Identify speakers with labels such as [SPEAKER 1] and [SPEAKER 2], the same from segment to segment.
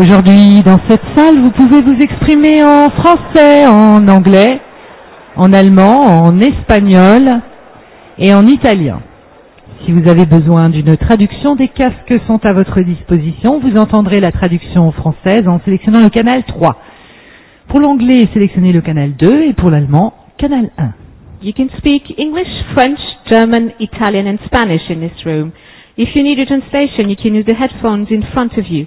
[SPEAKER 1] Aujourd'hui, dans cette salle, vous pouvez vous exprimer en français, en anglais, en allemand, en espagnol et en italien. Si vous avez besoin d'une traduction, des casques sont à votre disposition. Vous entendrez la traduction française en sélectionnant le canal 3. Pour l'anglais, sélectionnez le canal 2 et pour l'allemand, canal 1. You can
[SPEAKER 2] speak English, French, German, Italian and Spanish in this room. If you need a translation, you can use the headphones in front of you.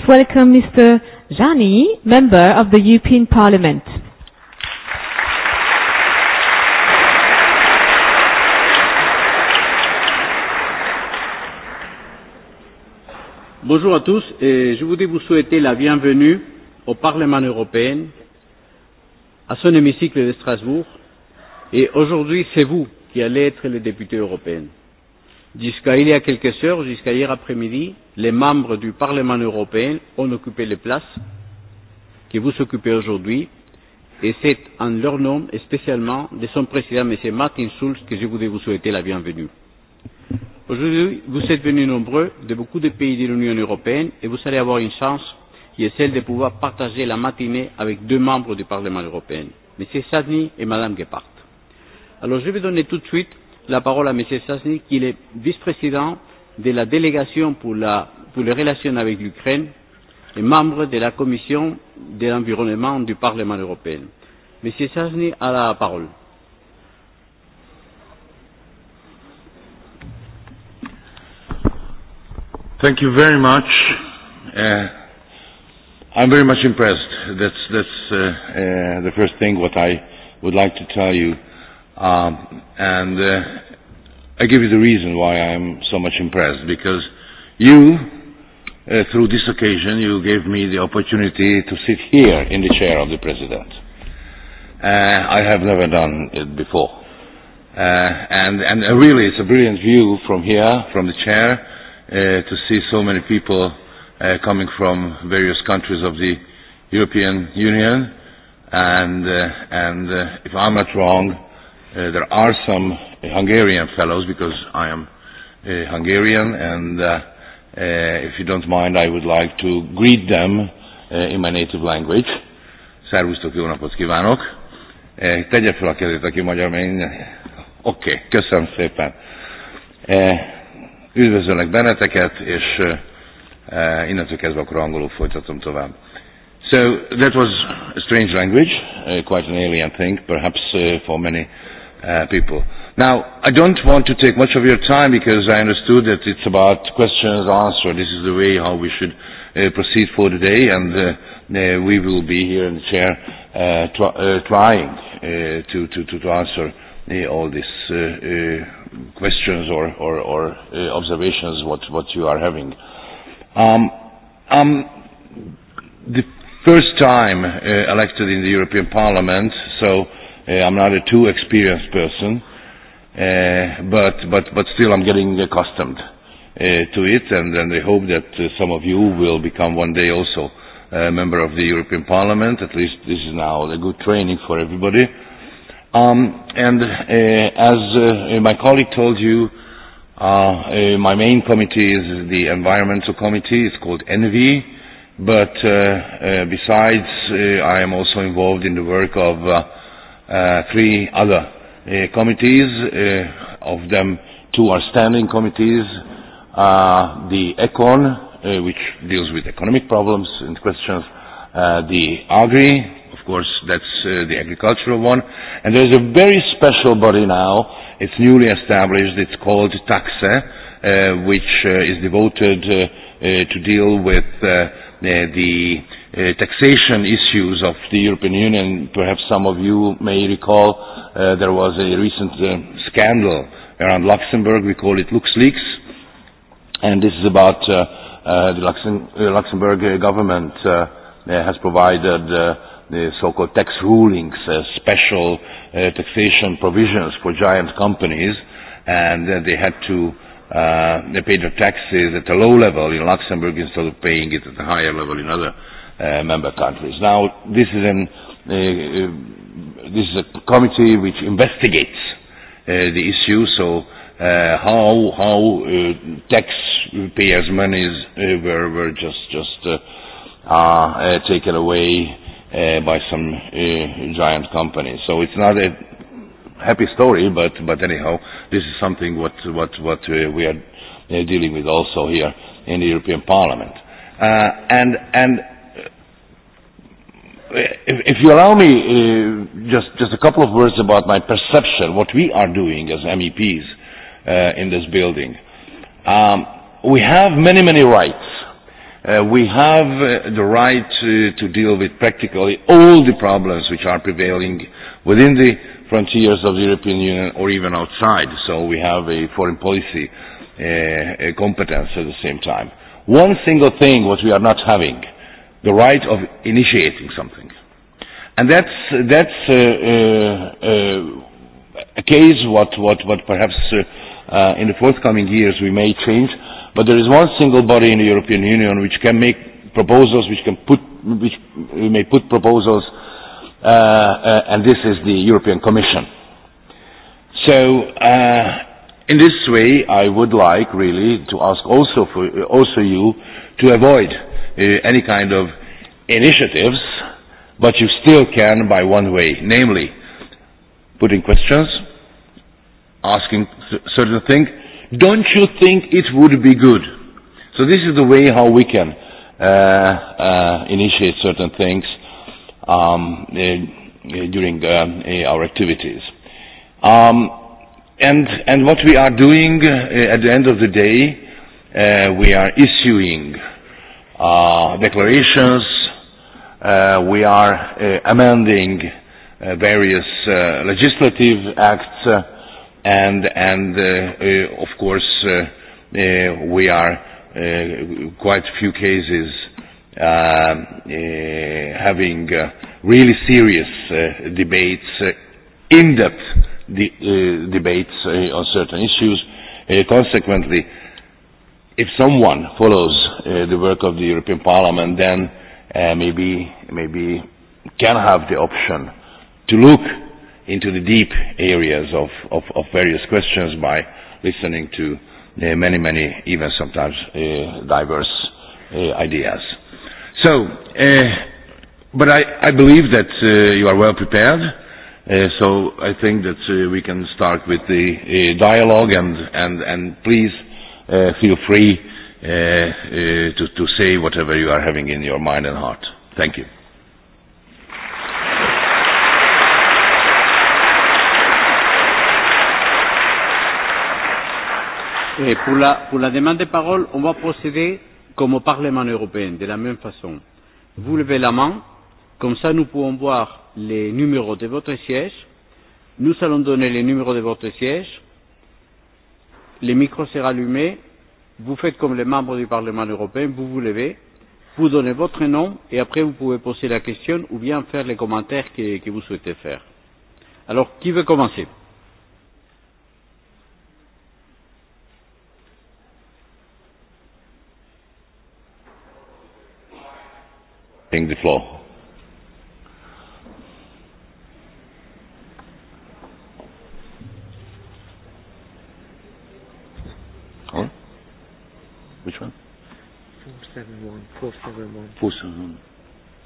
[SPEAKER 2] please welcome Mr. Jani, member of the European Parliament.
[SPEAKER 3] Bonjour à tous et je voudrais vous souhaiter la bienvenue au Parlement européen, à son hémicycle de Strasbourg, et aujourd'hui c'est vous qui allez être les députés européens. Jusqu'à il y a quelques heures, jusqu'à hier après-midi, les membres du Parlement européen ont occupé les places que vous occupez aujourd'hui et c'est en leur nom et spécialement de son président, M. Martin Schulz, que je voudrais vous souhaiter la bienvenue. Aujourd'hui, vous êtes venus nombreux de beaucoup de pays de l'Union européenne et vous allez avoir une chance qui est celle de pouvoir partager la matinée avec deux membres du Parlement européen, M. Sassny et Mme Gephardt. Alors je vais donner tout de suite la parole à M. Sassny, qui est vice-président de la délégation pour, la, pour les relations avec l'Ukraine et membre de la Commission de l'environnement du Parlement européen. Monsieur a la parole.
[SPEAKER 4] Thank you very much. Uh, I'm very much impressed. That's that's uh, uh, the first thing what I would like to tell you. Um, and I give you the reason why I am so much impressed, because you, through this occasion, you gave me the opportunity to sit here in the chair of the President. I have never done it before. And and really, it's a brilliant view from here, from the chair, to see so many people coming from various countries of the European Union. And and if I'm not wrong, there are some Hungarian fellows because I am uh Hungarian and uh uh if you don't mind I would like to greet them uh in my native language. Szervusztok, jó napot kívánok! Tegye fel a kezét, aki magyar, mert Oké, okay, köszönöm szépen. Üdvözöllek benneteket, és innentől kezdve akkor angolul folytatom tovább. So that was a strange language, uh quite an alien thing, perhaps uh for many people. Now, I don't want to take much of your time because I understood that it's about questions and answers. This is the way how we should proceed for today, and we will be here in the chair trying to to to answer all these questions or or or observations what what you are having. Um um the first time elected in the European Parliament, so I'm not a too experienced person, but but but still I'm getting accustomed to it, and and I hope that some of you will become one day also a member of the European Parliament. At least this is now a good training for everybody. Um, and as my colleague told you, uh, my main committee is the Environmental Committee. It's called ENVI. But besides, I am also involved in the work of three other committees, of them two are standing committees, the ECON, which deals with economic problems and questions, the AGRI, of course that's the agricultural one, and there's a very special body now, it's newly established, it's called TAXE, which is devoted to deal with the taxation issues of the European Union. Perhaps some of you may recall there was a recent scandal around Luxembourg. We call it LuxLeaks. And this is about the Luxembourg government has provided the so-called tax rulings, special taxation provisions for giant companies. And they had to they their taxes at a low level in Luxembourg instead of paying it at a higher level in other member countries. Now, this is, an, this is a committee which investigates the issue, so how, how taxpayers' monies were, were just, just uh, taken away by some giant companies. So it's not a happy story, but, but anyhow, this is something what, what, what we are dealing with also here in the European Parliament. Uh, and, and If you allow me just just a couple of words about my perception, what we are doing as MEPs in this building. Um We have many, many rights. We have the right to deal with practically all the problems which are prevailing within the frontiers of the European Union or even outside. So we have a foreign policy competence at the same time. One single thing what we are not having the right of initiating something. And that's that's a case what what what perhaps in the forthcoming years we may change, but there is one single body in the European Union which can make proposals, which can put which we may put proposals, and this is the European Commission. So in this way, I would like really to ask also for also you to avoid any kind of initiatives, but you still can by one way, namely putting questions, asking certain things. Don't you think it would be good? So this is the way how we can uh, uh, initiate certain things um, during our activities. Um, and, and what we are doing at the end of the day, we are issuing uh, declarations. Uh, we are amending various legislative acts and, and of course, uh, we are uh, quite few cases uh, having uh, really serious uh, debates, in-depth de- uh, debates uh, on certain issues. consequently, if someone follows the work of the European Parliament, then maybe maybe can have the option to look into the deep areas of, of, of various questions by listening to many, many, even sometimes diverse ideas. So, but I, I believe that you are well prepared. so I think that we can start with the dialogue and, and, and please feel free to to say whatever you are having in your mind and heart. Thank you.
[SPEAKER 3] Et pour la, pour la demande de parole, on va procéder comme au Parlement européen, de la même façon. Vous levez la main, comme ça nous pouvons voir les numéros de votre siège. Nous allons donner les numéros de votre siège Les micros sera allumés, vous faites comme les membres du Parlement européen, vous vous levez, vous donnez votre nom et après vous pouvez poser la question ou bien faire les commentaires que, que vous souhaitez faire. Alors, qui veut commencer the floor.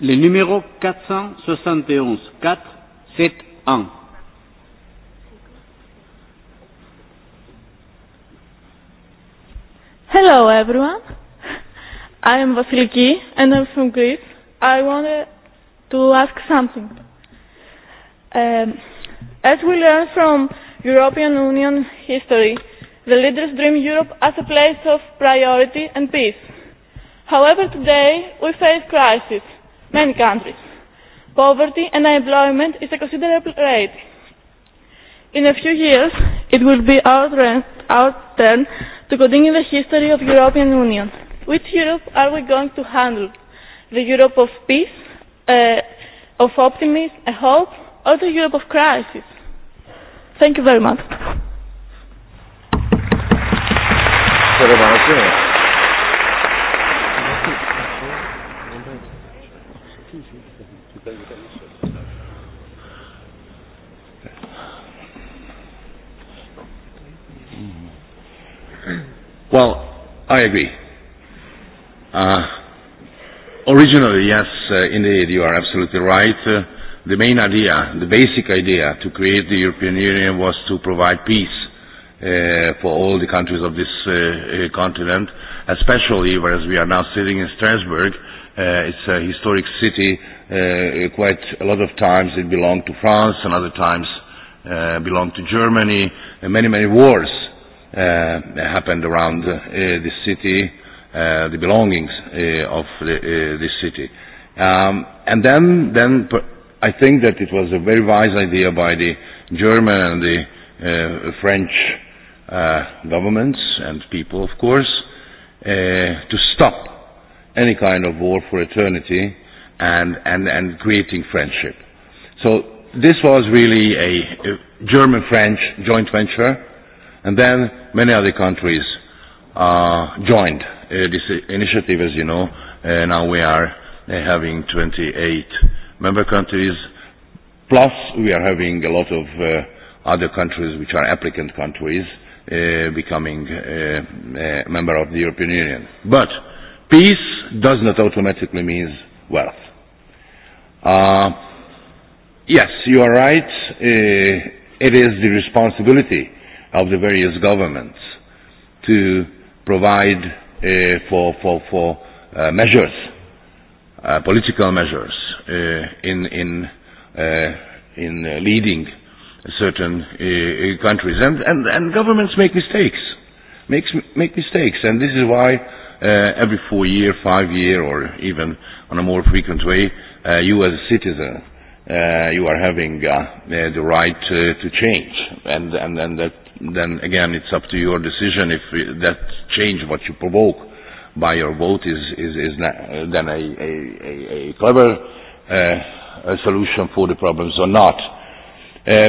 [SPEAKER 3] le numéro 471
[SPEAKER 5] 471.
[SPEAKER 6] Hello everyone. I am Vasiliki and I'm from Greece. I wanted to ask something. Um, as we learn from European Union history, the leaders dream Europe as a place of priority and peace. However, today we face crisis many countries. Poverty and unemployment
[SPEAKER 7] is a considerable rate. In a few years, it will be our turn to continue the history of the European Union. Which Europe are we going to handle? The Europe of peace, of optimism of hope, or the Europe of crisis? Thank you very much.
[SPEAKER 4] Well, I agree. Uh, originally, yes, uh, indeed, you are absolutely right. Uh, the main idea, the basic idea to create the European Union was to provide peace uh, for all the countries of this uh, continent, especially whereas we are now sitting in Strasbourg. Uh, it's a historic city quite a lot of times it belonged to France and other times belonged to Germany. Many, many wars happened around this city, the belongings of this city. And then then I think that it was a very wise idea by the German and the French governments and people, of course, to stop any kind of war for eternity and, and, and creating friendship. So this was really a German-French joint venture, and then many other countries uh, joined this initiative, as you know. now we are having 28 member countries, plus we are having a lot of other countries which are applicant countries becoming a member of the European Union. But peace does not automatically mean wealth yes, you are right. it is the responsibility of the various governments to provide for, for, for measures, political measures in, in, in leading certain countries. And, and, and governments make mistakes, makes, make mistakes. And this is why every four year, five year, or even on a more frequent way, you as a citizen you are having the right to change and and and that then again it's up to your decision if that change what you provoke by your vote is is is then a a a clever a solution for the problems or not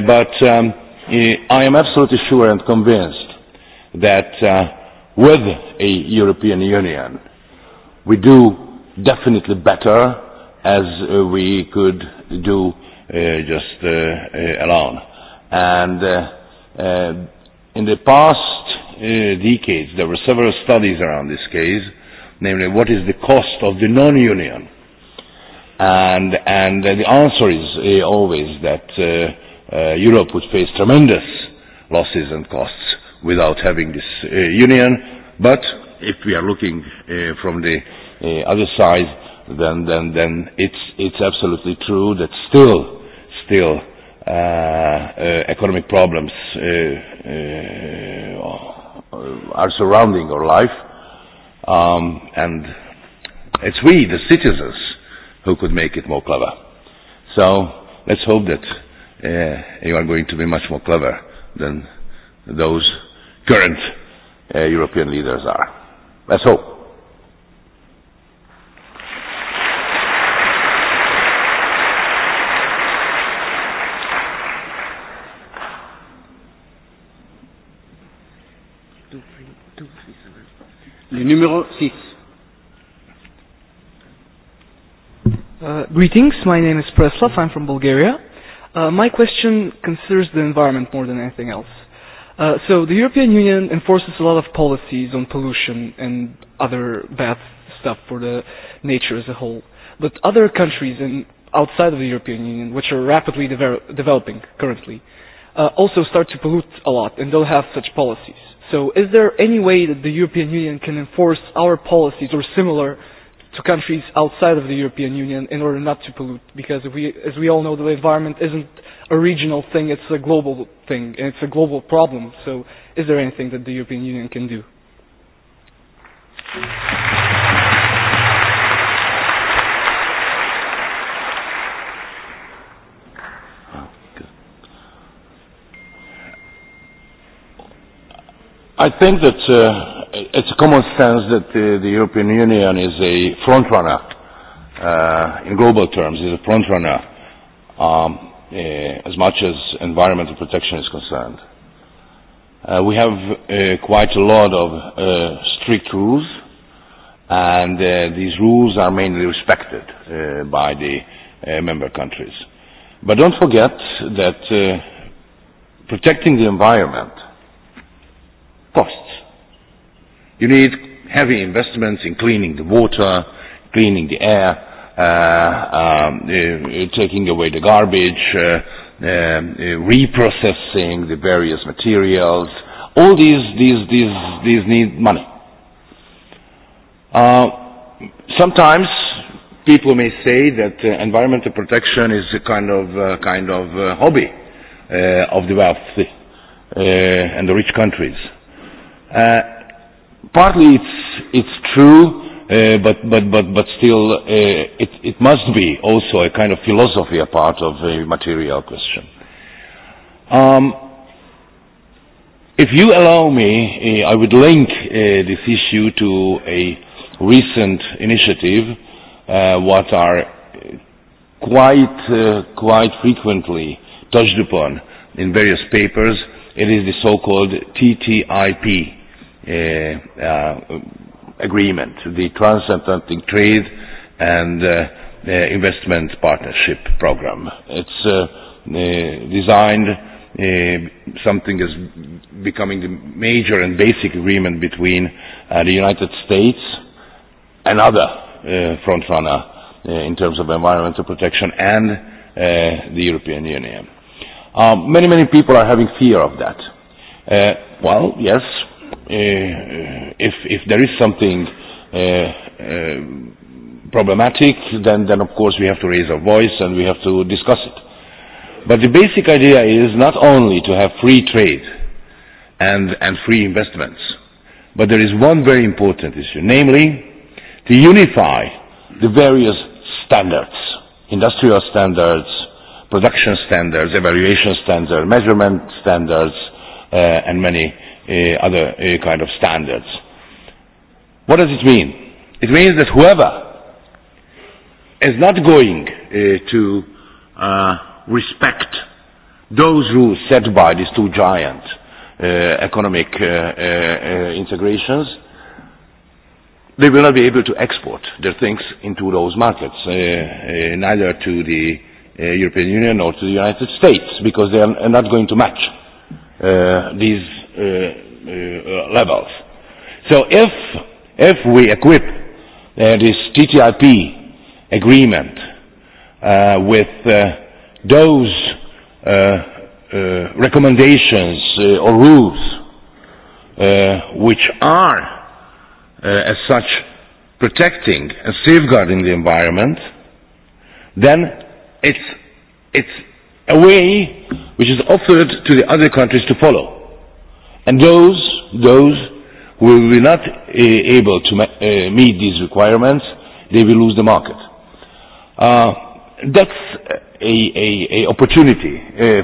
[SPEAKER 4] but i am absolutely sure and convinced that with a european union we do definitely better as we could do just alone. And in the past decades, there were several studies around this case, namely what is the cost of the non-union. And, and the answer is always that Europe would face tremendous losses and costs without having this union, but if we are looking from the other side, then then then it's it's absolutely true that still still uh, uh, economic problems uh, uh, are surrounding our life um, and it's we the citizens who could make it more clever so let's hope that uh, you are going to be much more clever than those current uh, European leaders are. Let's hope.
[SPEAKER 3] numéro 6.
[SPEAKER 8] Uh, greetings, my name is Preslav, I'm from Bulgaria. Uh, my question concerns the environment more than anything else. Uh, so the European Union enforces a lot of policies on pollution and other bad stuff for the nature as a whole. But other countries in, outside of the European Union, which are rapidly developing currently, uh, also start to pollute a lot and don't have such policies. So is there any way that the European Union can enforce our policies or similar to countries outside of the European Union in order not to pollute? Because we, as we all know, the environment isn't a regional thing, it's a global thing, and it's a global problem. So is there anything that the European Union can do?
[SPEAKER 4] I think that it's a common sense that the European Union is a frontrunner uh, in global terms, is a frontrunner um, as much as environmental protection is concerned. Uh, we have uh, quite a lot of uh, strict rules and uh, these rules are mainly respected uh, by the uh, member countries. But don't forget that uh, protecting the environment You need heavy investments in cleaning the water, cleaning the air, taking away the garbage, reprocessing the various materials. All these, these, these, these need money. Uh, sometimes people may say that environmental protection is a kind of, kind of hobby uh, of the wealthy uh, and the rich countries. Uh, partly it's it's true but but but but still it it must be also a kind of philosophy a part of a material question um if you allow me i would link this issue to a recent initiative what are quite quite frequently touched upon in various papers it is the so called TTIP agreement, the transatlantic trade and investment partnership program. It's designed something as becoming the major and basic agreement between the United States and other frontrunner in terms of environmental protection and the European Union. Many, many people are having fear of that. Well, yes, if if there is something problematic then then of course we have to raise our voice and we have to discuss it but the basic idea is not only to have free trade and and free investments but there is one very important issue namely to unify the various standards industrial standards production standards evaluation standards measurement standards and many other kind of standards. What does it mean? It means that whoever is not going to uh respect those rules set by these two giant economic integrations, they will not be able to export their things into those markets, neither to the European Union nor to the United States, because they are not going to match these levels. So if if we equip this TTIP agreement with those recommendations or rules which are as such protecting and safeguarding the environment, then it's it's a way which is offered to the other countries to follow. And those, those who will not able to meet these requirements, they will lose the market. That's a, a, opportunity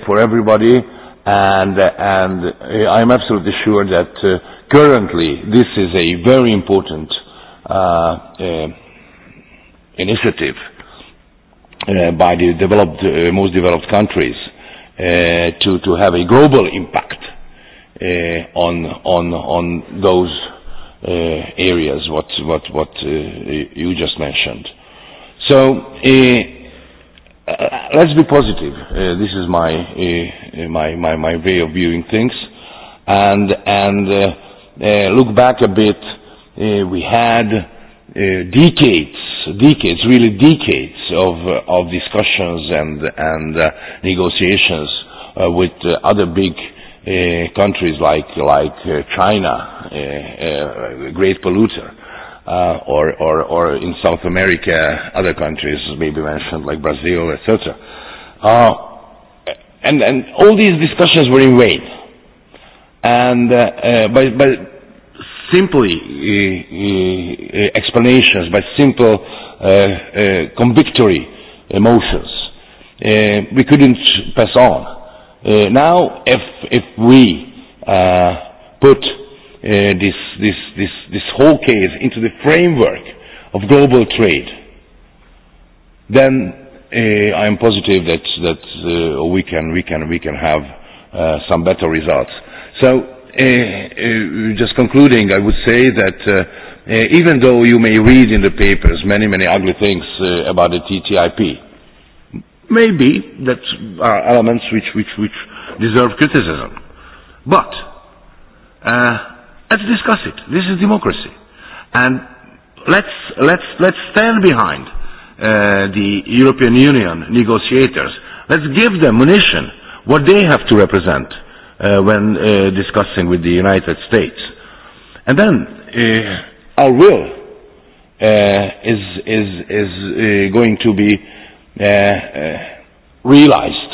[SPEAKER 4] for everybody, and, and am absolutely sure that currently this is a very important initiative by the developed, most developed countries to, to have a global impact on on on those areas what what what you just mentioned. So let's be positive. This is my my my my way of viewing things, and and look back a bit. We had decades, decades, really decades of of discussions and and negotiations with other big countries like like China, a great polluter, or or or in South America, other countries maybe mentioned like Brazil, etc. And and all these discussions were in vain, and by by simply explanations, by simple convictory emotions, we couldn't pass on Now, if if we put this this this this whole case into the framework of global trade, then I am positive that that we can we can we can have some better results. So, just concluding, I would say that even though you may read in the papers many many ugly things about the TTIP. Maybe that are elements which, which, which deserve criticism. But uh, let's discuss it. This is democracy. And let's, let's, let's stand behind uh, the European Union negotiators. Let's give them munition, what they have to represent uh, when uh, discussing with the United States. And then uh, our will uh, is, is, is uh, going to be realized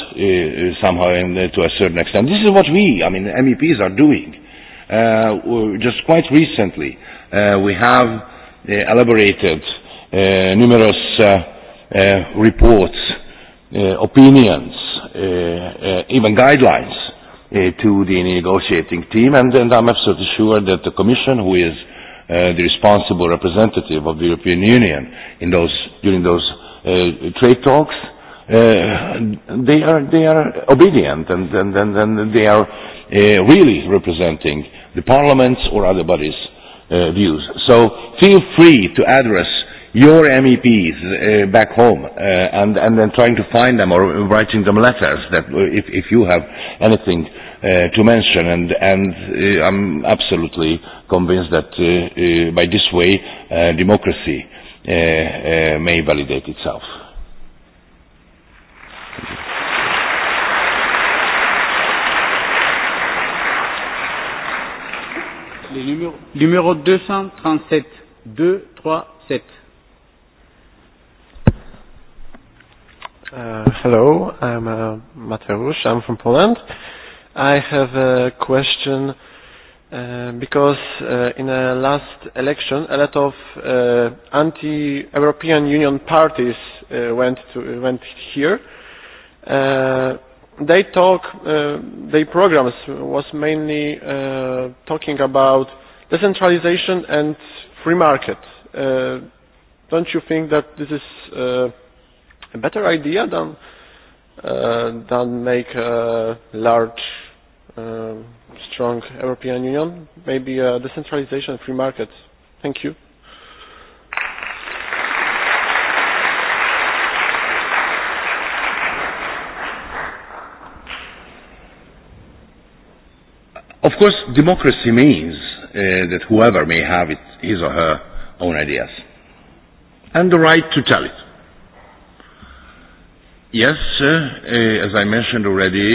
[SPEAKER 4] somehow to a certain extent. This is what we, I mean, MEPs are doing. Just quite recently, we have elaborated numerous reports, opinions, even guidelines to the negotiating team, and I'm absolutely sure that the Commission, who is the responsible representative of the European Union in those, during those trade talks, they are they are obedient and and and, and they are really representing the parliaments or other bodies' views. So feel free to address your MEPs back home and and then trying to find them or writing them letters that if if you have anything to mention and and I'm absolutely convinced that by this way democracy may validate itself.
[SPEAKER 3] numéros numéro 237. 2, 3, 7.
[SPEAKER 9] Uh, hello, I'm uh, Mateusz. I'm from Poland. I have a question because in the last election a lot of anti-European Union parties went to went here. They talk, their programs was mainly talking about decentralization and free market. Don't you think that this is a better idea than than make a large strong European Union, maybe uh, decentralization free markets. Thank you.
[SPEAKER 4] Of course, democracy means that whoever may have it, his or her own ideas and the right to tell it. Yes, uh, as I mentioned already,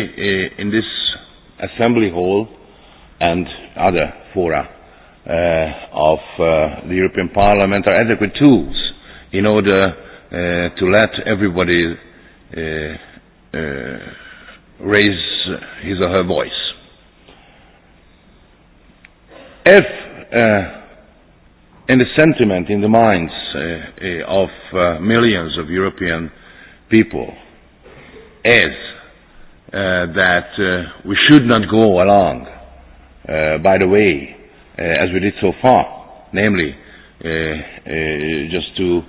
[SPEAKER 4] in this Assembly Hall and other fora of the European Parliament are adequate tools in order to let everybody raise his or her voice. If in the sentiment, in the minds of millions of European people is that we should not go along, by the way, as we did so far, namely just to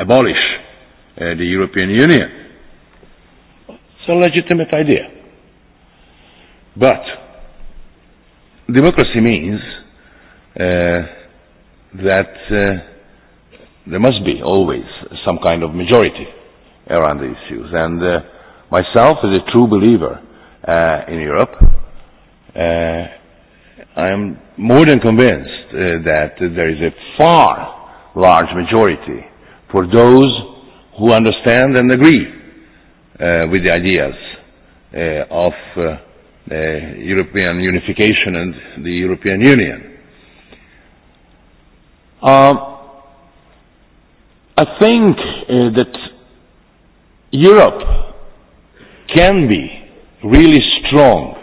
[SPEAKER 4] abolish the European Union. It's a legitimate idea. But democracy means that there must be always some kind of majority around the issues. And Myself, as a true believer uh, in Europe, uh, I am more than convinced that there is a far large majority for those who understand and agree uh, with the ideas of European unification and the European Union. Um, I think that Europe can be really strong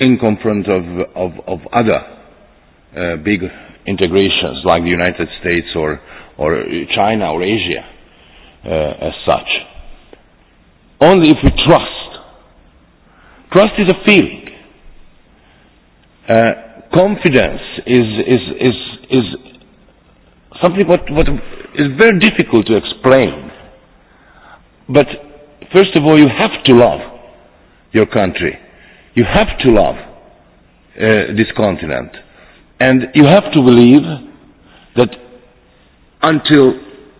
[SPEAKER 4] in confront of, of, of other big integrations like the United States or, or China or Asia as such. Only if we trust. Trust is a feeling. confidence is, is, is, is something what, what is very difficult to explain. But first of all, you have to love your country. You have to love this continent. And you have to believe that until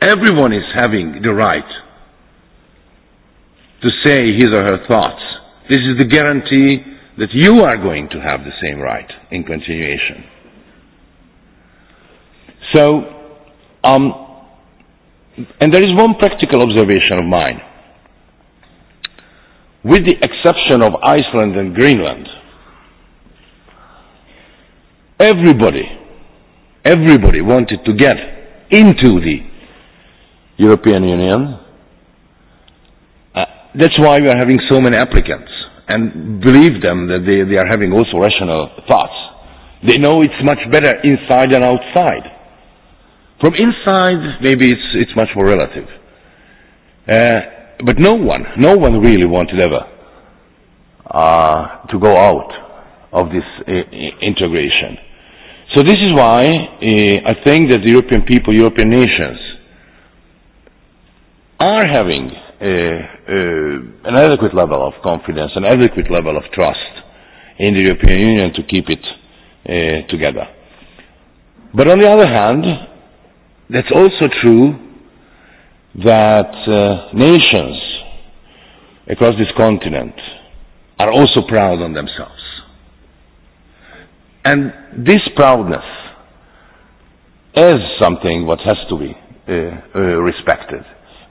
[SPEAKER 4] everyone is having the right to say his or her thoughts, this is the guarantee that you are going to have the same right in continuation. So, um, And there is one practical observation of mine. With the exception of Iceland and Greenland, everybody, everybody wanted to get into the European Union. That's why we are having so many applicants. And believe them that they, they are having also rational thoughts. They know it's much better inside than outside. From inside, maybe it's, it's much more relative. but no one, no one really wanted ever uh, to go out of this integration. So this is why I think that the European people, European nations, are having an adequate level of confidence, an adequate level of trust in the European Union to keep it together. But on the other hand, That's also true that nations across this continent are also proud on themselves. And this proudness is something what has to be respected.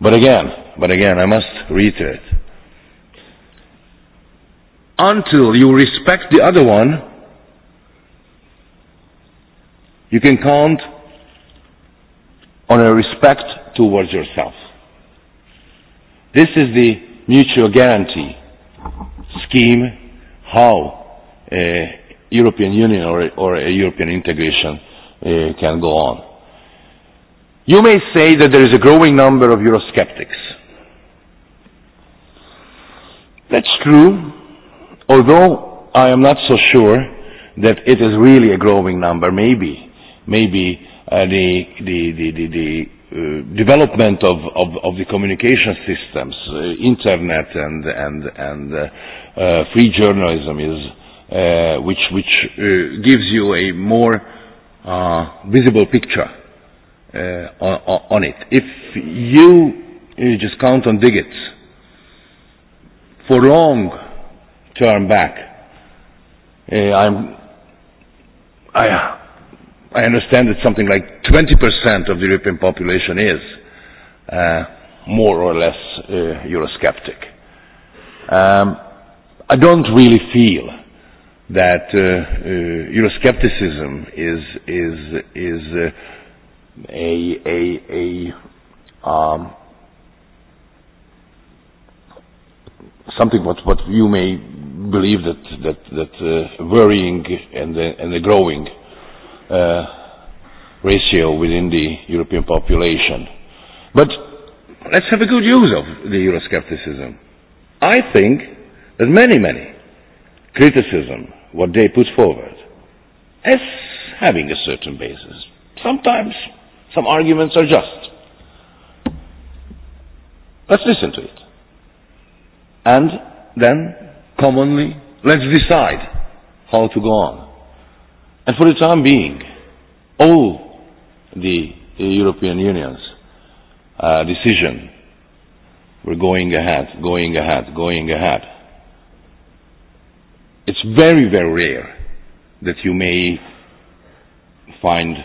[SPEAKER 4] But again, but again, I must reiterate. Until you respect the other one, you can count on a respect towards yourself. This is the mutual guarantee scheme how a European Union or, or a European integration can go on. You may say that there is a growing number of Eurosceptics. That's true, although I am not so sure that it is really a growing number. Maybe, maybe the the the the the development of of of the communication systems, uh internet and and and uh free journalism is uh which which gives you a more uh visible picture uh on it. If you just count on digits for long term back, uh I'm I I understand that something like 20% of the European population is more or less Eurosceptic. Um, I don't really feel that Euroscepticism is is is a a a um, something what what you may believe that that that worrying and and growing ratio within the European population. But let's have a good use of the Euroscepticism. I think that many, many criticism, what they put forward, as having a certain basis. Sometimes some arguments are just. Let's listen to it. And then, commonly, let's decide how to go on. And for the time being, all the European Union's uh, decision were going ahead, going ahead, going ahead. It's very, very rare that you may find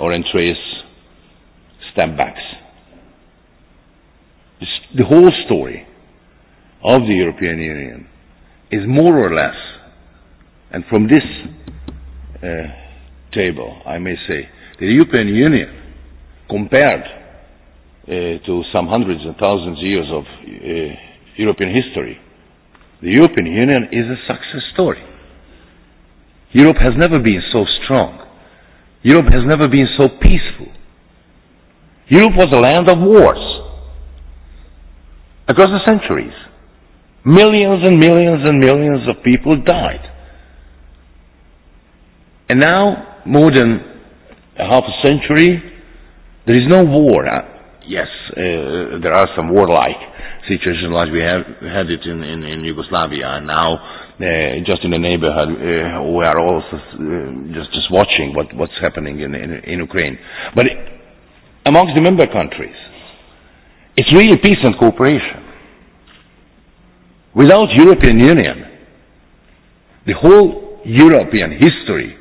[SPEAKER 4] or trace step backs. The whole story of the European Union is more or less, and from this table, I may say. The European Union, compared to some hundreds and thousands of years of European history, the European Union is a success story. Europe has never been so strong. Europe has never been so peaceful. Europe was a land of wars across the centuries. Millions and millions and millions of people died. And now, more than half a century, there is no war. Yes, there are some warlike situations like we have had it in, in, in Yugoslavia and now just in the neighborhood we are also just, just watching what, what's happening in, in, in Ukraine. But amongst the member countries, it's really peace and cooperation. Without European Union, the whole European history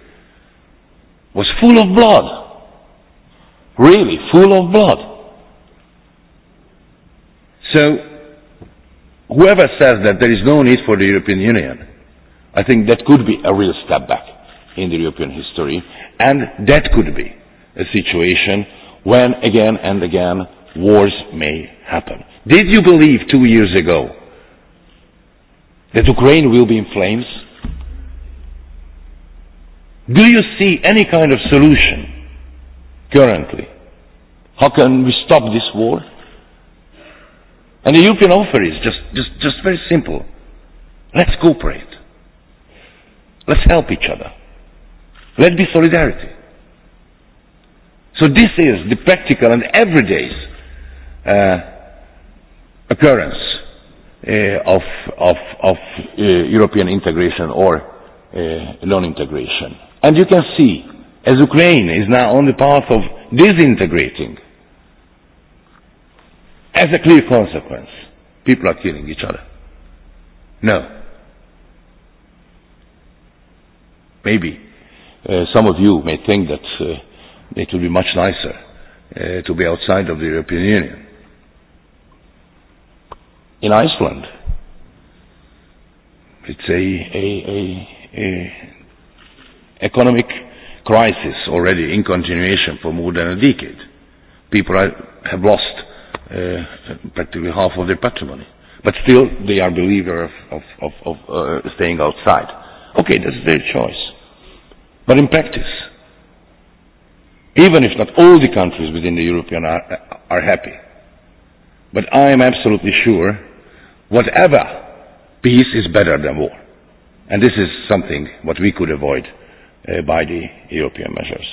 [SPEAKER 4] was full of blood. Really full of blood. So, whoever says that there is no need for the European Union, I think that could be a real step back in the European history, and that could be a situation when again and again wars may happen. Did you believe two years ago that Ukraine will be in flames? Do you see any kind of solution currently? How can we stop this war? And the European offer is just, just, just very simple. Let's cooperate. Let's help each other. Let's be solidarity. So this is the practical and everyday uh, occurrence uh, of, of, of European integration or uh, non-integration. And you can see, as Ukraine is now on the path of disintegrating, as a clear consequence, people are killing each other. No. Maybe some of you may think that uh it would be much nicer uh to be outside of the European Union. In Iceland, it's a a, a, a, economic crisis already in continuation for more than a decade. People have lost practically half of their patrimony. But still, they are believers of, of, of, of staying outside. Okay, that's their choice. But in practice, even if not all the countries within the European are, are happy, but I am absolutely sure whatever peace is better than war. And this is something what we could avoid by the European measures.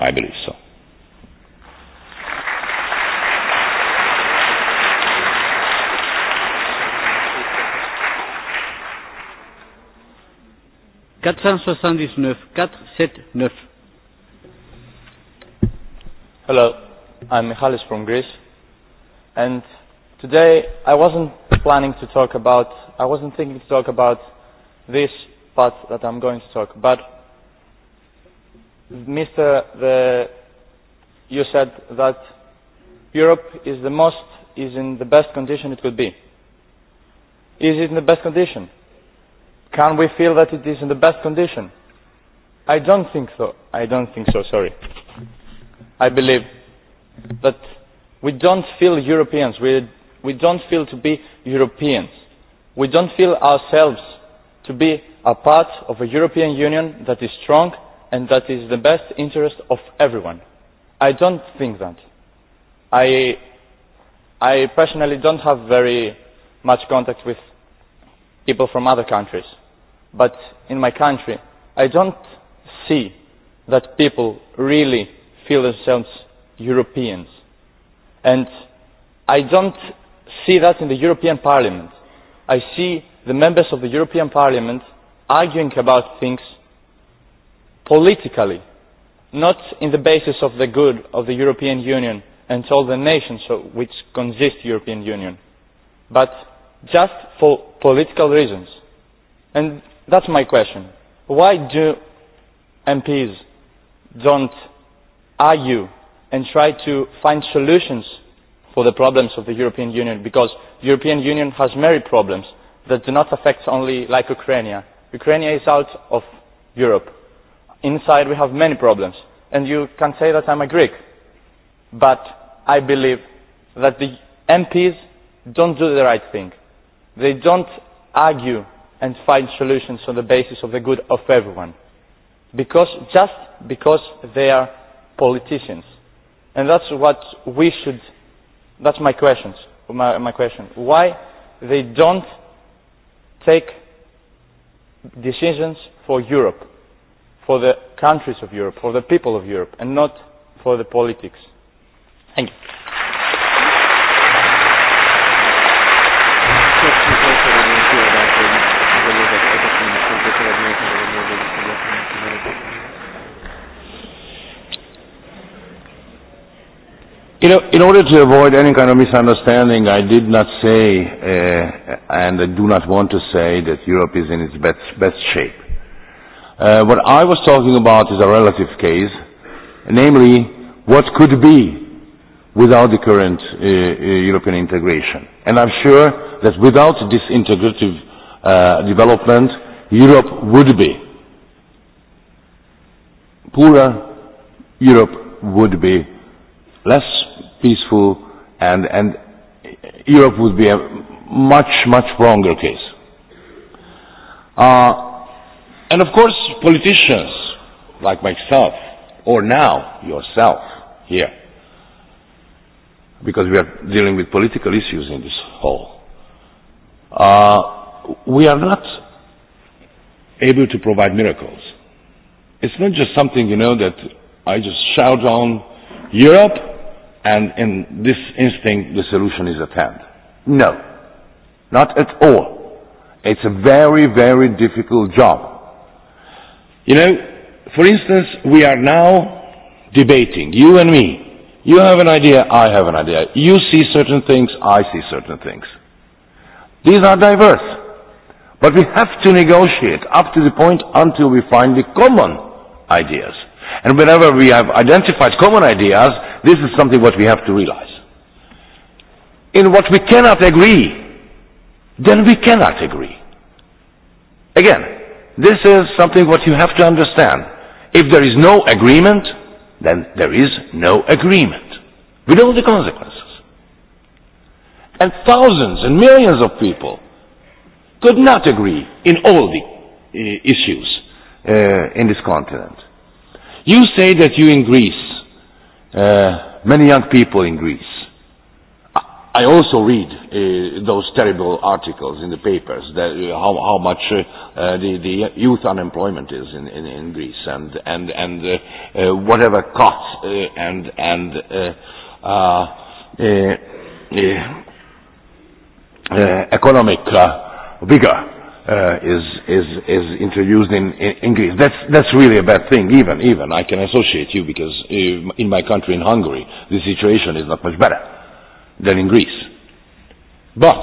[SPEAKER 4] I believe so.
[SPEAKER 10] Hello, I'm Michalis from Greece, and today I wasn't planning to talk about, I wasn't thinking to talk about this part that I'm going to talk, but Mr. You said that Europe is the most is in the best condition it could be. Is it in the best condition? Can we feel that it is in the best condition? I don't think so. I don't think so. Sorry. I believe that we don't feel Europeans. We we don't feel to be Europeans. We don't feel ourselves to be a part of a European Union that is strong and that is the best interest of everyone. I don't think that. I, I personally don't have very much contact with people from other countries. But in my country, I don't see that people really feel themselves Europeans. And I don't see that in the European Parliament. I see the members of the European Parliament arguing about things politically, not in the basis of the good of the European Union and all the nations which consist the European Union, but just for political reasons. And that's my question. Why do MPs don't argue and try to find solutions for the problems of the European Union? Because the European Union has many problems that do not affect only like Ukraine. Ukraine is out of Europe inside we have many problems. And you can say that I'm a Greek. But I believe that the MPs don't do the right thing. They don't argue and find solutions on the basis of the good of everyone. Because, just because they are politicians. And that's what we should, that's my, questions, my, my question. Why they don't take decisions for Europe? for the countries of Europe, for the people of Europe, and not for the politics. Thank you.
[SPEAKER 4] You know, in order to avoid any kind of misunderstanding, I did not say, and I do not want to say, that Europe is in its best, best shape What I was talking about is a relative case, namely what could be without the current European integration. And I'm sure that without this integrative development, Europe would be poorer, Europe would be less peaceful, and, and Europe would be a much, much stronger case. Uh, And of course, politicians like myself, or now yourself here, because we are dealing with political issues in this hall, uh, we are not able to provide miracles. It's not just something, you know, that I just shout on Europe and in this instinct the solution is at hand. No, not at all. It's a very, very difficult job You know, for instance, we are now debating, you and me. You have an idea, I have an idea. You see certain things, I see certain things. These are diverse. But we have to negotiate up to the point until we find the common ideas. And whenever we have identified common ideas, this is something what we have to realize. In what we cannot agree, then we cannot agree. Again, This is something what you have to understand. If there is no agreement, then there is no agreement. With all the consequences. And thousands and millions of people could not agree in all the issues in this continent. You say that you in Greece, many young people in Greece, I also read those terrible articles in the papers that how how much the the youth unemployment is in in in Greece and and and whatever cuts and and uh economic vigor is is is introduced in in Greece. That's that's really a bad thing even even I can associate you because in my country in Hungary the situation is not much better than in Greece. But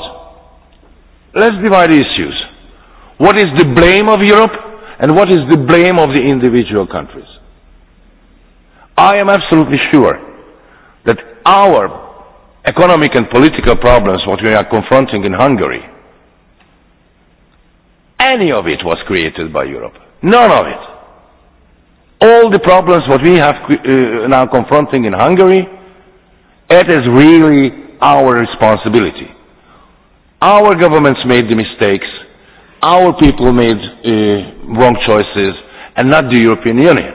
[SPEAKER 4] let's divide issues. What is the blame of Europe and what is the blame of the individual countries? I am absolutely sure that our economic and political problems what we are confronting in Hungary any of it was created by Europe none of it all the problems what we have now confronting in Hungary it is really our responsibility. Our governments made the mistakes, our people made wrong choices, and not the European Union.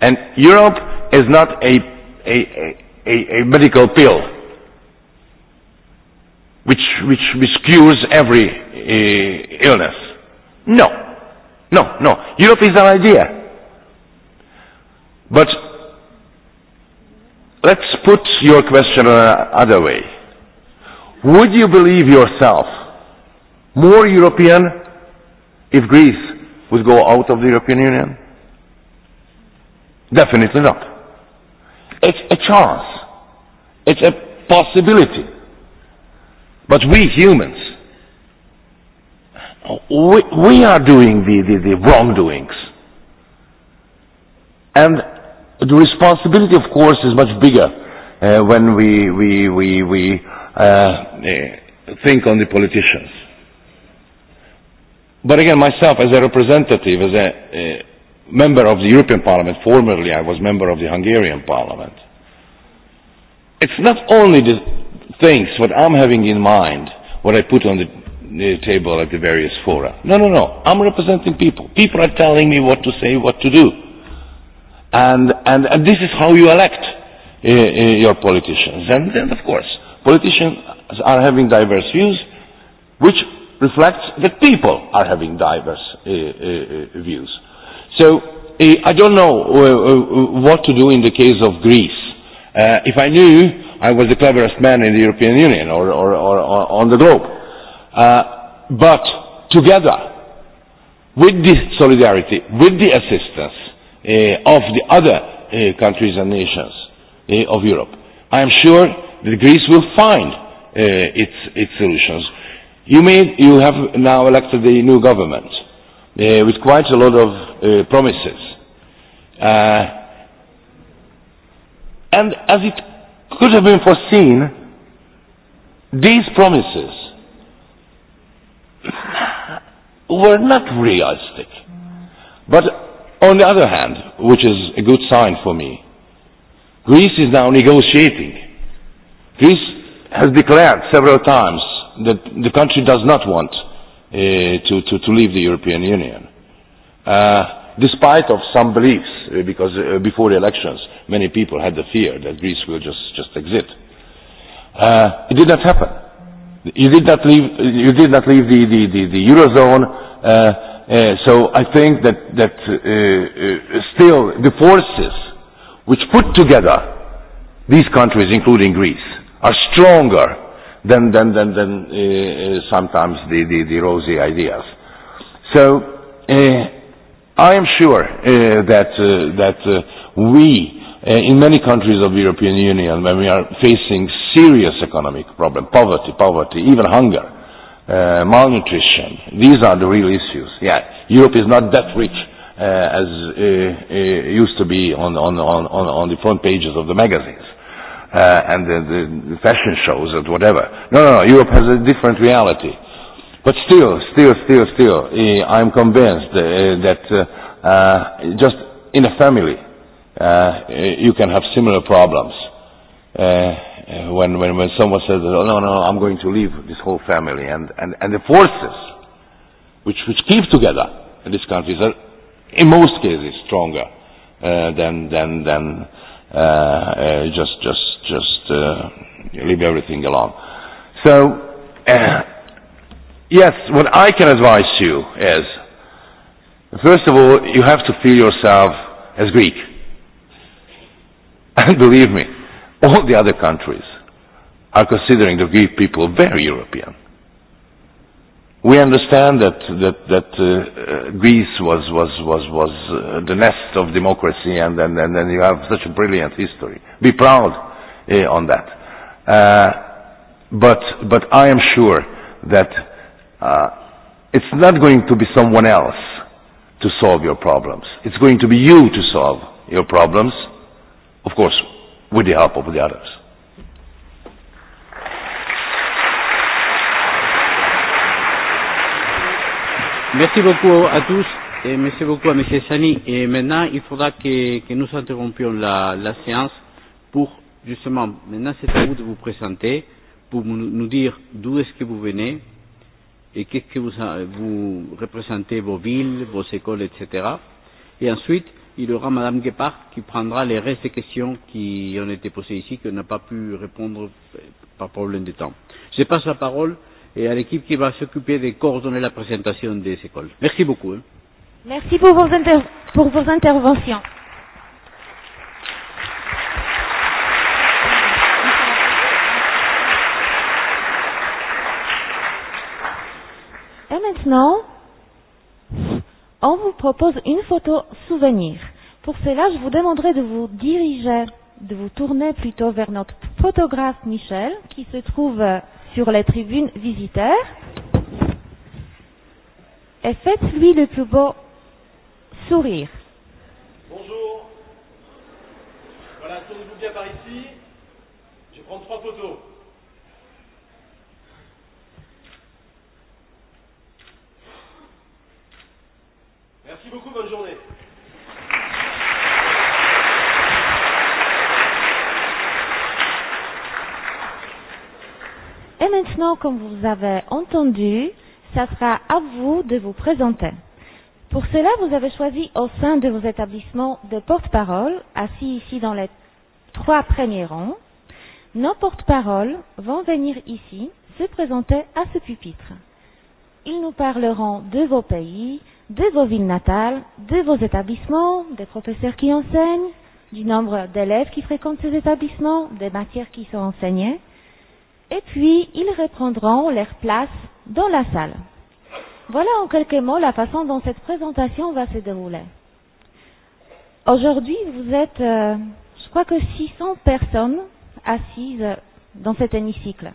[SPEAKER 4] And Europe is not a, a, a, a medical pill which, which, which cures every illness. No. No, no. Europe is an idea. But Let's put your question another way. Would you believe yourself more European if Greece would go out of the European Union? Definitely not. It's a chance. It's a possibility. But we humans, we, we are doing the, the, the wrongdoings. And The responsibility, of course, is much bigger when we we we we think on the politicians. But again, myself as a representative, as a member of the European Parliament, formerly I was member of the Hungarian Parliament. It's not only the things what I'm having in mind, what I put on the the table at the various fora. No, no, no. I'm representing people. People are telling me what to say, what to do. And, and, and this is how you elect your politicians. And then, of course, politicians are having diverse views, which reflects that people are having diverse views. So I don't know what to do in the case of Greece. If I knew, I was the cleverest man in the European Union or on the globe. But together, with the solidarity, with the assistance, of the other countries and nations of Europe. I am sure that Greece will find its, its solutions. You, may, you have now elected a new government with quite a lot of promises. and as it could have been foreseen, these promises were not realistic. But On the other hand, which is a good sign for me, Greece is now negotiating. Greece has declared several times that the country does not want to, to, to leave the European Union. despite of some beliefs, because before the elections many people had the fear that Greece will just, just exit. it did not happen. You did not leave, you did not leave the, the, the, the Eurozone so I think that, that still the forces which put together these countries, including Greece, are stronger than, than, than, than sometimes the, the, the rosy ideas. So I am sure that, that we, in many countries of the European Union, when we are facing serious economic problems, poverty, poverty, even hunger, malnutrition. These are the real issues. Yeah, Europe is not that rich as used to be on on on on the front pages of the magazines and the fashion shows and whatever. No, no, no. Europe has a different reality. But still, still, still, still, I'm convinced that just in a family you can have similar problems when, when, when someone says, oh, no, no, I'm going to leave this whole family. And, and, and the forces which, which keep together in these countries are, in most cases, stronger uh, than, than, than uh, uh, just, just, just uh, leave everything alone. So, uh, yes, what I can advise you is, first of all, you have to feel yourself as Greek. And believe me, All the other countries are considering to give people very European. We understand that that that Greece was was was was the nest of democracy and and and you have such a brilliant history. Be proud on that. But but I am sure that it's not going to be someone else to solve your problems. It's going to be you to solve your problems, of course with the help of the others.
[SPEAKER 3] Merci beaucoup à tous et merci beaucoup à M. Sani. Et maintenant, il faudra que, que nous interrompions la, la séance pour, justement, maintenant c'est à vous de vous présenter, pour nous dire d'où est-ce que vous venez et qu'est-ce que vous, vous représentez, vos villes, vos écoles, etc. Et ensuite, il y aura madame Guépard qui prendra les restes des questions qui ont été posées ici, qu'on n'a pas pu répondre par problème de temps. Je passe la parole et à l'équipe qui va s'occuper de coordonner la présentation des écoles. Merci beaucoup.
[SPEAKER 11] Merci pour vos, pour vos interventions. Et maintenant, on vous propose une photo souvenir. Pour cela, je vous demanderai de vous diriger, de vous tourner plutôt vers notre photographe Michel, qui se trouve sur les tribunes visiteur. Et faites-lui le plus beau sourire.
[SPEAKER 3] Bonjour. Voilà, tournez-vous bien par ici. Je prends trois photos. Merci beaucoup, bonne journée.
[SPEAKER 11] Et maintenant, comme vous avez entendu, ça sera à vous de vous présenter. Pour cela, vous avez choisi au sein de vos établissements de porte-parole, assis ici dans les trois premiers rangs. Nos porte-paroles vont venir ici se présenter à ce pupitre. Ils nous parleront de vos pays, de vos villes natales, de vos établissements, des professeurs qui enseignent, du nombre d'élèves qui fréquentent ces établissements, des matières qui sont enseignées, et puis ils reprendront leur place dans la salle. Voilà en quelques mots la façon dont cette présentation va se dérouler. Aujourd'hui, vous êtes, je crois que 600 personnes assises dans cet hémicycle.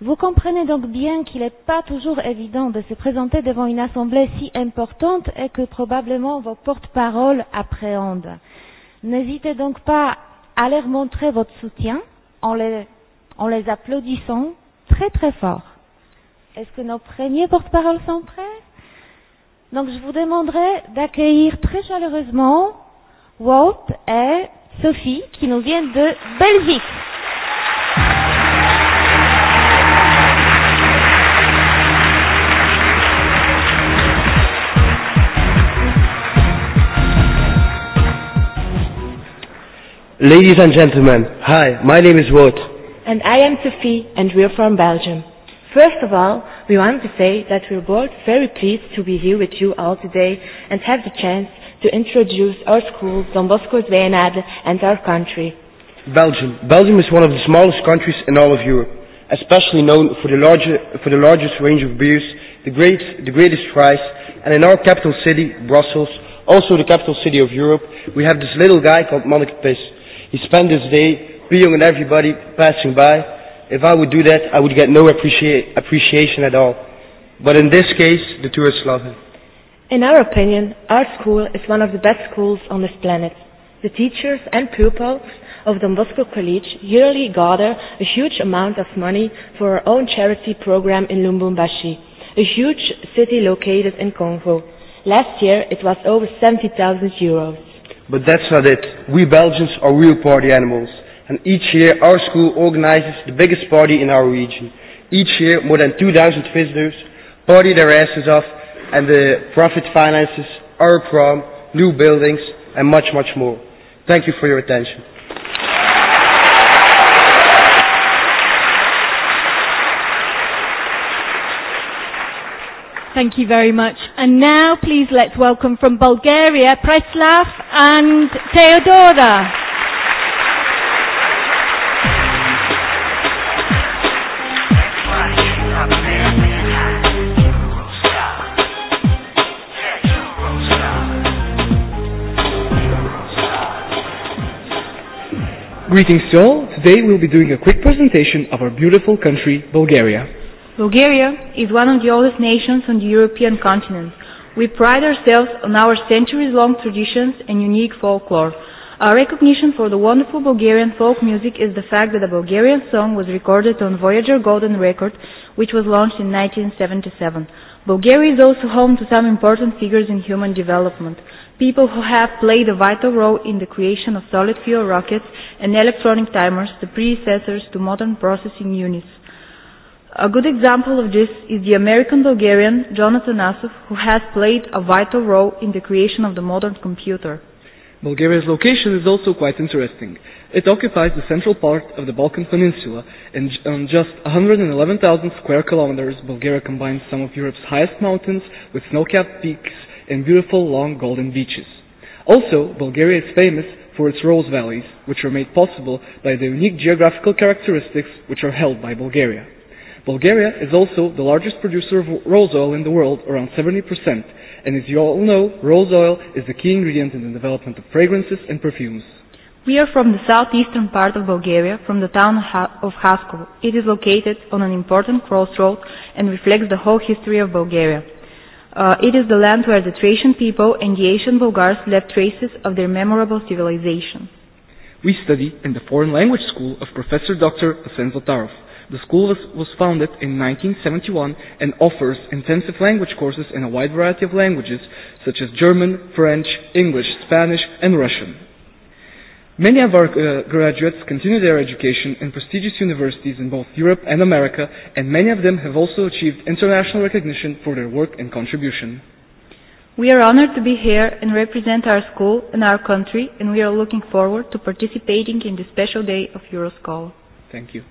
[SPEAKER 11] Vous comprenez donc bien qu'il n'est pas toujours évident de se présenter devant une assemblée si importante et que probablement vos porte-paroles appréhendent. N'hésitez donc pas à leur montrer votre soutien en les, en les applaudissant très très fort. Est-ce que nos premiers porte-paroles sont prêts Donc je vous demanderai d'accueillir très chaleureusement Walt et Sophie qui nous viennent de Belgique.
[SPEAKER 9] Ladies and gentlemen,
[SPEAKER 12] hi, my name is Wout.
[SPEAKER 13] And I am Sophie, and we are from Belgium. First of all, we want to say that we are both very pleased to be here with you all today and have the chance to introduce our school, Don Bosco and our country.
[SPEAKER 9] Belgium. Belgium is one of the smallest countries in all of Europe, especially known for the, larger, for the largest range of beers, the, great, the greatest fries, and in our capital city, Brussels, also the capital city of Europe, we have this little guy called Monique Piss He spent his day being on everybody passing by. If I would do that, I would get no appreciation at all. But in this case, the tourists love him.
[SPEAKER 14] In our opinion, our school
[SPEAKER 13] is one of the best schools on this planet. The teachers and pupils of the Bosco College yearly gather a huge amount of money for our own charity program in Lumbumbashi, a huge city located in Congo. Last year it was over
[SPEAKER 15] 70,000 euros.
[SPEAKER 9] But that's not it. We Belgians are real party animals. And each year our school organizes the biggest party in our region. Each year more than 2,000 visitors party their asses off and the profit finances, our prom, new buildings and much, much more. Thank you for your attention.
[SPEAKER 2] Thank you very much. And now please let's welcome from Bulgaria, Preslav and Theodora.
[SPEAKER 8] Greetings to all. Today we'll be doing a quick presentation of our beautiful country, Bulgaria.
[SPEAKER 15] Bulgaria is one of the oldest nations on the European continent. We pride ourselves on our centuries-long traditions and unique folklore. Our recognition for the wonderful Bulgarian folk music is the fact that a Bulgarian song was recorded on Voyager Golden Record, which was launched in 1977. Bulgaria is also home to some important figures in human development, people who have played a vital role in the creation of solid fuel rockets and electronic timers, the predecessors to modern processing units. A good example of this is the American Bulgarian Jonathan Asov, who has played a vital role in the creation of the modern computer.
[SPEAKER 8] Bulgaria's location is also quite interesting. It occupies the central part of the Balkan Peninsula, and on just 111,000 square kilometers, Bulgaria combines some of Europe's highest mountains with snow-capped peaks and beautiful long golden beaches. Also, Bulgaria is famous for its rose valleys, which are made possible by the unique geographical characteristics which are held by Bulgaria. Bulgaria is also the largest producer of rose oil in the world, around 70%, and as you all know, rose oil is the key ingredient in the development of fragrances and perfumes.
[SPEAKER 15] We are from the southeastern part of Bulgaria, from the town of Haskovo. It is located on an important crossroad and reflects the whole history of Bulgaria. It is the land where the Thracian people and the ancient Bulgars left traces of their memorable civilization.
[SPEAKER 8] We study in the foreign language school of Professor Dr. Asen Zotarov. The school was, founded in 1971 and offers intensive language courses in a wide variety of languages such as German, French, English, Spanish and Russian. Many of our graduates continue their education in prestigious universities in both Europe and America, and many of them have also achieved international recognition for their work and contribution.
[SPEAKER 15] We are honored to be here and represent our school and our country, and we are looking forward to participating in this special day of
[SPEAKER 11] Euroschool. Thank you.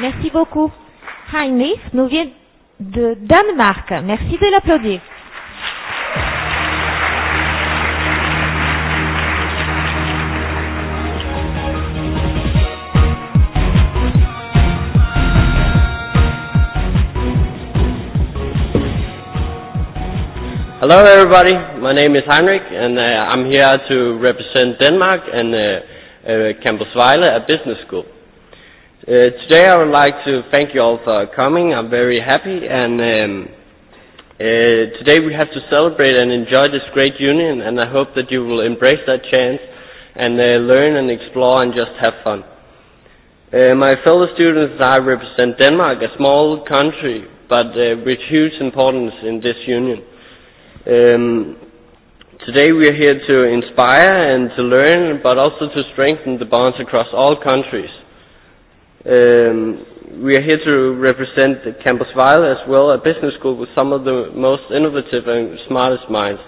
[SPEAKER 11] Merci beaucoup. Heinrich nous vient de Danemark. Merci de l'applaudir.
[SPEAKER 16] Hello everybody, my name is Heinrich and uh, I'm here to represent Denmark and uh, uh, Campus Weiler, a business school. Today I would like to thank you all for coming. I'm very happy and um today we have to celebrate and enjoy this great union and I hope that you will embrace that chance and learn and explore and just have fun. My fellow students I represent Denmark, a small country but with huge importance in this union. Um Today we are here to inspire and to learn but also to strengthen the bonds across all countries Um We are here to represent Campus Weil as well, a business school with some of the most innovative and smartest minds.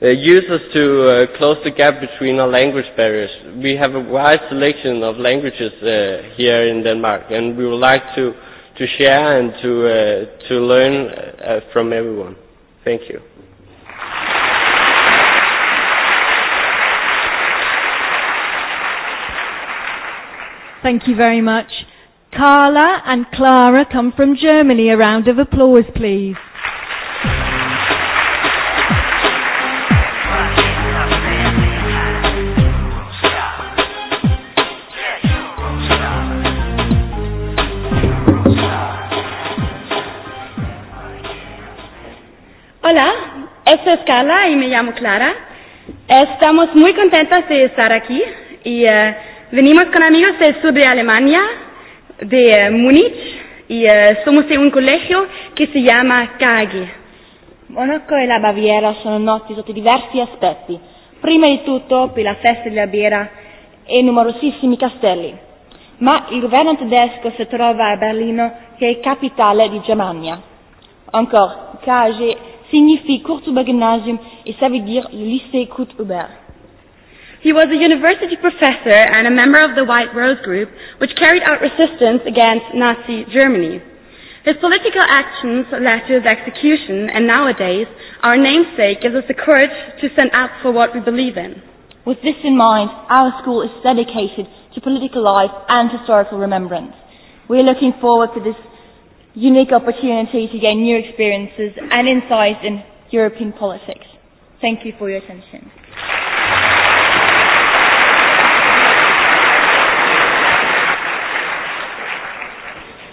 [SPEAKER 16] They use us to close the gap between our language barriers. We have a wide selection of languages here in Denmark, and we would like to to share and to to learn from everyone. Thank you.
[SPEAKER 2] Thank you very much. Carla and Clara come from Germany. A round of applause, please.
[SPEAKER 17] Hola, esto es Carla y me llamo Clara. Estamos muy contentas de estar aquí y Venimos con amigos del sur de Alemania, de Múnich, y somos de un colegio que si chiama Kagi.
[SPEAKER 18] Monaco e la Baviera sono noti sotto diversi aspetti. Prima di tutto per la
[SPEAKER 15] festa della Baviera e numerosissimi castelli. Ma il governo tedesco si trova a Berlino, che è capitale di Germania. Encore, Kagi
[SPEAKER 17] significa Kurtuber Gymnasium e serve veut dire lycée Kurt Hubert. He was a university professor and a member of the White Rose Group, which carried out resistance against Nazi Germany. His political actions led to his execution, and nowadays, our namesake gives us the courage to stand up for what we believe in. With this
[SPEAKER 15] in mind, our school is dedicated to political life and historical remembrance. We are looking forward to this unique opportunity to gain new experiences and insights in European politics. Thank you for your attention.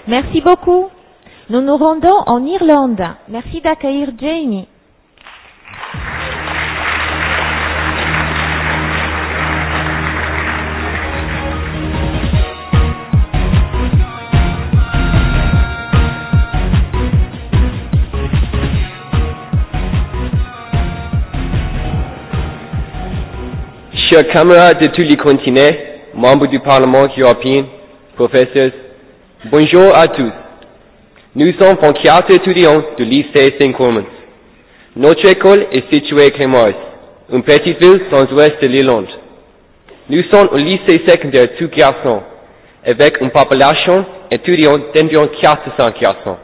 [SPEAKER 11] Merci beaucoup. Nous nous rendons en Irlande. Merci d'accueillir Jamie.
[SPEAKER 16] Chers camarades de tous les continents, membres du Parlement européen, professeurs, Bonjour à tous. Nous sommes 24 étudiants du lycée Saint-Cormans. Notre école est située à Clémence, une petite ville dans l'ouest de l'Irlande. Nous sommes un lycée secondaire tout garçon, avec une population étudiante d'environ 400 garçons.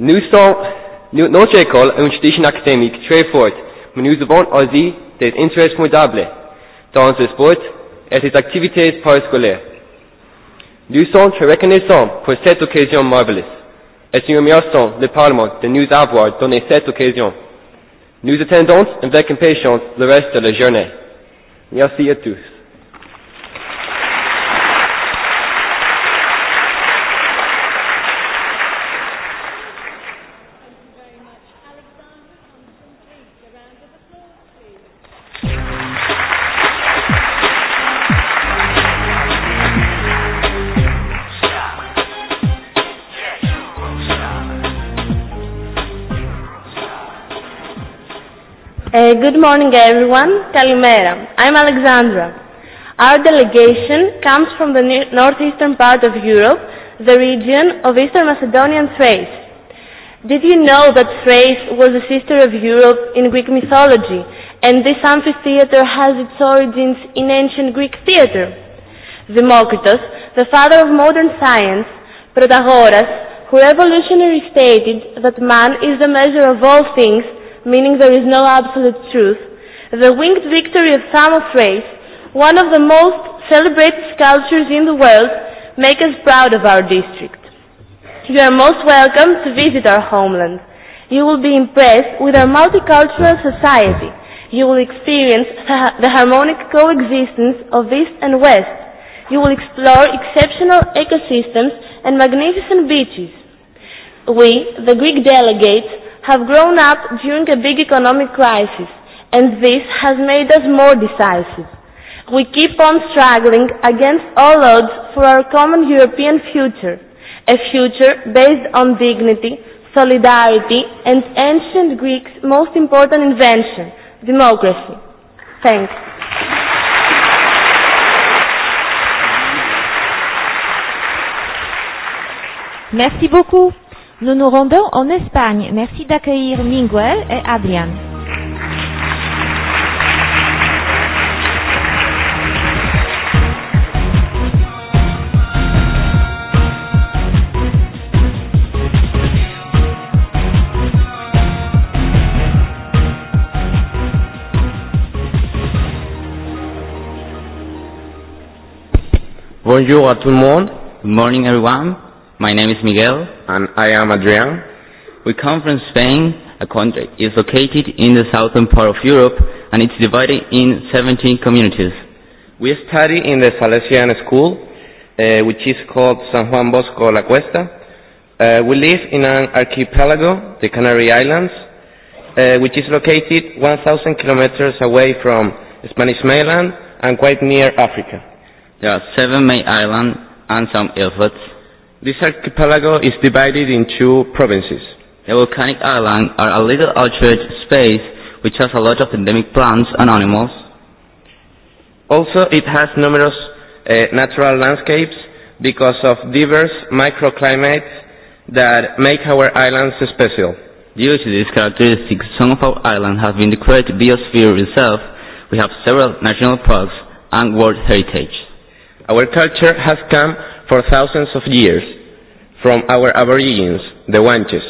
[SPEAKER 16] Nous sommes, nous, notre école a une tradition académique très forte, mais nous avons aussi des intérêts formidables dans le sport et des activités parascolaires. Nous sommes très reconnaissants pour cette occasion marvelous. et nous remercions le Parlement de nous avoir donné cette occasion. Nous attendons avec impatience le reste de la journée.
[SPEAKER 9] Merci à tous.
[SPEAKER 19] good morning, everyone. Kalimera. I'm Alexandra. Our delegation comes from the northeastern part of Europe, the region of Eastern Macedonian Thrace. Did you know that Thrace was a sister of Europe in Greek mythology, and this amphitheater has its origins in ancient Greek theater? Democritus, the father of modern science, Protagoras, who revolutionary stated that man is the measure of all things, meaning there is no absolute truth, the winged victory of Samothrace, one of the most celebrated sculptures in the world, make us proud of our district. You are most welcome to visit our homeland. You will be impressed with our multicultural society. You will experience the harmonic coexistence of East and West. You will explore exceptional ecosystems and magnificent beaches. We, the Greek delegates, have grown up during a big economic crisis, and this has made us more decisive. We keep on struggling against all odds for our common European future, a future based on dignity, solidarity, and ancient Greeks' most important invention, democracy. Thanks.
[SPEAKER 11] Merci beaucoup. Nous nous rendons en Espagne. Merci d'accueillir Miguel et Adrian.
[SPEAKER 3] Bonjour à tout le monde.
[SPEAKER 16] Good morning everyone. My name is Miguel and I am Adrian. We come from Spain, a country is located in the southern part of Europe and it's divided in 17 communities. We study in the Salesian school, which is called San Juan Bosco La Cuesta. we live in an archipelago, the Canary Islands, which is located 1,000 kilometers away from Spanish mainland and quite near Africa. There are seven main islands and some islets. This archipelago is divided into two provinces. The volcanic islands are a little altered space which has a lot of endemic plants and animals. Also, it has numerous natural landscapes because of diverse microclimates that make our islands special. Due to these characteristics, some of our islands have been declared biosphere reserve. We have several national parks and world heritage. Our culture has come for thousands of years from our aborigines, the Wanches.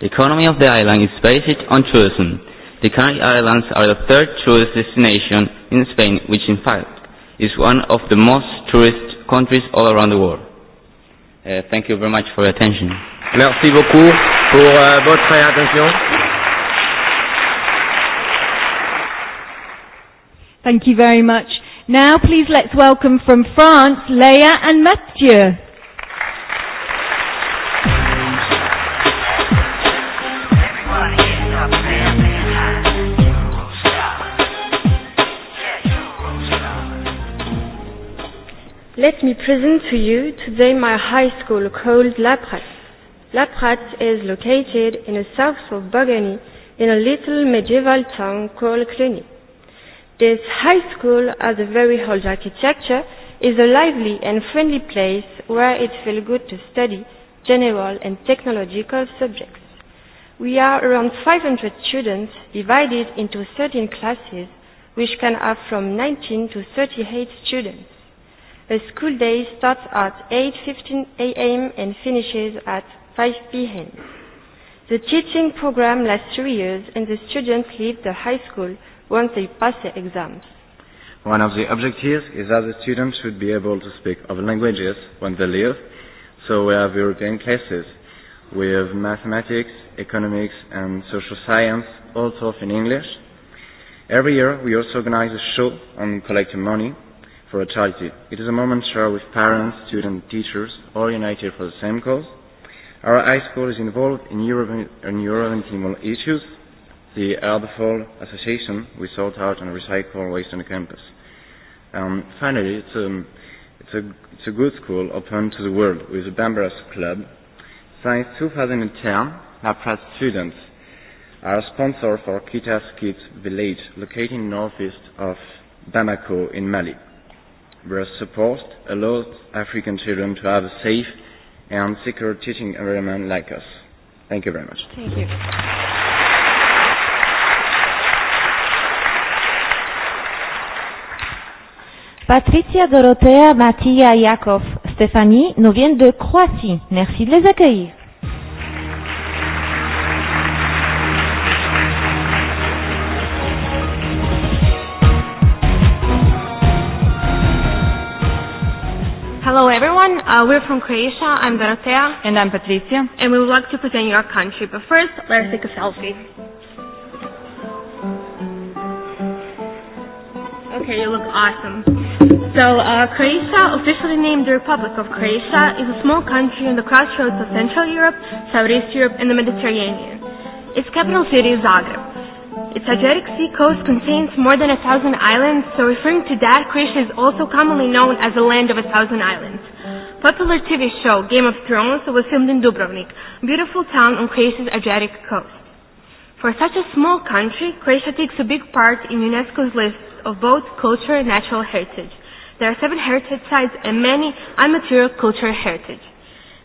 [SPEAKER 16] The economy of the island is based on tourism. The Canary Islands are the third tourist destination in Spain, which in fact is one of the most tourist countries all around the world.
[SPEAKER 3] thank you very much for your attention.
[SPEAKER 16] Merci beaucoup pour votre attention.
[SPEAKER 2] Thank you very much. Now please let's welcome from France, Leia and Mathieu.
[SPEAKER 13] Let me present to you today my high school called La Pratte. La Pratte is located in the south of Burgundy in a little medieval town called Cluny. This high school has a very old architecture, is a lively and friendly place where it feels good to study general and technological subjects. We are around 500 students divided into 13 classes which can have from 19 to 38 students. The school day starts at 8.15 a.m. and finishes at 5 p.m. The teaching program lasts three years and the students leave the high school once they pass the exams.
[SPEAKER 20] One of the objectives is that the students should be able to speak other languages when they leave, so we have European classes. We have mathematics, economics and social science, also in English. Every year we also organize a show on collecting money for a charity. It is a moment shared with parents, students, teachers, all united for the same cause. Our high school is involved in European environmental issues. The Erdefall Association, we sort out and recycle waste on the campus. Um, finally, it's, um, it's, a, it's a good school open to the world with the Bambaras Club. Since 2010, our students are a sponsor for Kitas Kids Village, located northeast of Bamako in Mali where support allows African children to have a safe and secure teaching environment like us. Thank you very much.
[SPEAKER 5] Thank you.
[SPEAKER 11] Patricia Dorothea Matija Yakov, Stefani nous vient de Croatie. Merci de les accueillir.
[SPEAKER 13] Hello everyone, uh, we're from Croatia, I'm Dorothea. And I'm Patricia. And we would like to present your country, but first, let's take a selfie. Okay, you look awesome. So, uh, Croatia, officially named the Republic of Croatia, is a small country on the crossroads of Central Europe, Southeast Europe, and the Mediterranean. Its capital city is Zagreb. The Adriatic Sea coast contains more than a thousand islands, so referring to that, Croatia is also commonly known as the land of a thousand islands. Popular TV show Game of Thrones was filmed in Dubrovnik, a beautiful town on Croatia's Adriatic coast. For such a small country, Croatia takes a big part in UNESCO's list of both culture and natural heritage. There are seven heritage sites and many unmaterial cultural heritage.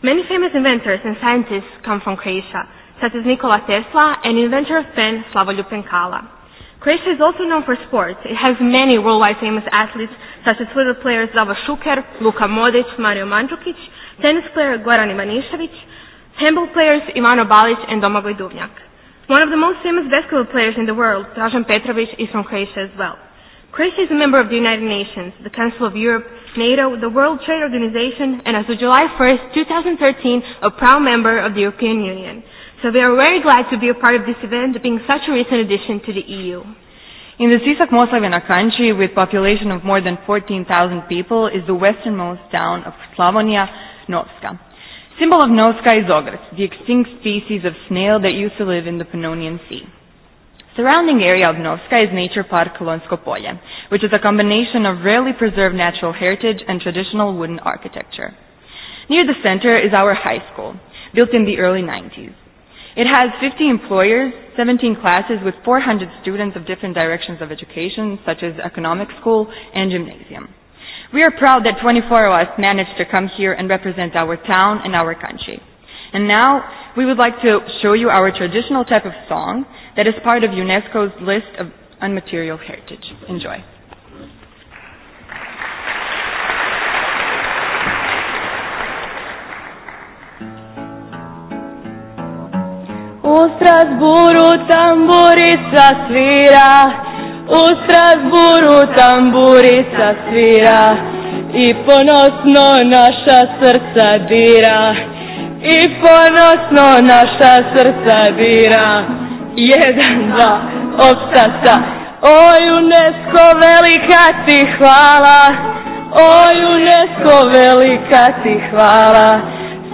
[SPEAKER 13] Many famous inventors and scientists come from Croatia such as Nikola Tesla and inventor of pen Slavoljub Penkala. Croatia is also known for sports. It has many worldwide famous athletes such as football players Zava Šuker, Luka Modic, Mario Mandžukić, tennis player Goran Ivanišević, handball players Ivano Balić and Domagoj Duvnjak. One of the most famous basketball players in the world, Dražan Petrovic, is from Croatia as well. Croatia is a member of the United Nations, the Council of Europe, NATO, the World Trade Organization, and as of July 1 2013, a proud member of the European Union. So we are very glad to be a part of this event, being such a recent addition to
[SPEAKER 6] the EU. In the Sisak Moslavina country, with population of more than 14,000 people, is the westernmost town of Slavonia, Novska. Symbol of Novska is ogres, the extinct species of snail that used to live in the Pannonian Sea. Surrounding area of Novska is Nature Park Kolonsko Polje, which is a combination of rarely preserved natural heritage and traditional wooden architecture. Near the center is our high school, built in the early 90s. It has 50 employers, 17 classes with 400 students of different directions of education, such as economic school and gymnasium. We are proud that 24 of us managed to come here and represent our town and our country. And now we would like to show you our traditional type of song that is part of UNESCO's list of unmaterial heritage. Enjoy.
[SPEAKER 12] U Strasburu tamburica svira, u Strasburu tamburica svira i ponosno naša srca dira, i ponosno naša srca dira. Jedan, dva, opstasa, o UNESCO velika ti hvala, o UNESCO velika ti hvala.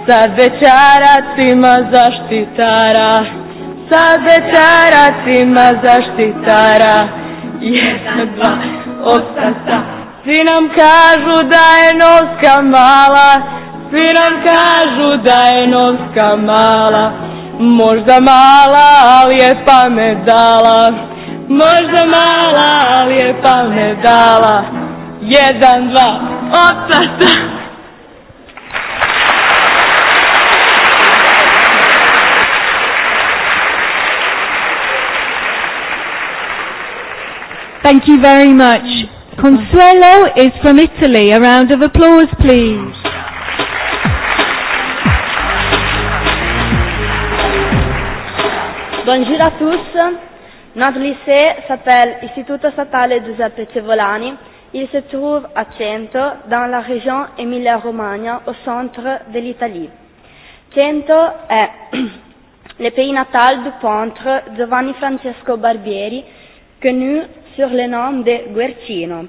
[SPEAKER 12] Sa Sad ima zaštitara Sad ma zaštitara Jedan, dva, osata Svi nam kažu da je noska mala Svi nam kažu da je noska mala Možda mala, ali je pamet dala Možda mala, ali je pamet dala Jedan, dva, osata.
[SPEAKER 1] Thank you very much.
[SPEAKER 2] Consuelo is from Italy. A round of applause, please.
[SPEAKER 19] Buongiorno à
[SPEAKER 18] tous. Notre lycée s'appelle Istituto Statale Giuseppe Cevolani. Il se trouve à Cento, dans la région Emilia-Romagna, au centre de l'Italie. Cento è le pays natal du Pontre, Giovanni Francesco Barbieri, connu sur le nom de Guercino.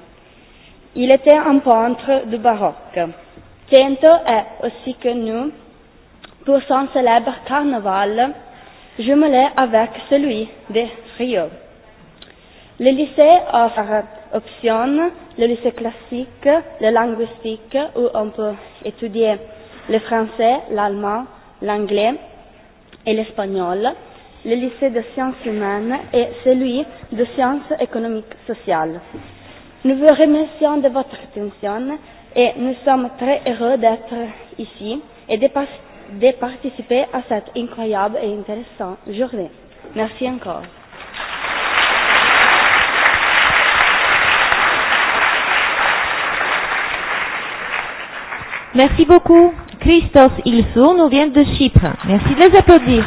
[SPEAKER 18] Il était un peintre du baroque. Tento est aussi connu pour son célèbre carnaval jumelé avec celui de Rio. Le lycée offre option le lycée classique, le linguistique, où on peut étudier le français, l'allemand, l'anglais et l'espagnol, le lycée de sciences humaines et celui de sciences économiques sociales. Nous vous remercions de votre attention et nous sommes très heureux d'être ici et de, participer à cette incroyable et intéressante journée. Merci encore.
[SPEAKER 11] Merci beaucoup. Christos Ilsou nous vient de Chypre. Merci de les applaudir.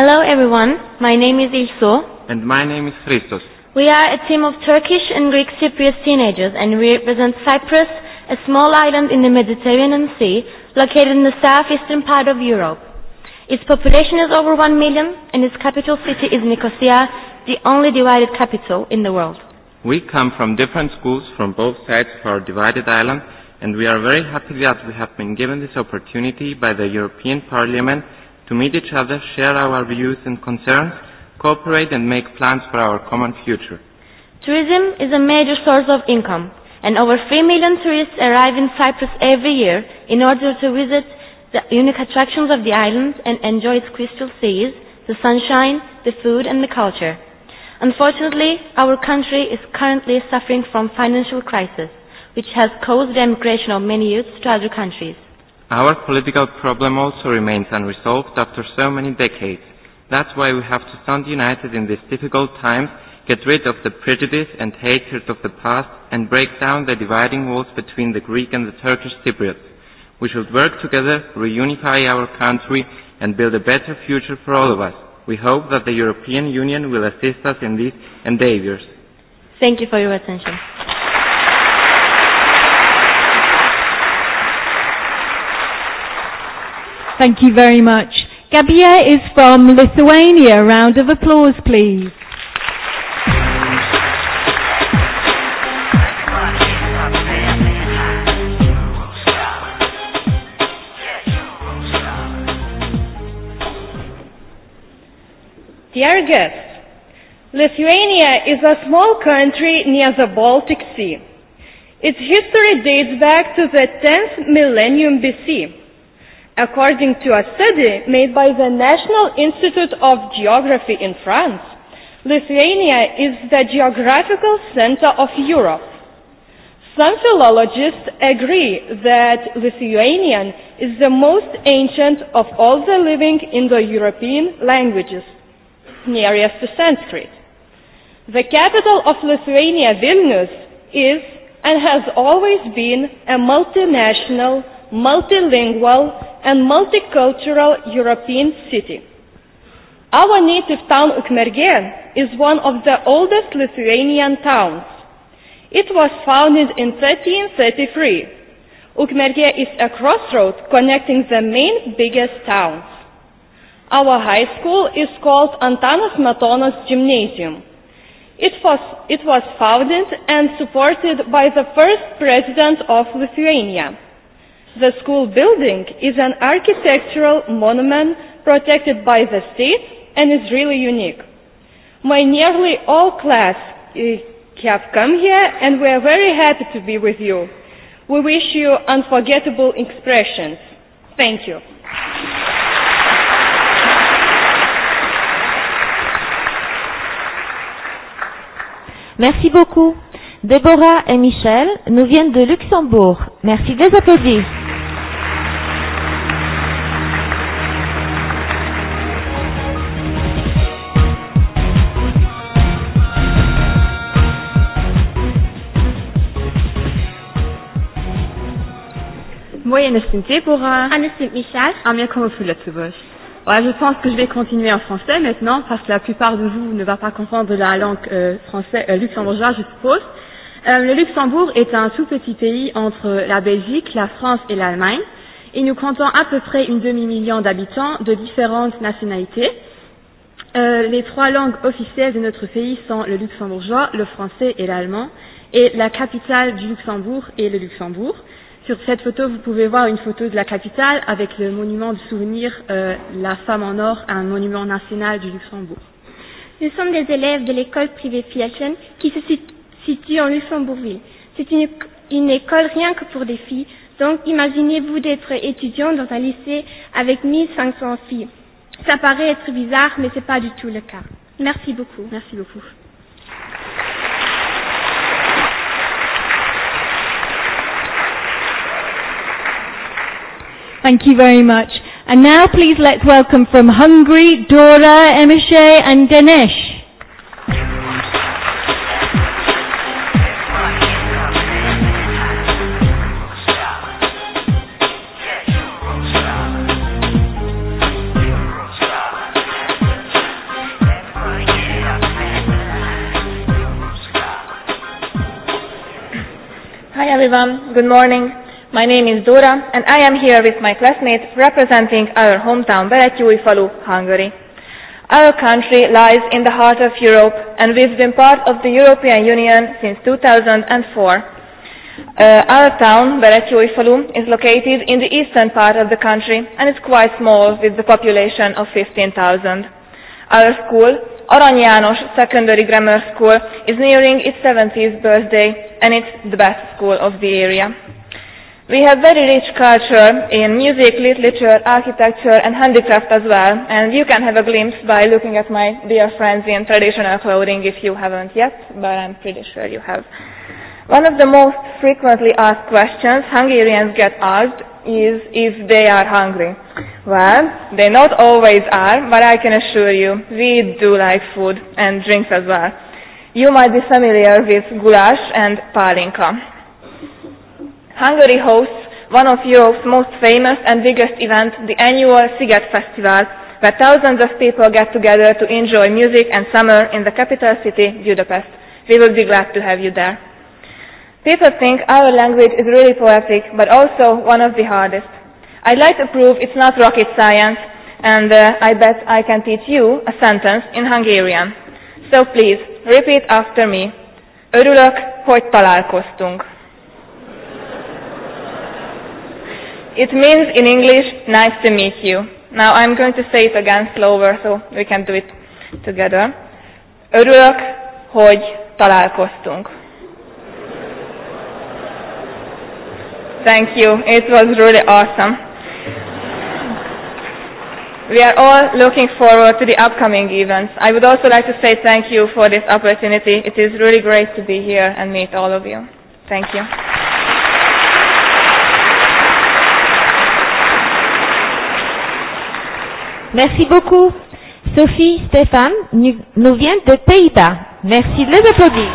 [SPEAKER 21] Hello everyone,
[SPEAKER 11] my name is Ilso.
[SPEAKER 20] And my name is Christos.
[SPEAKER 11] We are a team of Turkish and Greek Cypriot teenagers and we represent Cyprus, a small island in the Mediterranean Sea, located in the southeastern part of Europe. Its population is over 1 million and its capital city is Nicosia, the only divided capital in the world.
[SPEAKER 22] We come from different schools from both sides of our divided island and we are very happy that we have been given this opportunity by the European Parliament to meet each other, share our views and concerns, cooperate and make plans for our common future.
[SPEAKER 11] Tourism is a major source of income, and over 3 million tourists arrive in Cyprus every year in order to visit the unique attractions of the island and enjoy its crystal seas, the sunshine, the food and the culture. Unfortunately, our country is currently suffering from financial crisis, which has caused the emigration of many youths to other countries.
[SPEAKER 22] Our political problem also remains unresolved after so many decades. That's why we have to stand united in these difficult times, get rid of the prejudice and hatred of the past, and break down the dividing walls between the Greek and the Turkish Cypriots. We should work together, reunify our country, and build a better future for all of us. We hope that the European Union will assist us in these endeavors.
[SPEAKER 21] Thank you for your attention.
[SPEAKER 2] Thank you very much. Gabia is from Lithuania. Round of applause, please.
[SPEAKER 23] Dear guests, Lithuania is a small country near the Baltic Sea. Its history dates back to the 10th millennium BC according to a study made by the National Institute of Geography in France, Lithuania is the geographical center of Europe. Some philologists agree that Lithuanian is the most ancient of all the living Indo-European languages, nearest to Sanskrit. The capital of Lithuania, Vilnius, is and has always been a multinational multilingual and multicultural European city. Our native town Ukmergė is one of the oldest Lithuanian towns. It was founded in 1333. Ukmergė is a crossroad connecting the main biggest towns. Our high school is called Antanas Matonas Gymnasium. it was founded and supported by the first president of Lithuania. The school building is an architectural monument protected by the state and is really unique. My nearly all class have come here and we are very happy to be with you. We wish you unforgettable expressions.
[SPEAKER 15] Thank you.
[SPEAKER 11] Merci beaucoup. Déborah et Michel nous viennent de Luxembourg. Merci de les applaudir.
[SPEAKER 6] Moi, suis Déborah.
[SPEAKER 17] Michel. Ouais, je pense que je vais continuer en français maintenant, parce que la plupart de vous ne va pas comprendre la langue euh, française, euh, luxembourgeoise, je suppose. Le Luxembourg est un tout petit pays entre la Belgique, la France et l'Allemagne et nous comptons à peu près une demi-million d'habitants de différentes nationalités. Les trois langues officielles de notre pays sont le luxembourgeois, le français et l'allemand et la capitale du Luxembourg est le Luxembourg. Sur cette photo, vous pouvez voir une photo de la capitale avec le monument du souvenir La femme en or, un monument national du Luxembourg.
[SPEAKER 13] Nous sommes des élèves de l'école privée Fielchen qui se situe situe en Luxembourgville. C'est une, une école rien que pour des filles, donc imaginez-vous d'être étudiant dans un lycée avec 1500 filles. Ça paraît être bizarre, mais ce n'est pas du tout le cas.
[SPEAKER 21] Merci beaucoup. Merci beaucoup.
[SPEAKER 2] Thank you very much. And now please let's welcome from Hungary, Dora, Emiche and Ganesh.
[SPEAKER 6] Hi everyone, good morning. My name is Dora and I am here with my classmates representing our hometown Beretyújfalu, Hungary. Our country lies in the heart of Europe and we've been part of the European Union since 2004. our town, Beretyújfalu, is located in the eastern part of the country and is quite small with the population of 15,000. Our school, Arany János Secondary Grammar School is nearing its 70th birthday and it's the best school of the area. We have very rich culture in music, literature, architecture and handicraft as well and you can have a glimpse by looking at my dear friends in traditional clothing if you haven't yet, but I'm pretty sure you have. One of the most frequently asked questions Hungarians get asked is if they are hungry. Well, they not always are, but I can assure you, we do like food and drinks as well. You might be familiar with goulash and palinka. Hungary hosts one of Europe's most famous and biggest events, the annual Siget Festival, where thousands of people get together to enjoy music and summer in the capital city, Budapest. We will be glad to have you there. People think our language is really poetic, but also one of the hardest. I'd like to prove it's not rocket science, and I bet I can teach you a sentence in Hungarian. So please, repeat after me. Örülök, hogy találkoztunk. It means in English, nice to meet you. Now I'm going to say it again slower, so we can do it together. Örülök, hogy találkoztunk. Thank you. It was really awesome. We are all looking forward to the upcoming events. I would also like to say thank you for this opportunity. It is really great to be here and meet all of you. Thank you.
[SPEAKER 11] Merci beaucoup. Sophie Stéphane nous vient de Pays-Bas. Merci de les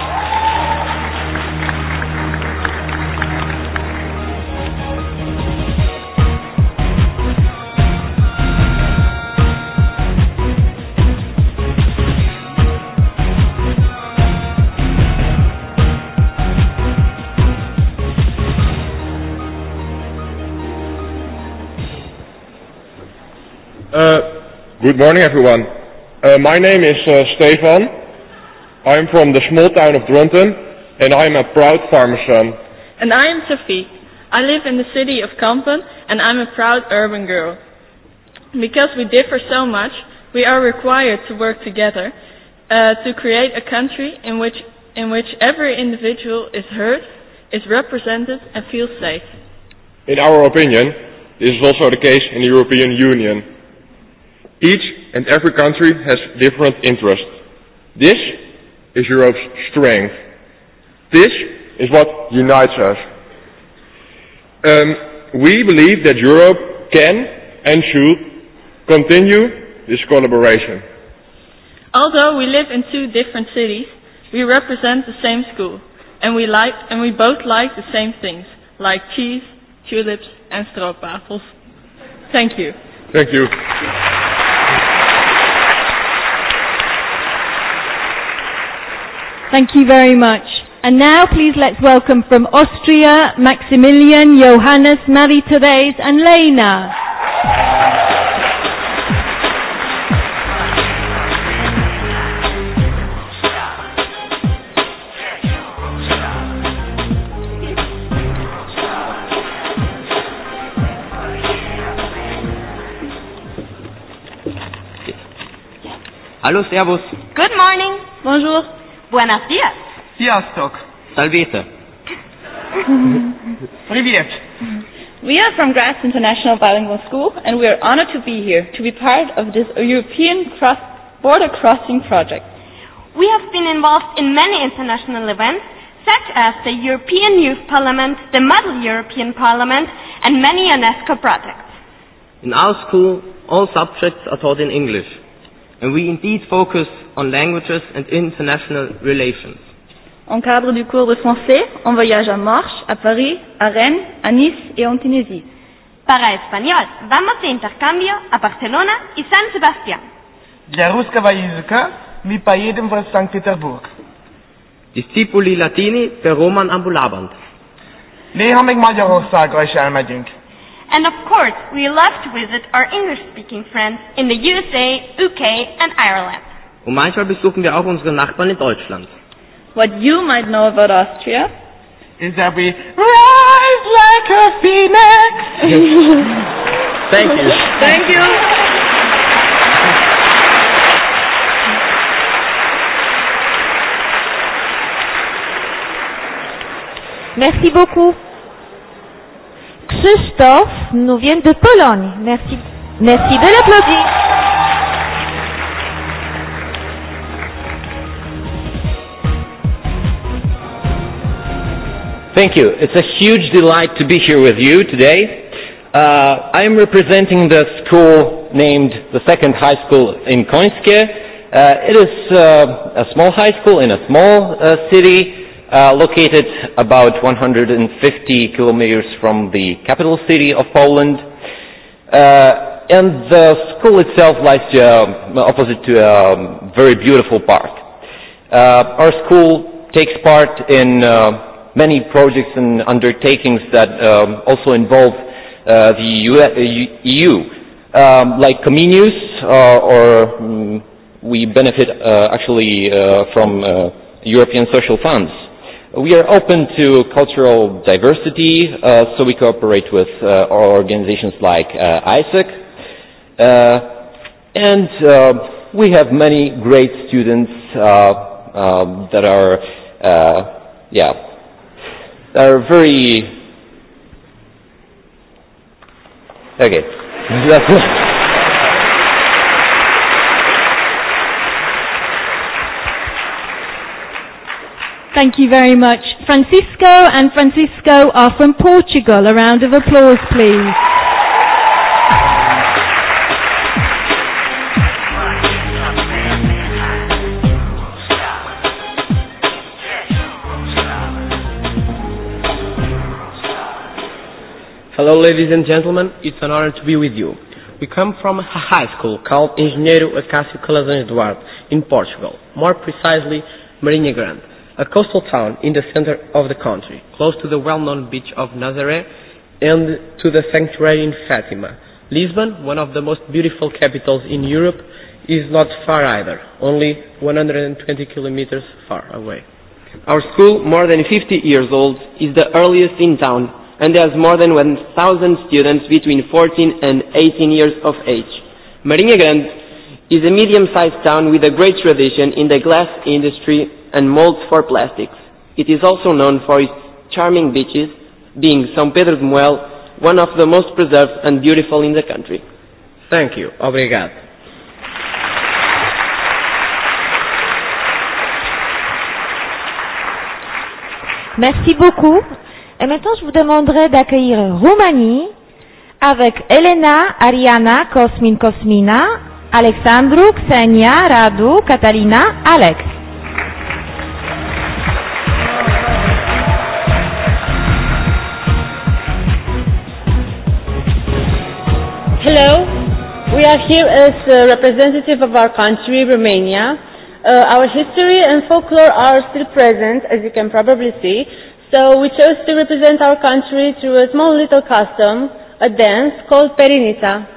[SPEAKER 16] good morning, everyone. Uh, my name is uh, Stefan. I'm from the small town of Drunton and I'm a proud farmer son.
[SPEAKER 7] And I am Sophie. I live in the city of Kampen, and I'm a proud urban girl. Because we differ so much, we are required to work together uh, to create a country in which, in which every individual is heard, is represented, and feels safe.
[SPEAKER 16] In our opinion, this is also the case in the European Union. Each and every country has different interests. This is Europe's strength. This is what unites us. Um, we believe that Europe can and should continue this collaboration.
[SPEAKER 7] Although we live in two different cities, we represent the same school, and we like and we both like the same things, like cheese, tulips, and stroopwafels. Thank you.
[SPEAKER 5] Thank you.
[SPEAKER 2] Thank you very much. And now please let's welcome from Austria, Maximilian, Johannes, Marie-Therese and Lena.
[SPEAKER 16] Hallo, Servus.
[SPEAKER 19] Good morning. Bonjour. Buenos días.
[SPEAKER 5] Sziasztok. Salvete.
[SPEAKER 19] We are from Grass International Bilingual
[SPEAKER 15] School and we are honored to be here to be part of this European cross border crossing
[SPEAKER 23] project.
[SPEAKER 13] We have been involved in many international events such as the European Youth Parliament, the Model European Parliament, and many UNESCO projects.
[SPEAKER 16] In our school, all subjects are taught in English and we indeed focus on languages and international relations.
[SPEAKER 15] On cadre du cours de français, on voyage à Marche, à Paris, à Rennes, à Nice et en Tunisie. Para
[SPEAKER 18] español, vamos de intercambio a Barcelona y San Sebastián.
[SPEAKER 9] Для
[SPEAKER 12] русского языка мы поедем в Санкт-Петербург. Discipuli Latini per Roman Ambulaband. Nee, ham ik is elmegyünk. And of course, we
[SPEAKER 13] love to visit our English-speaking friends in the USA, UK and Ireland.
[SPEAKER 12] Und
[SPEAKER 16] manchmal besuchen wir auch unsere Nachbarn in Deutschland.
[SPEAKER 15] What you might know about Austria
[SPEAKER 12] is that we rise like a phoenix. Thank you. Thank you.
[SPEAKER 11] Merci beaucoup. Krzysztof nous vient de Pologne. Merci, merci de l'applaudir.
[SPEAKER 22] Thank you. It's a huge delight to be here with you today. Uh, I'm representing the school named the second high school in Koinske. Uh, it is uh, a small high school in a small uh, city located about 150 kilometers from the capital city of Poland. And the school itself lies opposite to a very beautiful park. Our school takes part in many projects and undertakings that also involve the EU, like Comenius, or we benefit actually from European social funds. We are open to cultural diversity, so we cooperate with organizations like ISAC. And we have many great students that are, yeah, are very.
[SPEAKER 5] Okay.
[SPEAKER 2] Thank you very much. Francisco and Francisco are from Portugal. A round of applause, please.
[SPEAKER 16] Hello, ladies and gentlemen. It's an honor to be with you. We come from a high school called Engenheiro Acácio Calazans Eduardo in Portugal, more precisely Marinha Grande a coastal town in the center of the country, close to the well-known beach of Nazaré and to the sanctuary in Fatima. Lisbon, one of the most beautiful capitals in Europe, is not far either, only
[SPEAKER 3] 120 kilometers
[SPEAKER 16] far away. Our school, more than 50 years old, is the earliest in town and has more than 1,000 students between 14 and 18 years of age. Marinha Grande is a medium-sized town with a great tradition in the glass industry and molds for plastics. It is also known for its charming beaches, being São Pedro de Muel one of the most preserved and beautiful in the country. Thank you. Obrigado. Merci
[SPEAKER 11] beaucoup. Et maintenant, je vous demanderai d'accueillir Roumanie avec Elena, Ariana, Cosmin, Cosmina, Alexandru, Xenia, Radu, Catalina, Alex. Hello. We are here as a representative of our country, Romania. Uh, our history and folklore are still present, as you can probably see. So we chose to represent our country through a small little custom, a dance called Perinita.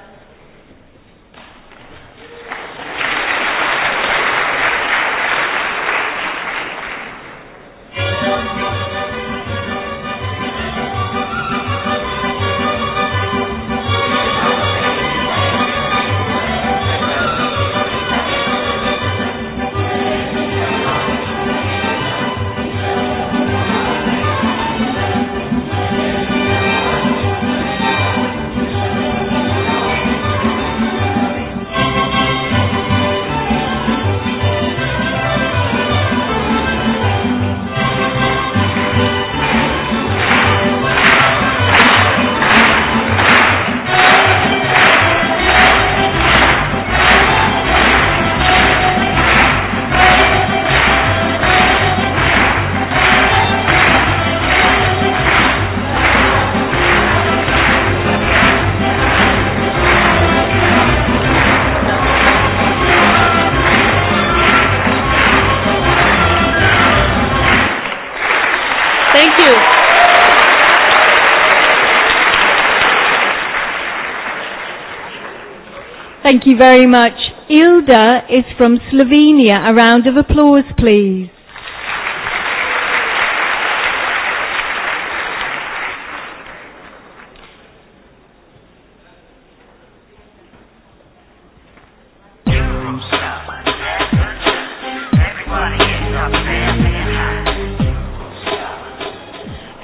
[SPEAKER 2] Thank you very much. Ilda is from Slovenia. A round of applause, please.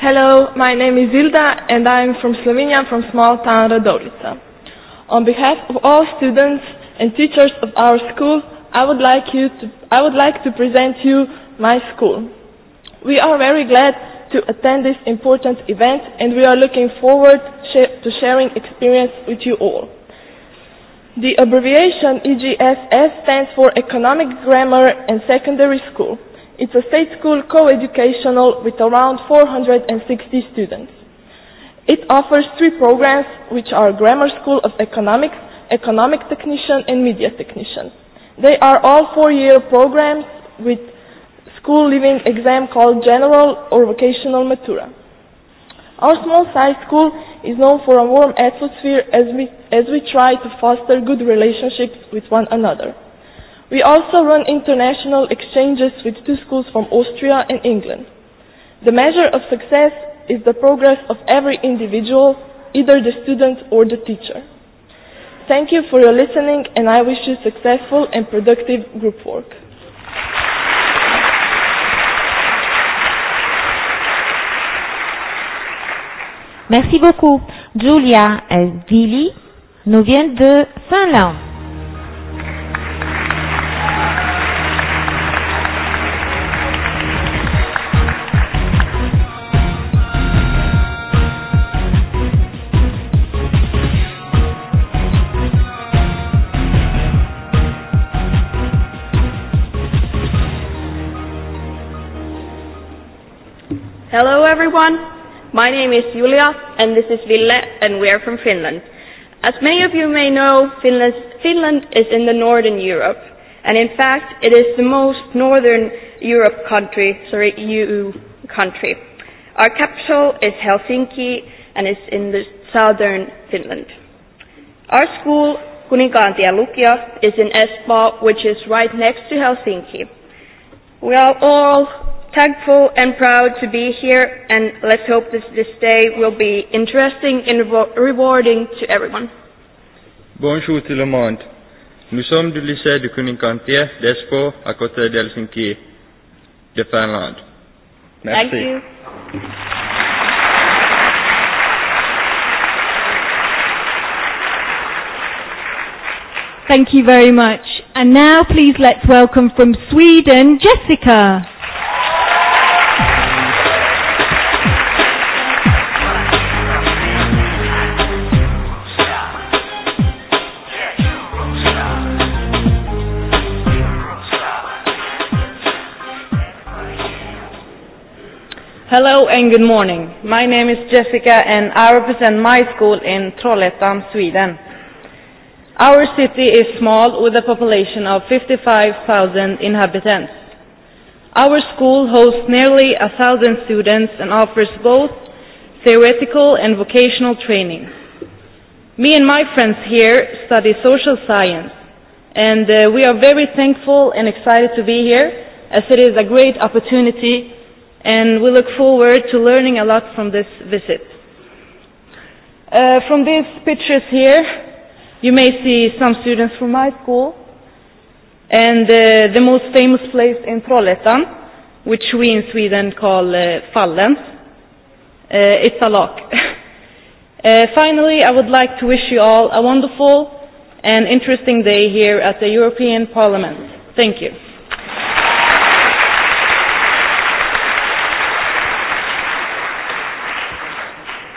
[SPEAKER 7] Hello, my name is Ilda and I'm from Slovenia, from small town Radolica. On behalf of all students and teachers of our school, I would like you to I would like to present you my school. We are very glad to attend this important event and we are looking forward to sharing experience with you all. The abbreviation EGSS stands for Economic Grammar and Secondary School. It's a state school co-educational with around 460 students. It offers three programs which are Grammar School of Economics, Economic Technician and Media Technician. They are all four-year programs with school leaving exam called General or Vocational Matura. Our small size school is known for a warm atmosphere as we, as we try to foster good relationships with one another. We also run international exchanges with two schools from Austria and England. The measure of success is the progress of every individual, either the student or the teacher. Thank you for your listening and I wish you successful and productive group work.
[SPEAKER 11] Merci beaucoup. Julia and nous vient de Finlande.
[SPEAKER 6] Hello everyone. My name is Julia and this is Ville and we are from Finland. As many of you may know, Finland is in the northern Europe and in fact it is the most northern Europe country, sorry, EU country. Our capital is Helsinki and it's in the southern Finland. Our school, Kuninkaantie Lukio, is in Espoo, which is right next to Helsinki. We are all thankful and proud to be here, and let's hope this this day will be interesting and rewarding to everyone.
[SPEAKER 16] Bonjour tout le monde. Nous sommes du lycée de Kuninkantia d'Espo, à côté d'Helsinki, de Finlande. Merci. Thank you.
[SPEAKER 2] Thank you very much. And now please let's welcome from Sweden, Jessica.
[SPEAKER 14] Hello and good morning. My name is Jessica and I represent my school in Trollhättan, Sweden. Our city is small with a population of 55,000 inhabitants. Our school hosts nearly a thousand students and offers both theoretical and vocational training. Me and my friends here study social science and we are very thankful and excited to be here as it is a great opportunity and we look forward to learning a lot from this visit. From these pictures here, you may see some students from my school and the most famous place in Trollhättan, which we in Sweden call Fallen. It's a lock. Finally, I would like to wish you all a wonderful and interesting day here at the European Parliament. Thank you.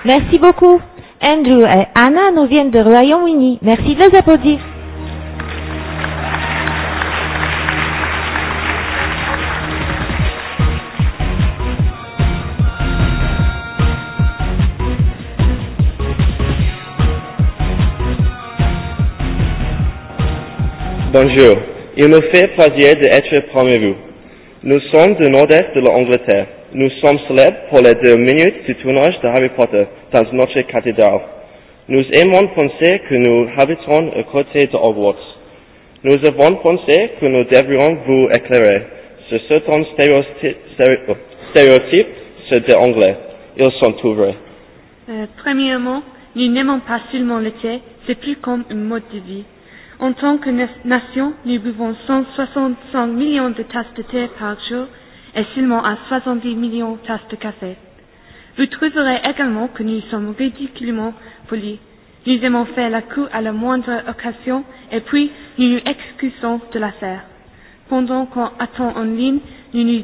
[SPEAKER 11] Merci beaucoup. Andrew et Anna nous viennent du Royaume-Uni. Merci de les applaudir.
[SPEAKER 16] Bonjour. Il me fait plaisir d'être parmi vous. Nous sommes du nord-est de l'Angleterre nous sommes célèbres pour les deux minutes du tournage de Harry Potter dans notre cathédrale. Nous aimons penser que nous habitons à côté de Hogwarts. Nous avons pensé que nous devrions vous éclairer sur certains stéréotypes sur des Anglais. Ils sont tout vrais.
[SPEAKER 13] premièrement, nous n'aimons pas seulement le thé, c'est plus comme un mode de vie. En tant que nation, nous buvons 165 millions de tasses de thé par jour et seulement à 70 millions de tasses de café. Vous trouverez également que nous sommes ridiculement polis. Nous aimons faire la coup à la moindre occasion et puis nous nous excusons de la faire. Pendant qu'on attend en ligne, nous nous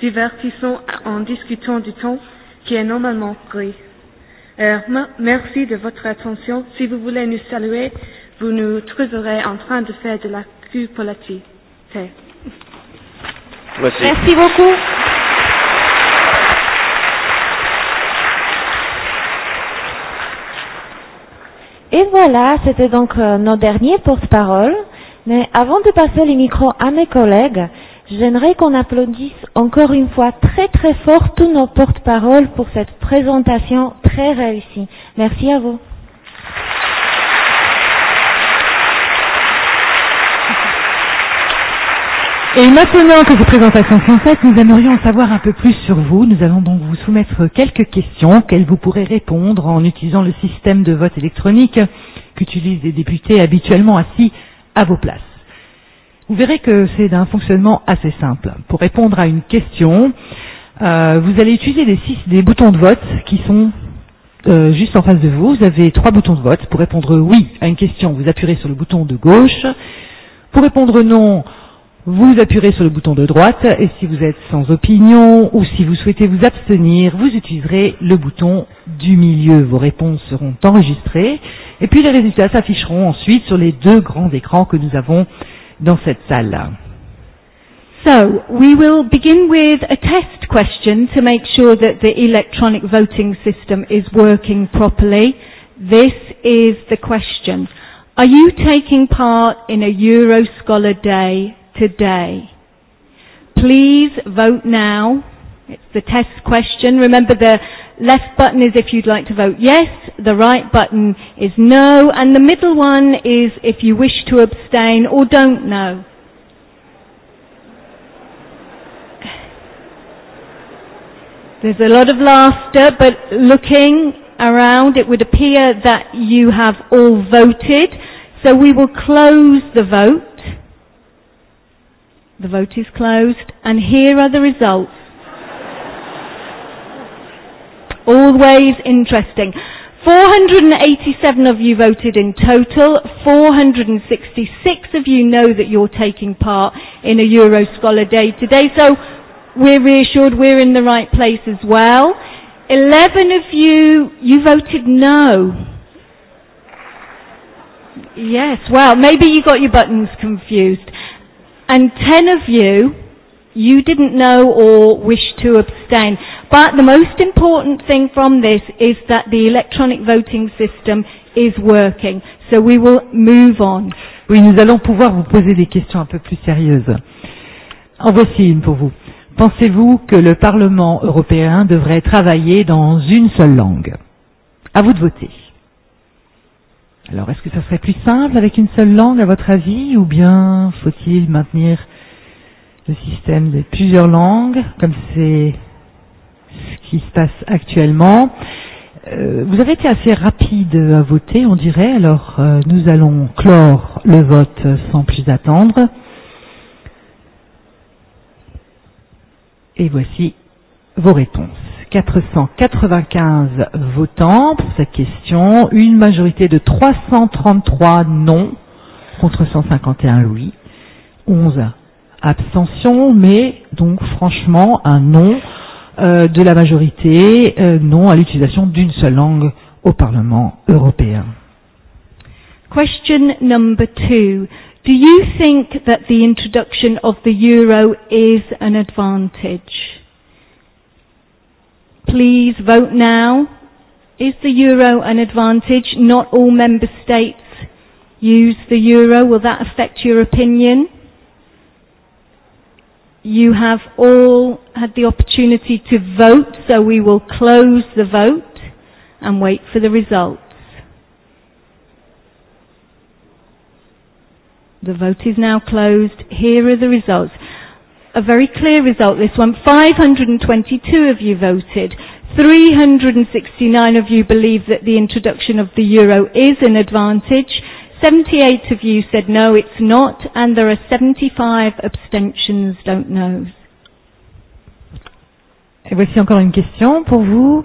[SPEAKER 13] divertissons en discutant du temps qui est normalement gris. merci de votre attention. Si vous voulez nous saluer, vous nous trouverez en train de faire de la Okay.
[SPEAKER 12] Merci beaucoup. Et voilà,
[SPEAKER 11] c'était donc nos derniers porte-parole. Mais avant de passer les micros à mes collègues, j'aimerais qu'on applaudisse encore une fois très très fort tous nos porte parole pour cette présentation très réussie. Merci à vous.
[SPEAKER 1] Et maintenant que vos présentations sont faites, nous aimerions en savoir un peu plus sur vous. Nous allons donc vous soumettre quelques questions auxquelles vous pourrez répondre en utilisant le système de vote électronique qu'utilisent les députés habituellement assis à vos places. Vous verrez que c'est d'un fonctionnement assez simple. Pour répondre à une question, euh, vous allez utiliser des, six, des boutons de vote qui sont juste en face de vous. Vous avez trois boutons de vote. Pour répondre oui à une question, vous appuyez sur le bouton de gauche. Pour répondre non, Vous appuierez sur le bouton de droite et si vous êtes sans opinion ou si vous souhaitez vous abstenir, vous utiliserez le bouton du milieu. Vos réponses seront enregistrées et puis les résultats s'afficheront ensuite sur les deux grands écrans que nous avons dans cette salle.
[SPEAKER 2] So, we will begin with a test question to make sure that the electronic voting system is working properly. This is the question. Are you taking part in a Euroscholar Day today. Please vote now. It's the test question. Remember the left button is if you'd like to vote yes, the right button is no, and the middle one is if you wish to abstain or don't know. There's a lot of laughter, but looking around, it would appear that you have all voted. So we will close the vote. The vote is closed. And here are the results. Always interesting. 487 of you voted in total. 466 of you know that you're taking part in a Euro Scholar Day today. So we're reassured we're in the right place as well. 11 of you, you voted no. Yes, well, maybe you got your buttons confused and ten of you, you didn't know or wish to abstain. But the most important thing from this is that the electronic voting system is working. So
[SPEAKER 1] we will move on. Oui, nous allons pouvoir vous poser des questions un peu plus sérieuses. En voici une pour vous. Pensez-vous que le Parlement européen devrait travailler dans une seule langue À vous de voter. Alors, est-ce que ça serait plus simple avec une seule langue, à votre avis, ou bien faut-il maintenir le système de plusieurs langues, comme c'est ce qui se passe actuellement Vous avez été assez rapide à voter, on dirait, alors nous allons clore le vote sans plus attendre. Et voici vos réponses. 495 votants pour cette question, une majorité de 333 non contre 151 oui, 11 abstentions, mais donc franchement un non de la majorité, non à l'utilisation d'une seule langue au Parlement européen.
[SPEAKER 2] Question number two. Do you think that the introduction of the euro is an advantage? Please vote now. Is the euro an advantage? Not all member states use the euro. Will that affect your opinion? You have all had the opportunity to vote, so we will close the vote and wait for the results. The vote is now closed. Here are the results a very clear result this one. 522 of you voted. 369 of you believe that the introduction of the euro is an advantage. 78 of you said no, it's not, and there are 75 abstentions,
[SPEAKER 1] don't know. Et voici encore une question pour vous.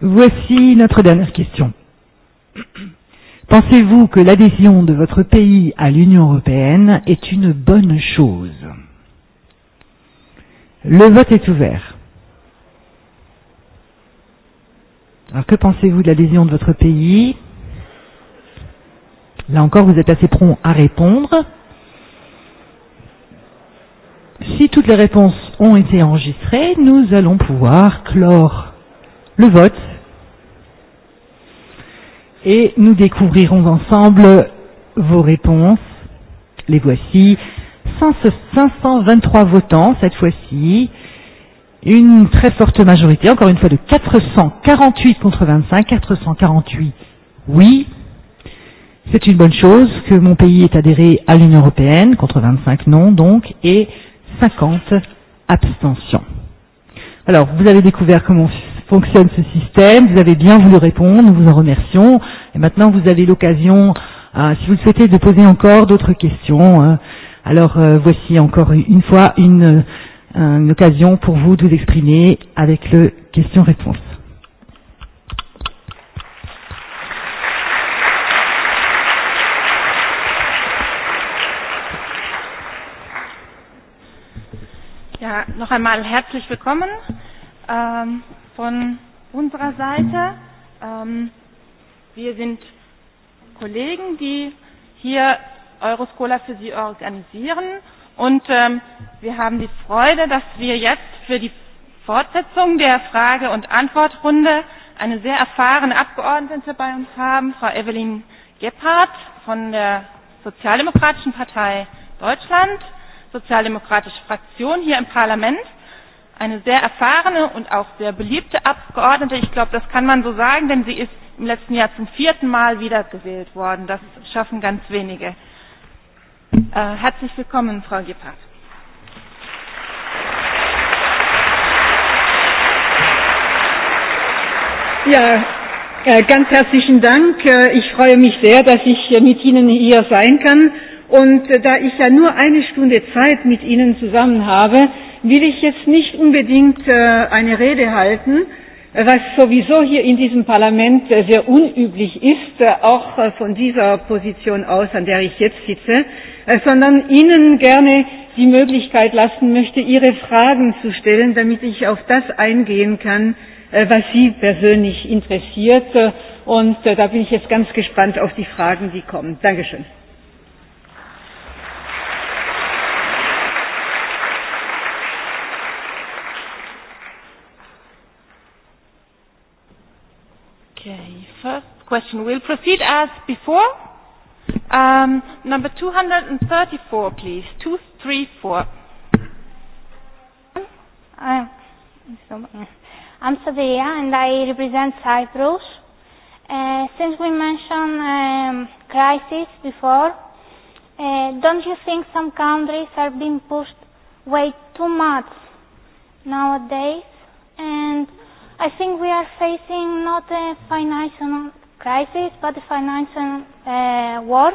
[SPEAKER 1] Voici notre dernière question. Pensez-vous que l'adhésion de votre pays à l'Union européenne est une bonne chose Le vote est ouvert. Alors que pensez-vous de l'adhésion de votre pays Là encore, vous êtes assez prompt à répondre. Si toutes les réponses ont été enregistrées, nous allons pouvoir clore le vote et nous découvrirons ensemble vos réponses. Les voici. 523 votants cette fois-ci. Une très forte majorité, encore une fois, de 448 contre 25. 448, oui. C'est une bonne chose que mon pays est adhéré à l'Union Européenne, contre 25 non donc, et 50 abstentions. Alors, vous avez découvert comment fonctionne ce système. Vous avez bien voulu répondre, nous vous en remercions. Et maintenant, vous avez l'occasion, si vous le souhaitez, de poser encore d'autres questions. Alors, voici encore une fois une, une occasion pour vous de vous exprimer avec le question-réponse.
[SPEAKER 24] Ja, noch einmal herzlich willkommen. Ähm, von unserer Seite. Ähm, wir sind Kollegen, die hier Euroscola für Sie organisieren. Und ähm, wir haben die Freude, dass wir jetzt für die Fortsetzung der Frage- und Antwortrunde eine sehr erfahrene Abgeordnete bei uns haben, Frau Evelyn Gebhardt von der Sozialdemokratischen Partei Deutschland, Sozialdemokratische Fraktion hier im Parlament eine sehr erfahrene und auch sehr beliebte Abgeordnete. Ich glaube, das kann man so sagen, denn sie ist im letzten Jahr zum vierten Mal wiedergewählt worden. Das schaffen ganz wenige. Herzlich willkommen, Frau Gebhardt.
[SPEAKER 25] Ja, ganz herzlichen Dank. Ich freue mich sehr, dass ich mit Ihnen hier sein kann. Und da ich ja nur eine Stunde Zeit mit Ihnen zusammen habe, will ich jetzt nicht unbedingt eine Rede halten, was sowieso hier in diesem Parlament sehr unüblich ist, auch von dieser Position aus, an der ich jetzt sitze, sondern Ihnen gerne die Möglichkeit lassen möchte, Ihre Fragen zu stellen, damit ich auf das eingehen kann, was Sie persönlich interessiert. Und da bin ich jetzt ganz gespannt auf die Fragen, die kommen. Dankeschön.
[SPEAKER 24] Okay, first question. We'll proceed as before. Um, number 234, please. 234. I'm
[SPEAKER 21] Sadia and I represent Cyprus. Uh, since we mentioned um, crisis before, uh, don't you think some countries are being pushed way too much nowadays? And I think we are facing not a financial crisis, but a financial war.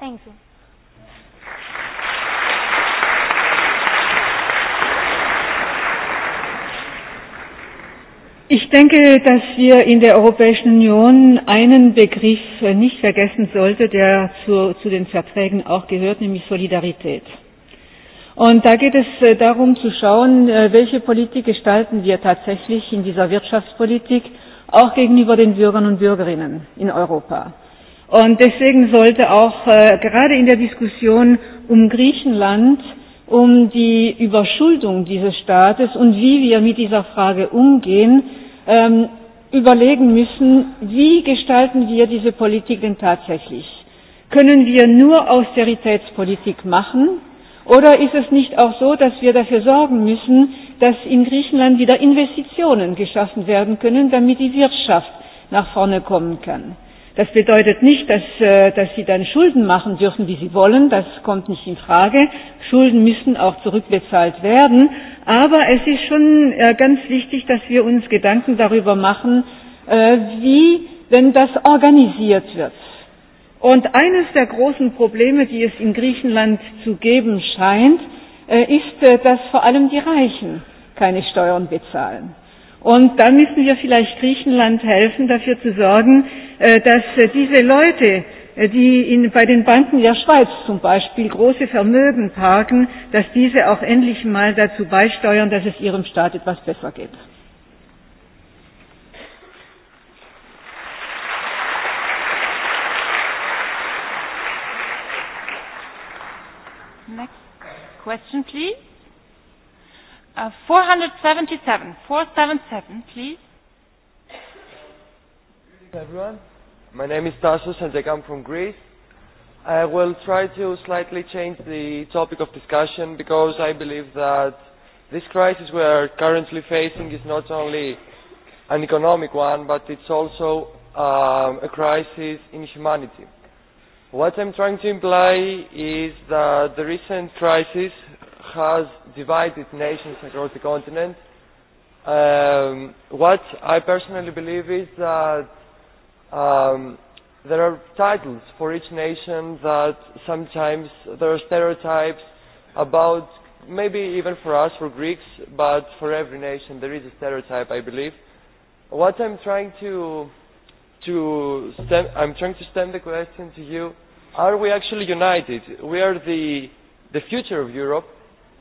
[SPEAKER 21] Thank you.
[SPEAKER 25] Ich denke, dass wir in der Europäischen Union einen Begriff nicht vergessen sollten, der zu, zu den Verträgen auch gehört, nämlich Solidarität. Und da geht es darum zu schauen, welche Politik gestalten wir tatsächlich in dieser Wirtschaftspolitik, auch gegenüber den Bürgern und Bürgerinnen in Europa. Und deswegen sollte auch gerade in der Diskussion um Griechenland, um die Überschuldung dieses Staates und wie wir mit dieser Frage umgehen, überlegen müssen, wie gestalten wir diese Politik denn tatsächlich? Können wir nur Austeritätspolitik machen? Oder ist es nicht auch so, dass wir dafür sorgen müssen, dass in Griechenland wieder Investitionen geschaffen werden können, damit die Wirtschaft nach vorne kommen kann? Das bedeutet nicht, dass, dass sie dann Schulden machen dürfen, wie sie wollen. Das kommt nicht in Frage. Schulden müssen auch zurückbezahlt werden. Aber es ist schon ganz wichtig, dass wir uns Gedanken darüber machen, wie, wenn das organisiert wird Und eines der großen Probleme, die es in Griechenland zu geben scheint, ist, dass vor allem die Reichen keine Steuern bezahlen. Und da müssen wir vielleicht Griechenland helfen, dafür zu sorgen, dass diese Leute, die in, bei den Banken der Schweiz zum Beispiel große Vermögen parken, dass diese auch endlich mal dazu beisteuern, dass es ihrem Staat etwas besser geht.
[SPEAKER 24] question, please? 477. 477, please.
[SPEAKER 9] Everyone, my name is Tassos and I come from Greece. I will try to slightly change the topic of discussion because I believe that this crisis we are currently facing is not only an economic one, but it's also a crisis in humanity. What I'm trying to imply is that the recent crisis has divided nations across the continent. Um, what I personally believe is that um, there are titles for each nation that sometimes there are stereotypes about, maybe even for us, for Greeks, but for every nation there is a stereotype, I believe. What I'm trying to, to stem, I'm trying to stem the question to you Are we actually united? We are the, the future of Europe.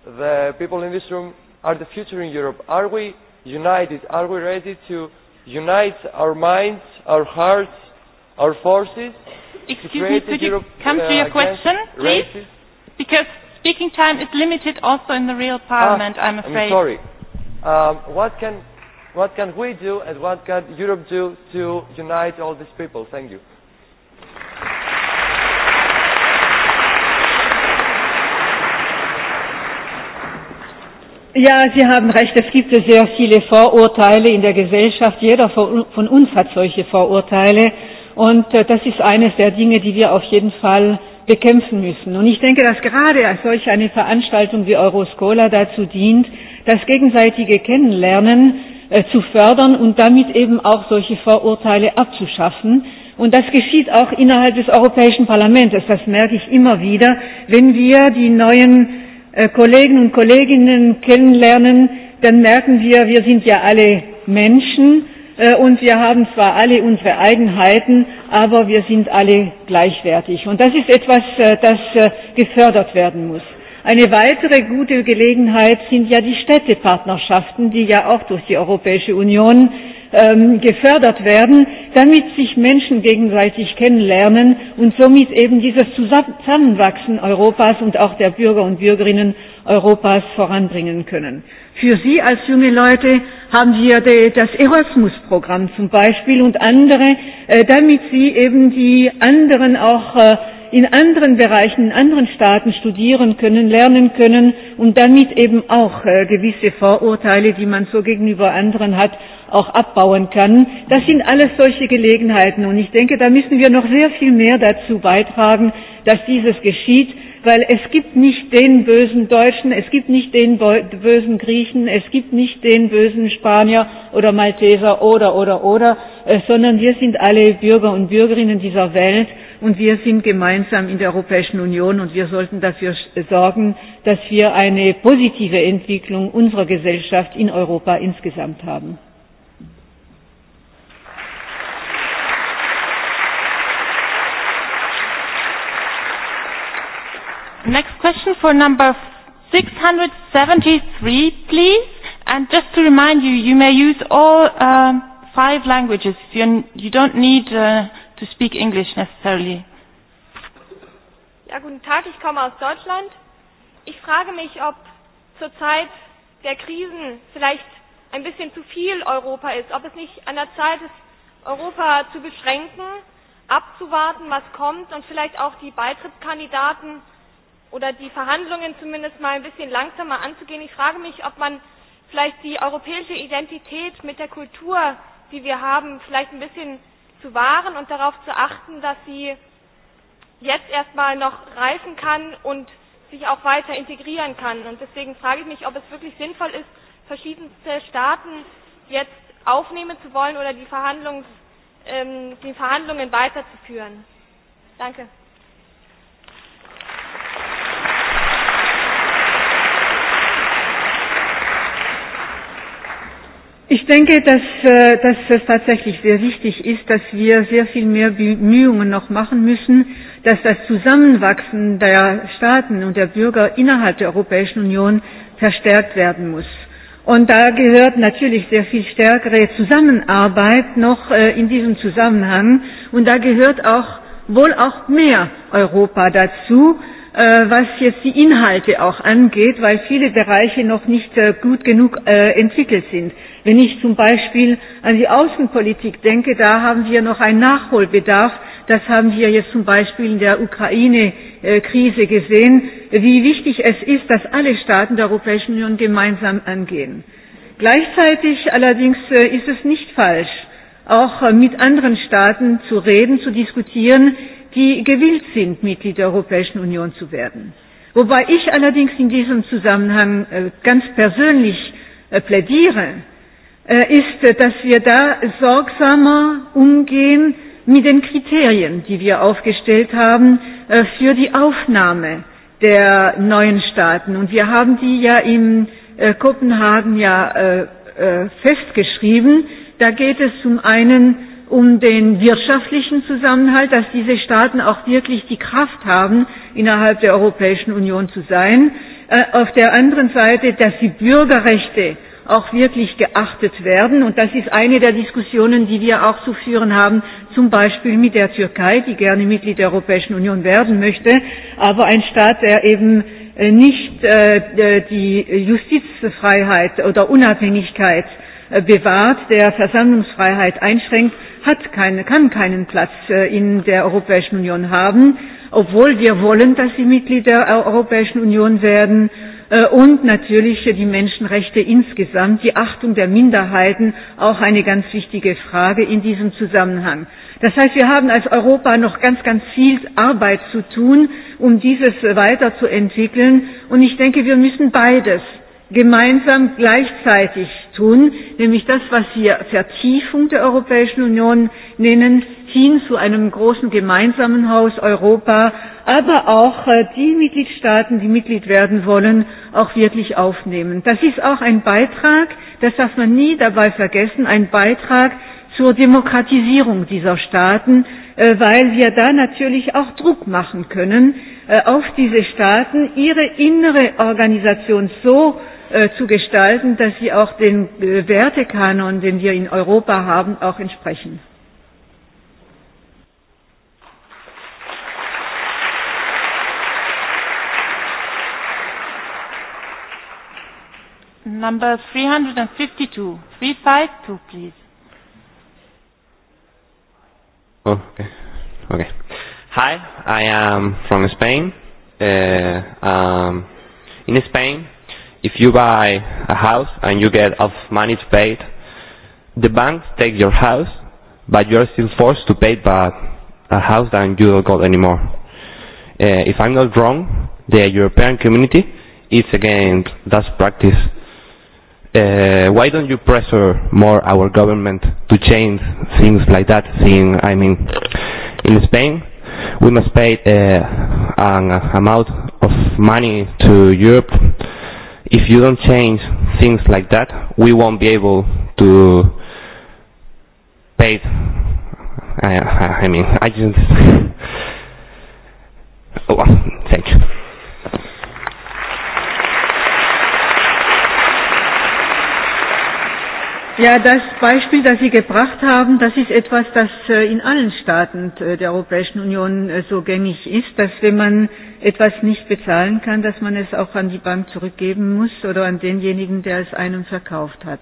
[SPEAKER 9] The people in this room are the future in Europe. Are we united? Are we ready to unite our minds, our hearts, our forces? Excuse me, could you come to your question, please?
[SPEAKER 24] Because speaking time is limited also in the real parliament, I'm afraid. I'm sorry.
[SPEAKER 9] Um, what, can, what can we do and what can Europe do to unite all these people? Thank you.
[SPEAKER 25] Ja, Sie haben recht, es gibt sehr viele Vorurteile in der Gesellschaft. Jeder von uns hat solche Vorurteile. Und das ist eines der Dinge, die wir auf jeden Fall bekämpfen müssen. Und ich denke, dass gerade solch eine Veranstaltung wie Euroscola dazu dient, das gegenseitige Kennenlernen zu fördern und damit eben auch solche Vorurteile abzuschaffen. Und das geschieht auch innerhalb des Europäischen Parlaments. Das merke ich immer wieder, wenn wir die neuen Kollegen und Kolleginnen kennenlernen, dann merken wir, wir sind ja alle Menschen und wir haben zwar alle unsere Eigenheiten, aber wir sind alle gleichwertig. Und das ist etwas, das gefördert werden muss. Eine weitere gute Gelegenheit sind ja die Städtepartnerschaften, die ja auch durch die Europäische Union gefördert werden, damit sich Menschen gegenseitig kennenlernen und somit eben dieses Zusammenwachsen Europas und auch der Bürger und Bürgerinnen Europas voranbringen können. Für Sie als junge Leute haben wir das Erasmus-Programm zum Beispiel und andere, damit Sie eben die anderen auch in anderen Bereichen, in anderen Staaten studieren können, lernen können und damit eben auch gewisse Vorurteile, die man so gegenüber anderen hat, auch abbauen kann. Das sind alles solche Gelegenheiten und ich denke, da müssen wir noch sehr viel mehr dazu beitragen, dass dieses geschieht, weil es gibt nicht den bösen Deutschen, es gibt nicht den bösen Griechen, es gibt nicht den bösen Spanier oder Malteser oder, oder, oder, sondern wir sind alle Bürger und Bürgerinnen dieser Welt und wir sind gemeinsam in der Europäischen Union und wir sollten dafür sorgen, dass wir eine positive Entwicklung unserer Gesellschaft in Europa insgesamt haben.
[SPEAKER 24] Next question for number 673, please. And just to remind you, you may use all five languages. You don't need to speak English necessarily.
[SPEAKER 17] Ja, guten Tag, ich komme aus Deutschland. Ich frage mich, ob zur Zeit der Krisen vielleicht ein bisschen zu viel Europa ist, ob es nicht an der Zeit ist, Europa zu beschränken, abzuwarten, was kommt und vielleicht auch die Beitrittskandidaten oder die Verhandlungen zumindest mal ein bisschen langsamer anzugehen. Ich frage mich, ob man vielleicht die europäische Identität mit der Kultur, die wir haben, vielleicht ein bisschen zu wahren und darauf zu achten, dass sie jetzt erstmal noch reifen kann und sich auch weiter integrieren kann. Und deswegen frage ich mich, ob es wirklich sinnvoll ist, verschiedenste Staaten jetzt aufnehmen zu wollen oder die, Verhandlungs, ähm, die Verhandlungen weiterzuführen. Danke.
[SPEAKER 25] Ich denke, dass, dass es tatsächlich sehr wichtig ist, dass wir sehr viel mehr Bemühungen noch machen müssen, dass das Zusammenwachsen der Staaten und der Bürger innerhalb der Europäischen Union verstärkt werden muss. Und da gehört natürlich sehr viel stärkere Zusammenarbeit noch in diesem Zusammenhang. Und da gehört auch wohl auch mehr Europa dazu, was jetzt die Inhalte auch angeht, weil viele Bereiche noch nicht gut genug entwickelt sind. Wenn ich zum Beispiel an die Außenpolitik denke, da haben wir noch einen Nachholbedarf. Das haben wir jetzt zum Beispiel in der Ukraine-Krise gesehen, wie wichtig es ist, dass alle Staaten der Europäischen Union gemeinsam angehen. Gleichzeitig allerdings ist es nicht falsch, auch mit anderen Staaten zu reden, zu diskutieren, die gewillt sind, Mitglied der Europäischen Union zu werden. Wobei ich allerdings in diesem Zusammenhang ganz persönlich plädiere, ist, dass wir da sorgsamer umgehen mit den Kriterien, die wir aufgestellt haben für die Aufnahme der neuen Staaten. Und wir haben die ja in Kopenhagen ja festgeschrieben. Da geht es zum einen um den wirtschaftlichen Zusammenhalt, dass diese Staaten auch wirklich die Kraft haben, innerhalb der Europäischen Union zu sein. Auf der anderen Seite, dass sie Bürgerrechte auch wirklich geachtet werden. Und das ist eine der Diskussionen, die wir auch zu führen haben, zum Beispiel mit der Türkei, die gerne Mitglied der Europäischen Union werden möchte, aber ein Staat, der eben nicht die Justizfreiheit oder Unabhängigkeit bewahrt, der Versammlungsfreiheit einschränkt, hat keine, kann keinen Platz in der Europäischen Union haben, obwohl wir wollen, dass sie Mitglied der Europäischen Union werden und natürlich die Menschenrechte insgesamt, die Achtung der Minderheiten, auch eine ganz wichtige Frage in diesem Zusammenhang. Das heißt, wir haben als Europa noch ganz, ganz viel Arbeit zu tun, um dieses weiterzuentwickeln. Und ich denke, wir müssen beides gemeinsam gleichzeitig tun, nämlich das, was wir Vertiefung der Europäischen Union nennen, hin zu einem großen gemeinsamen Haus Europa, aber auch die Mitgliedstaaten, die Mitglied werden wollen, auch wirklich aufnehmen. Das ist auch ein Beitrag, das darf man nie dabei vergessen, ein Beitrag zur Demokratisierung dieser Staaten, weil wir da natürlich auch Druck machen können auf diese Staaten, ihre innere Organisation so zu gestalten, dass sie auch den Wertekanon, den wir in Europa haben, auch entsprechen.
[SPEAKER 24] number 352. 352, please.
[SPEAKER 20] Oh, okay. Okay. Hi, I am from Spain. Uh, um, in Spain, if you buy a house and you get of money to pay the banks take your house, but you are still forced to pay back a house that you don't got anymore. Uh, if I'm not wrong, the European community is against that practice Uh why don't you pressure more our government to change things like that? Seeing, I mean, in Spain, we must pay an amount of money to Europe. If you don't change things like that, we won't be able to pay. I, I mean, I just. Oh, thank you.
[SPEAKER 25] Ja, das Beispiel, das Sie gebracht haben, das ist etwas, das in allen Staaten der Europäischen Union so gängig ist, dass wenn man etwas nicht bezahlen kann, dass man es auch an die Bank zurückgeben muss oder an denjenigen, der es einem verkauft hat.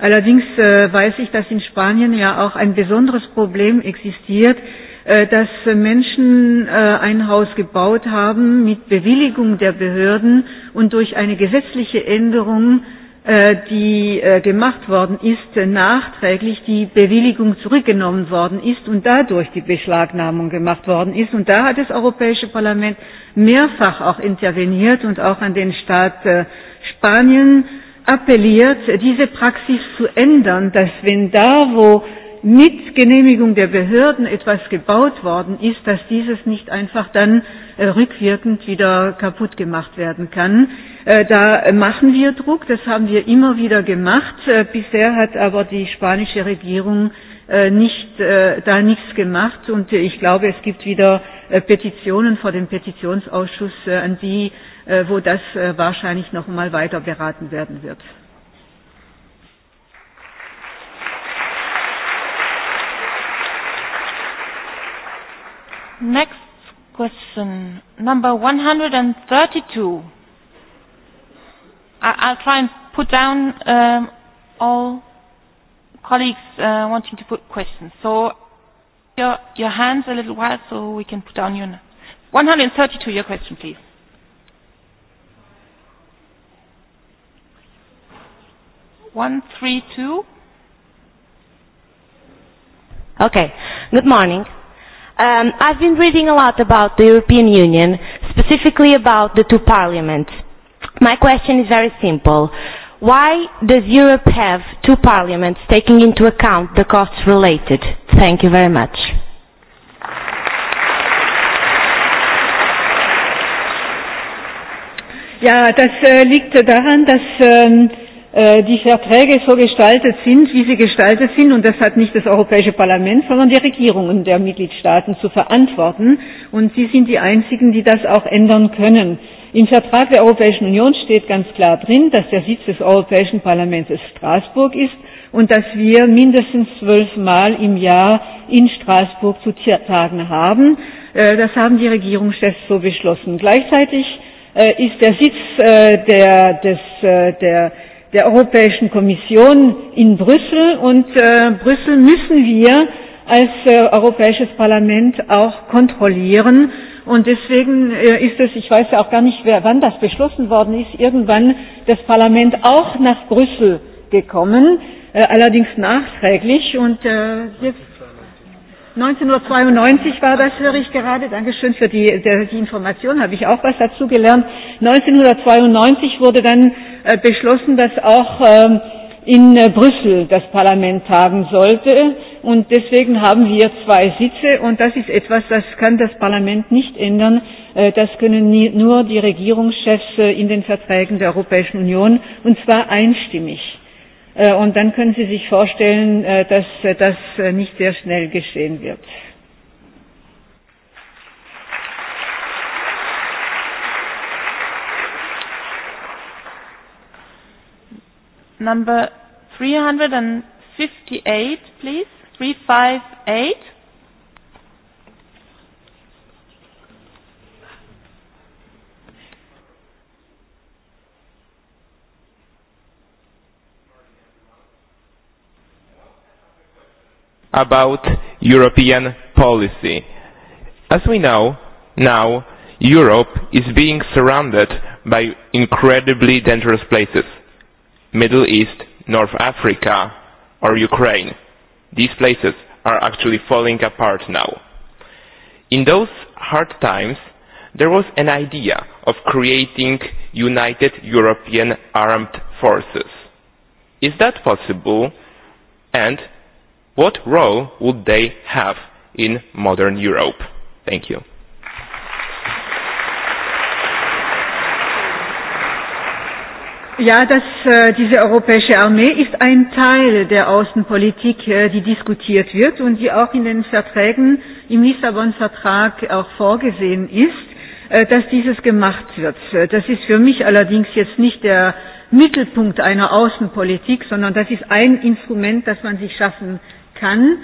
[SPEAKER 25] Allerdings weiß ich, dass in Spanien ja auch ein besonderes Problem existiert, dass Menschen ein Haus gebaut haben mit Bewilligung der Behörden und durch eine gesetzliche Änderung die gemacht worden ist, nachträglich die Bewilligung zurückgenommen worden ist und dadurch die Beschlagnahmung gemacht worden ist. Und da hat das Europäische Parlament mehrfach auch interveniert und auch an den Staat Spanien appelliert, diese Praxis zu ändern, dass wenn da, wo mit Genehmigung der Behörden etwas gebaut worden ist, dass dieses nicht einfach dann rückwirkend wieder kaputt gemacht werden kann. Da machen wir Druck, das haben wir immer wieder gemacht. Bisher hat aber die spanische Regierung nicht, da nichts gemacht und ich glaube, es gibt wieder Petitionen vor dem Petitionsausschuss, an die, wo das wahrscheinlich noch einmal weiter beraten werden wird.
[SPEAKER 24] Next Question number 132. I I'll try and put down um, all colleagues uh, wanting to put questions. So your, your hands a little while so we can put down your 132, your question, please. One, three, two.
[SPEAKER 19] Okay. Good morning. Um, I've been reading a lot about the European Union, specifically about the two parliaments. My question is very simple. Why does Europe have two parliaments taking into account the costs related? Thank you very much.
[SPEAKER 25] Ja, das liegt daran, dass die Verträge so gestaltet sind, wie sie gestaltet sind, und das hat nicht das Europäische Parlament, sondern die Regierungen der Mitgliedstaaten zu verantworten, und sie sind die einzigen, die das auch ändern können. Im Vertrag der Europäischen Union steht ganz klar drin, dass der Sitz des Europäischen Parlaments Straßburg ist und dass wir mindestens Mal im Jahr in Straßburg zu Tagen haben. Das haben die Regierungschefs so beschlossen. Gleichzeitig ist der Sitz der, des, der der Europäischen Kommission in Brüssel. Und äh, Brüssel müssen wir als Europäisches Parlament auch kontrollieren. Und deswegen ist es, ich weiß ja auch gar nicht, wer, wann das beschlossen worden ist, irgendwann das Parlament auch nach Brüssel gekommen, allerdings nachträglich. Und jetzt 1992 war das, höre ich gerade. schön für die, die Information. Habe ich auch was dazu gelernt. 1992 wurde dann beschlossen, dass auch in Brüssel das Parlament tagen sollte. Und deswegen haben wir zwei Sitze. Und das ist etwas, das kann das Parlament nicht ändern. Das können nur die Regierungschefs in den Verträgen der Europäischen Union. Und zwar einstimmig. Und dann können Sie sich vorstellen, dass das nicht sehr schnell geschehen wird.
[SPEAKER 24] Number 358, please. 358.
[SPEAKER 22] about European policy. As we know, now Europe is being surrounded by incredibly dangerous places. Middle East, North Africa or Ukraine. These places are actually falling apart now. In those hard times, there was an idea of creating united European armed forces. Is that possible? And what role would they have in modern Europe? Thank you.
[SPEAKER 25] Ja, dass diese europäische Armee ist ein Teil der Außenpolitik, die diskutiert wird und die auch in den Verträgen im Lissabon Vertrag auch vorgesehen ist, dass dieses gemacht wird. Das ist für mich allerdings jetzt nicht der Mittelpunkt einer Außenpolitik, sondern das ist ein Instrument, das man sich schaffen kann.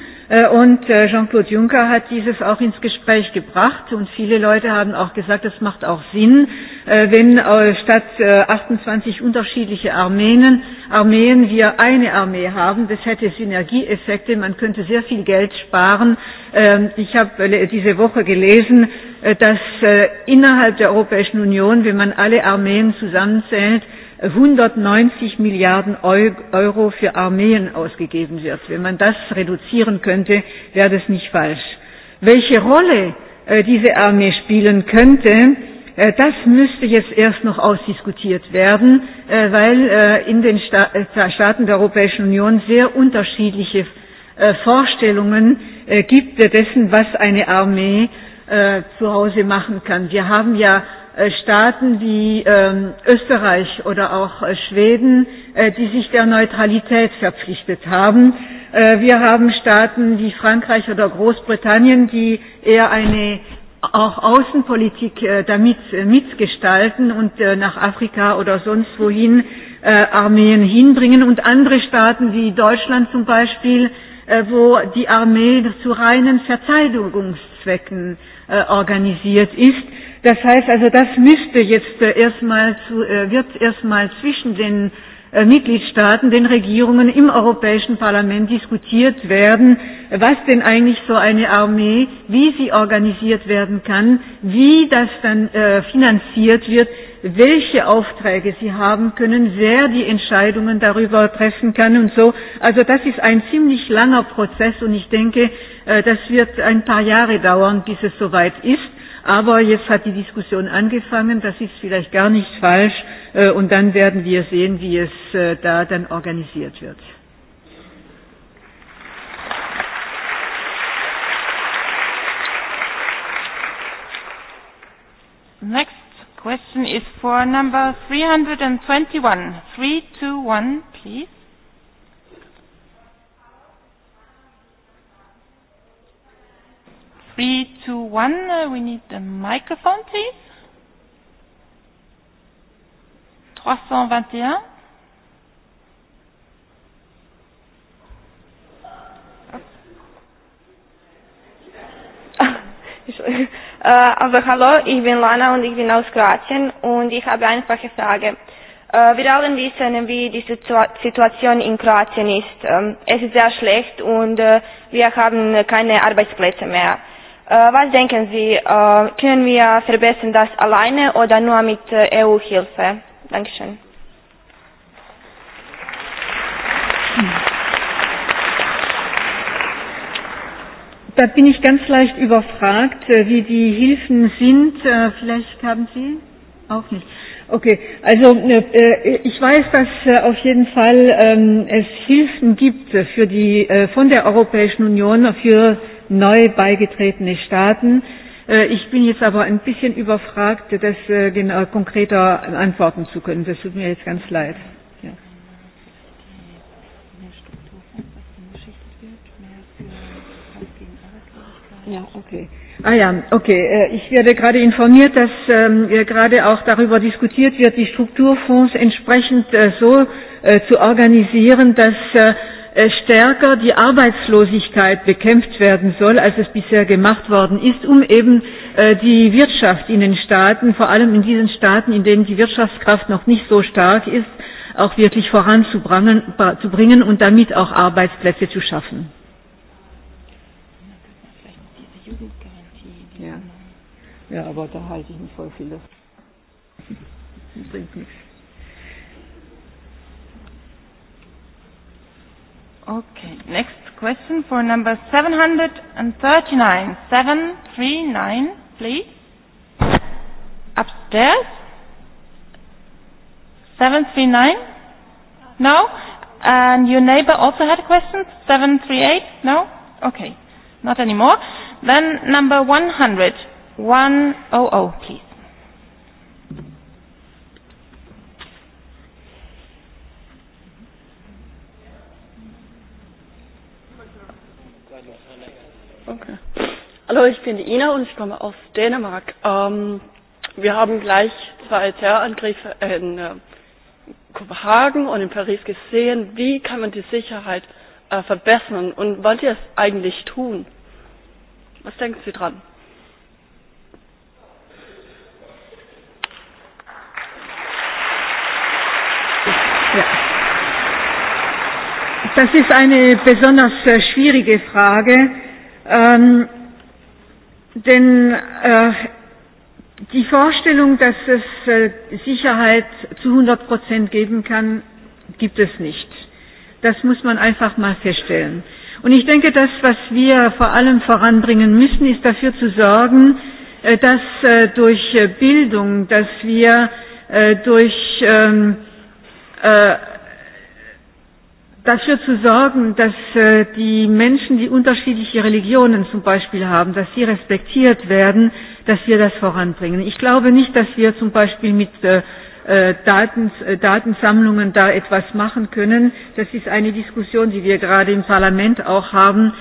[SPEAKER 25] Und Jean-Claude Juncker hat dieses auch ins Gespräch gebracht. Und viele Leute haben auch gesagt, das macht auch Sinn, wenn statt 28 unterschiedliche Armeen, Armeen wir eine Armee haben. Das hätte Synergieeffekte. Man könnte sehr viel Geld sparen. Ich habe diese Woche gelesen, dass innerhalb der Europäischen Union, wenn man alle Armeen zusammenzählt, 190 Milliarden Euro für Armeen ausgegeben wird. Wenn man das reduzieren könnte, wäre das nicht falsch. Welche Rolle diese Armee spielen könnte, das müsste jetzt erst noch ausdiskutiert werden, weil in den Staaten der Europäischen Union sehr unterschiedliche Vorstellungen gibt dessen, was eine Armee zu Hause machen kann. Wir haben ja Staaten wie Österreich oder auch Schweden, die sich der Neutralität verpflichtet haben. Wir haben Staaten wie Frankreich oder Großbritannien, die eher eine auch Außenpolitik damit mitgestalten und nach Afrika oder sonst wohin Armeen hinbringen und andere Staaten wie Deutschland zum Beispiel, wo die Armee zu reinen Verteidigungszwecken organisiert ist. Das heißt also, das müsste jetzt erstmal zu, wird erstmal zwischen den Mitgliedstaaten, den Regierungen im Europäischen Parlament diskutiert werden, was denn eigentlich so eine Armee, wie sie organisiert werden kann, wie das dann finanziert wird, welche Aufträge sie haben können, wer die Entscheidungen darüber treffen kann und so. Also das ist ein ziemlich langer Prozess und ich denke, das wird ein paar Jahre dauern, bis es soweit ist. Aber jetzt hat die Diskussion angefangen, das ist vielleicht gar nicht falsch, und dann werden wir sehen, wie es da dann organisiert wird.
[SPEAKER 24] Next question is for number 321. 321, please. Three, two, one. We need the microphone, please. 321.
[SPEAKER 13] Aber hallo, ich bin Lana und ich bin aus Kroatien und ich habe einfache Frage. Wir allen wissen, wie die Situation in Kroatien ist. Es ist sehr schlecht und wir haben keine Arbeitsplätze mehr. Was denken Sie, können wir verbessern das alleine oder nur mit EU-Hilfe? Dankeschön.
[SPEAKER 25] Da bin ich ganz leicht überfragt, wie die Hilfen sind. Vielleicht haben Sie auch nicht. Okay, also ich weiß, dass auf jeden Fall es Hilfen gibt für die von der Europäischen Union für neu beigetretene Staaten. Ich bin jetzt aber ein bisschen überfragt, das konkreter antworten zu können. Das tut mir jetzt ganz leid. Ja, ja okay. Ah ja, okay. Ich werde gerade informiert, dass gerade auch darüber diskutiert wird, die Strukturfonds entsprechend so zu organisieren, dass stärker die Arbeitslosigkeit bekämpft werden soll, als es bisher gemacht worden ist, um eben die Wirtschaft in den Staaten, vor allem in diesen Staaten, in denen die Wirtschaftskraft noch nicht so stark ist, auch wirklich voranzubringen und damit auch Arbeitsplätze zu schaffen. Ja, aber da halte ich mich voll viel. Das bringt nichts.
[SPEAKER 24] Okay. Next question for number 739. 739, please. Upstairs. 739? No? And your neighbor also had a question? 738? No? Okay. Not anymore. Then number 100. 100, please.
[SPEAKER 17] Okay. Hallo, ich bin Ina und ich komme aus Dänemark. Ähm, wir haben gleich
[SPEAKER 25] zwei Terrorangriffe in Kopenhagen und in Paris gesehen. Wie kann man die Sicherheit verbessern und wollt ihr es eigentlich tun?
[SPEAKER 17] Was denken Sie dran?
[SPEAKER 25] Das ist eine besonders schwierige Frage Ähm, denn äh, die Vorstellung, dass es Sicherheit zu 100 Prozent geben kann, gibt es nicht. Das muss man einfach mal feststellen. Und ich denke, das, was wir vor allem voranbringen müssen, ist dafür zu sorgen, äh, dass äh, durch Bildung, dass wir äh, durch ähm, äh, dafür zu sorgen, dass die Menschen, die unterschiedliche Religionen zum Beispiel haben, dass sie respektiert werden, dass wir das voranbringen. Ich glaube nicht, dass wir zum Beispiel mit Datensammlungen da etwas machen können. Das ist eine Diskussion, die wir gerade im Parlament auch haben.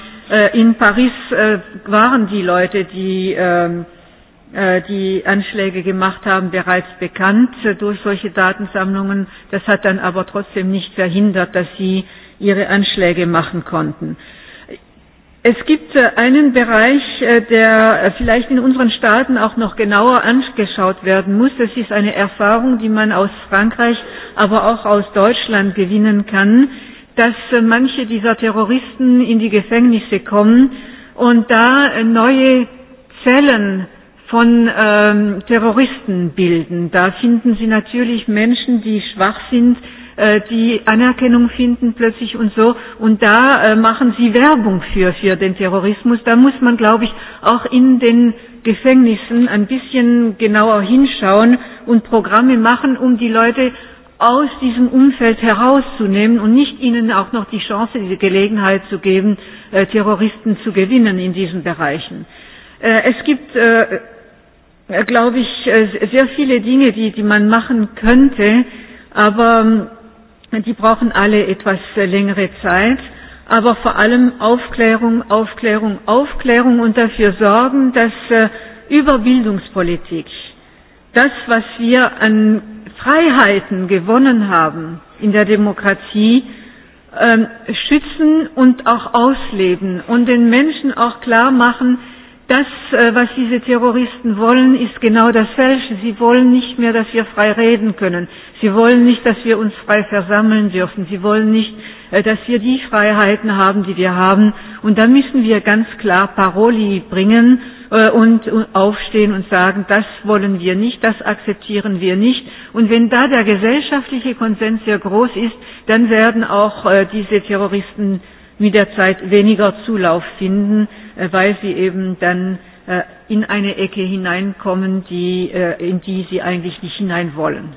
[SPEAKER 25] In Paris waren die Leute, die die Anschläge gemacht haben, bereits bekannt durch solche Datensammlungen. Das hat dann aber trotzdem nicht verhindert, dass sie ihre Anschläge machen konnten. Es gibt einen Bereich, der vielleicht in unseren Staaten auch noch genauer angeschaut werden muss. Das ist eine Erfahrung, die man aus Frankreich, aber auch aus Deutschland gewinnen kann, dass manche dieser Terroristen in die Gefängnisse kommen und da neue Zellen von Terroristen bilden. Da finden Sie natürlich Menschen, die schwach sind, die Anerkennung finden plötzlich und so. Und da machen sie Werbung für, für den Terrorismus. Da muss man, glaube ich, auch in den Gefängnissen ein bisschen genauer hinschauen und Programme machen, um die Leute aus diesem Umfeld herauszunehmen und nicht ihnen auch noch die Chance, diese Gelegenheit zu geben, Terroristen zu gewinnen in diesen Bereichen. Es gibt glaube ich, sehr viele Dinge, die, die man machen könnte, aber die brauchen alle etwas längere Zeit. Aber vor allem Aufklärung, Aufklärung, Aufklärung und dafür sorgen, dass über Bildungspolitik das, was wir an Freiheiten gewonnen haben in der Demokratie, schützen und auch ausleben und den Menschen auch klar machen, Das, was diese Terroristen wollen, ist genau das Falsche. Sie wollen nicht mehr, dass wir frei reden können. Sie wollen nicht, dass wir uns frei versammeln dürfen. Sie wollen nicht, dass wir die Freiheiten haben, die wir haben. Und da müssen wir ganz klar Paroli bringen und aufstehen und sagen, das wollen wir nicht, das akzeptieren wir nicht. Und wenn da der gesellschaftliche Konsens sehr groß ist, dann werden auch diese Terroristen mit der Zeit weniger Zulauf finden weil sie eben dann in eine Ecke hineinkommen, die, in die sie eigentlich nicht hinein wollen.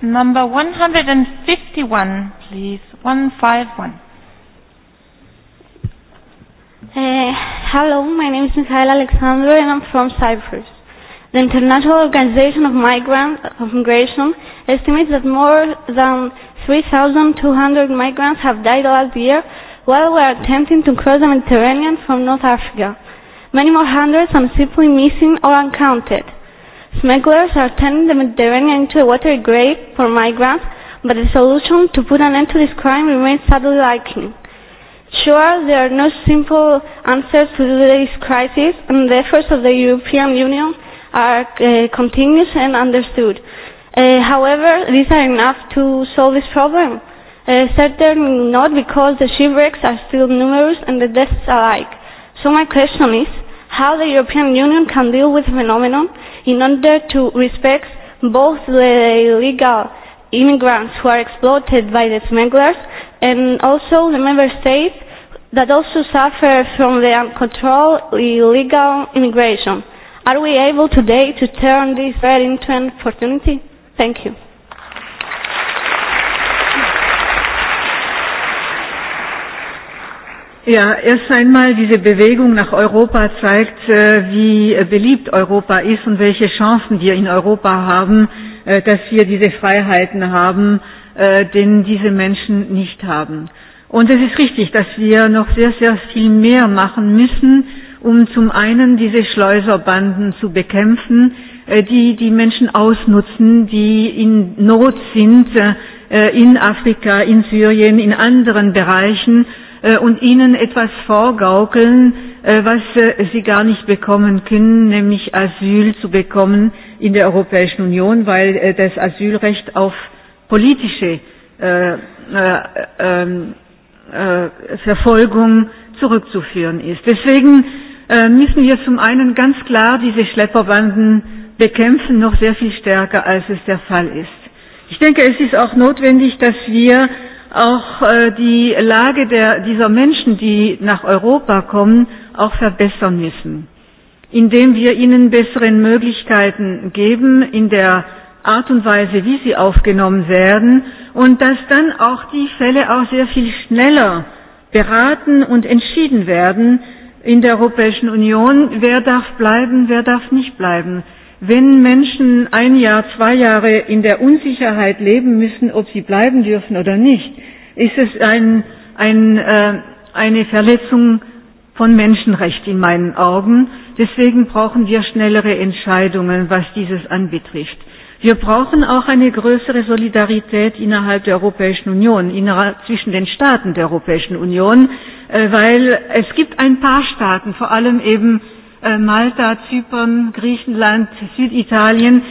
[SPEAKER 24] Number 151, please. 151. Uh, hello, my name is Michael
[SPEAKER 21] Alexander and I'm from Cyprus. The International Organization of Migrants of Migration estimates that more than 3,200 migrants have died last year while we are attempting to cross the Mediterranean from North Africa. Many more hundreds are simply missing or uncounted. Smugglers are turning the Mediterranean into a watery grave for migrants, but the solution to put an end to this crime remains sadly lacking. Sure, there are no simple answers to this crisis, and the efforts of the European Union are continuous and understood. However, these are enough to solve this problem? Certainly not, because the shipwrecks are still numerous and the deaths alike. So my question is, how the European Union can deal with the phenomenon in order to respect both the illegal immigrants who are exploited by the smugglers and also the member states that also suffer from the uncontrolled illegal immigration. Are we able today to turn this threat into an opportunity? Thank
[SPEAKER 25] you. Ja, erst einmal diese Bewegung nach Europa zeigt, wie beliebt Europa ist und welche Chancen wir in Europa haben, dass wir diese Freiheiten haben, denn diese Menschen nicht haben. Und es ist richtig, dass wir noch sehr, sehr viel mehr machen müssen, um zum einen diese Schleuserbanden zu bekämpfen, die die Menschen ausnutzen, die in Not sind in Afrika, in Syrien, in anderen Bereichen und ihnen etwas vorgaukeln, was sie gar nicht bekommen können, nämlich Asyl zu bekommen in der Europäischen Union, weil das Asylrecht auf politische Verfolgung zurückzuführen ist. Deswegen müssen wir zum einen ganz klar diese Schlepperbanden bekämpfen, noch sehr viel stärker, als es der Fall ist. Ich denke, es ist auch notwendig, dass wir auch die Lage der, dieser Menschen, die nach Europa kommen, auch verbessern müssen, indem wir ihnen bessere Möglichkeiten geben in der Art und Weise, wie sie aufgenommen werden und dass dann auch die Fälle auch sehr viel schneller beraten und entschieden werden, in der Europäischen Union, wer darf bleiben, wer darf nicht bleiben. Wenn Menschen ein Jahr, zwei Jahre in der Unsicherheit leben müssen, ob sie bleiben dürfen oder nicht, ist es ein, ein, äh, eine Verletzung von Menschenrecht in meinen Augen. Deswegen brauchen wir schnellere Entscheidungen, was dieses anbetrifft. Wir brauchen auch eine größere Solidarität innerhalb der Europäischen Union, innerhalb zwischen den Staaten der Europäischen Union, weil es gibt ein paar Staaten, vor allem eben Malta, Zypern, Griechenland, Süditalien,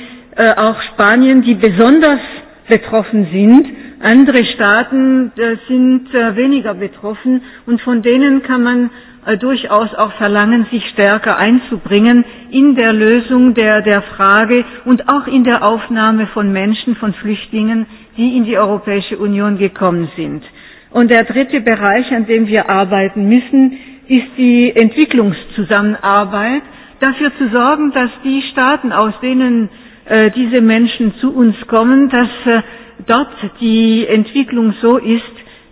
[SPEAKER 25] auch Spanien, die besonders betroffen sind. Andere Staaten sind weniger betroffen und von denen kann man durchaus auch verlangen, sich stärker einzubringen in der Lösung der, der Frage und auch in der Aufnahme von Menschen, von Flüchtlingen, die in die Europäische Union gekommen sind. Und der dritte Bereich, an dem wir arbeiten müssen, ist die Entwicklungszusammenarbeit, dafür zu sorgen, dass die Staaten, aus denen diese Menschen zu uns kommen, dass dort die Entwicklung so ist,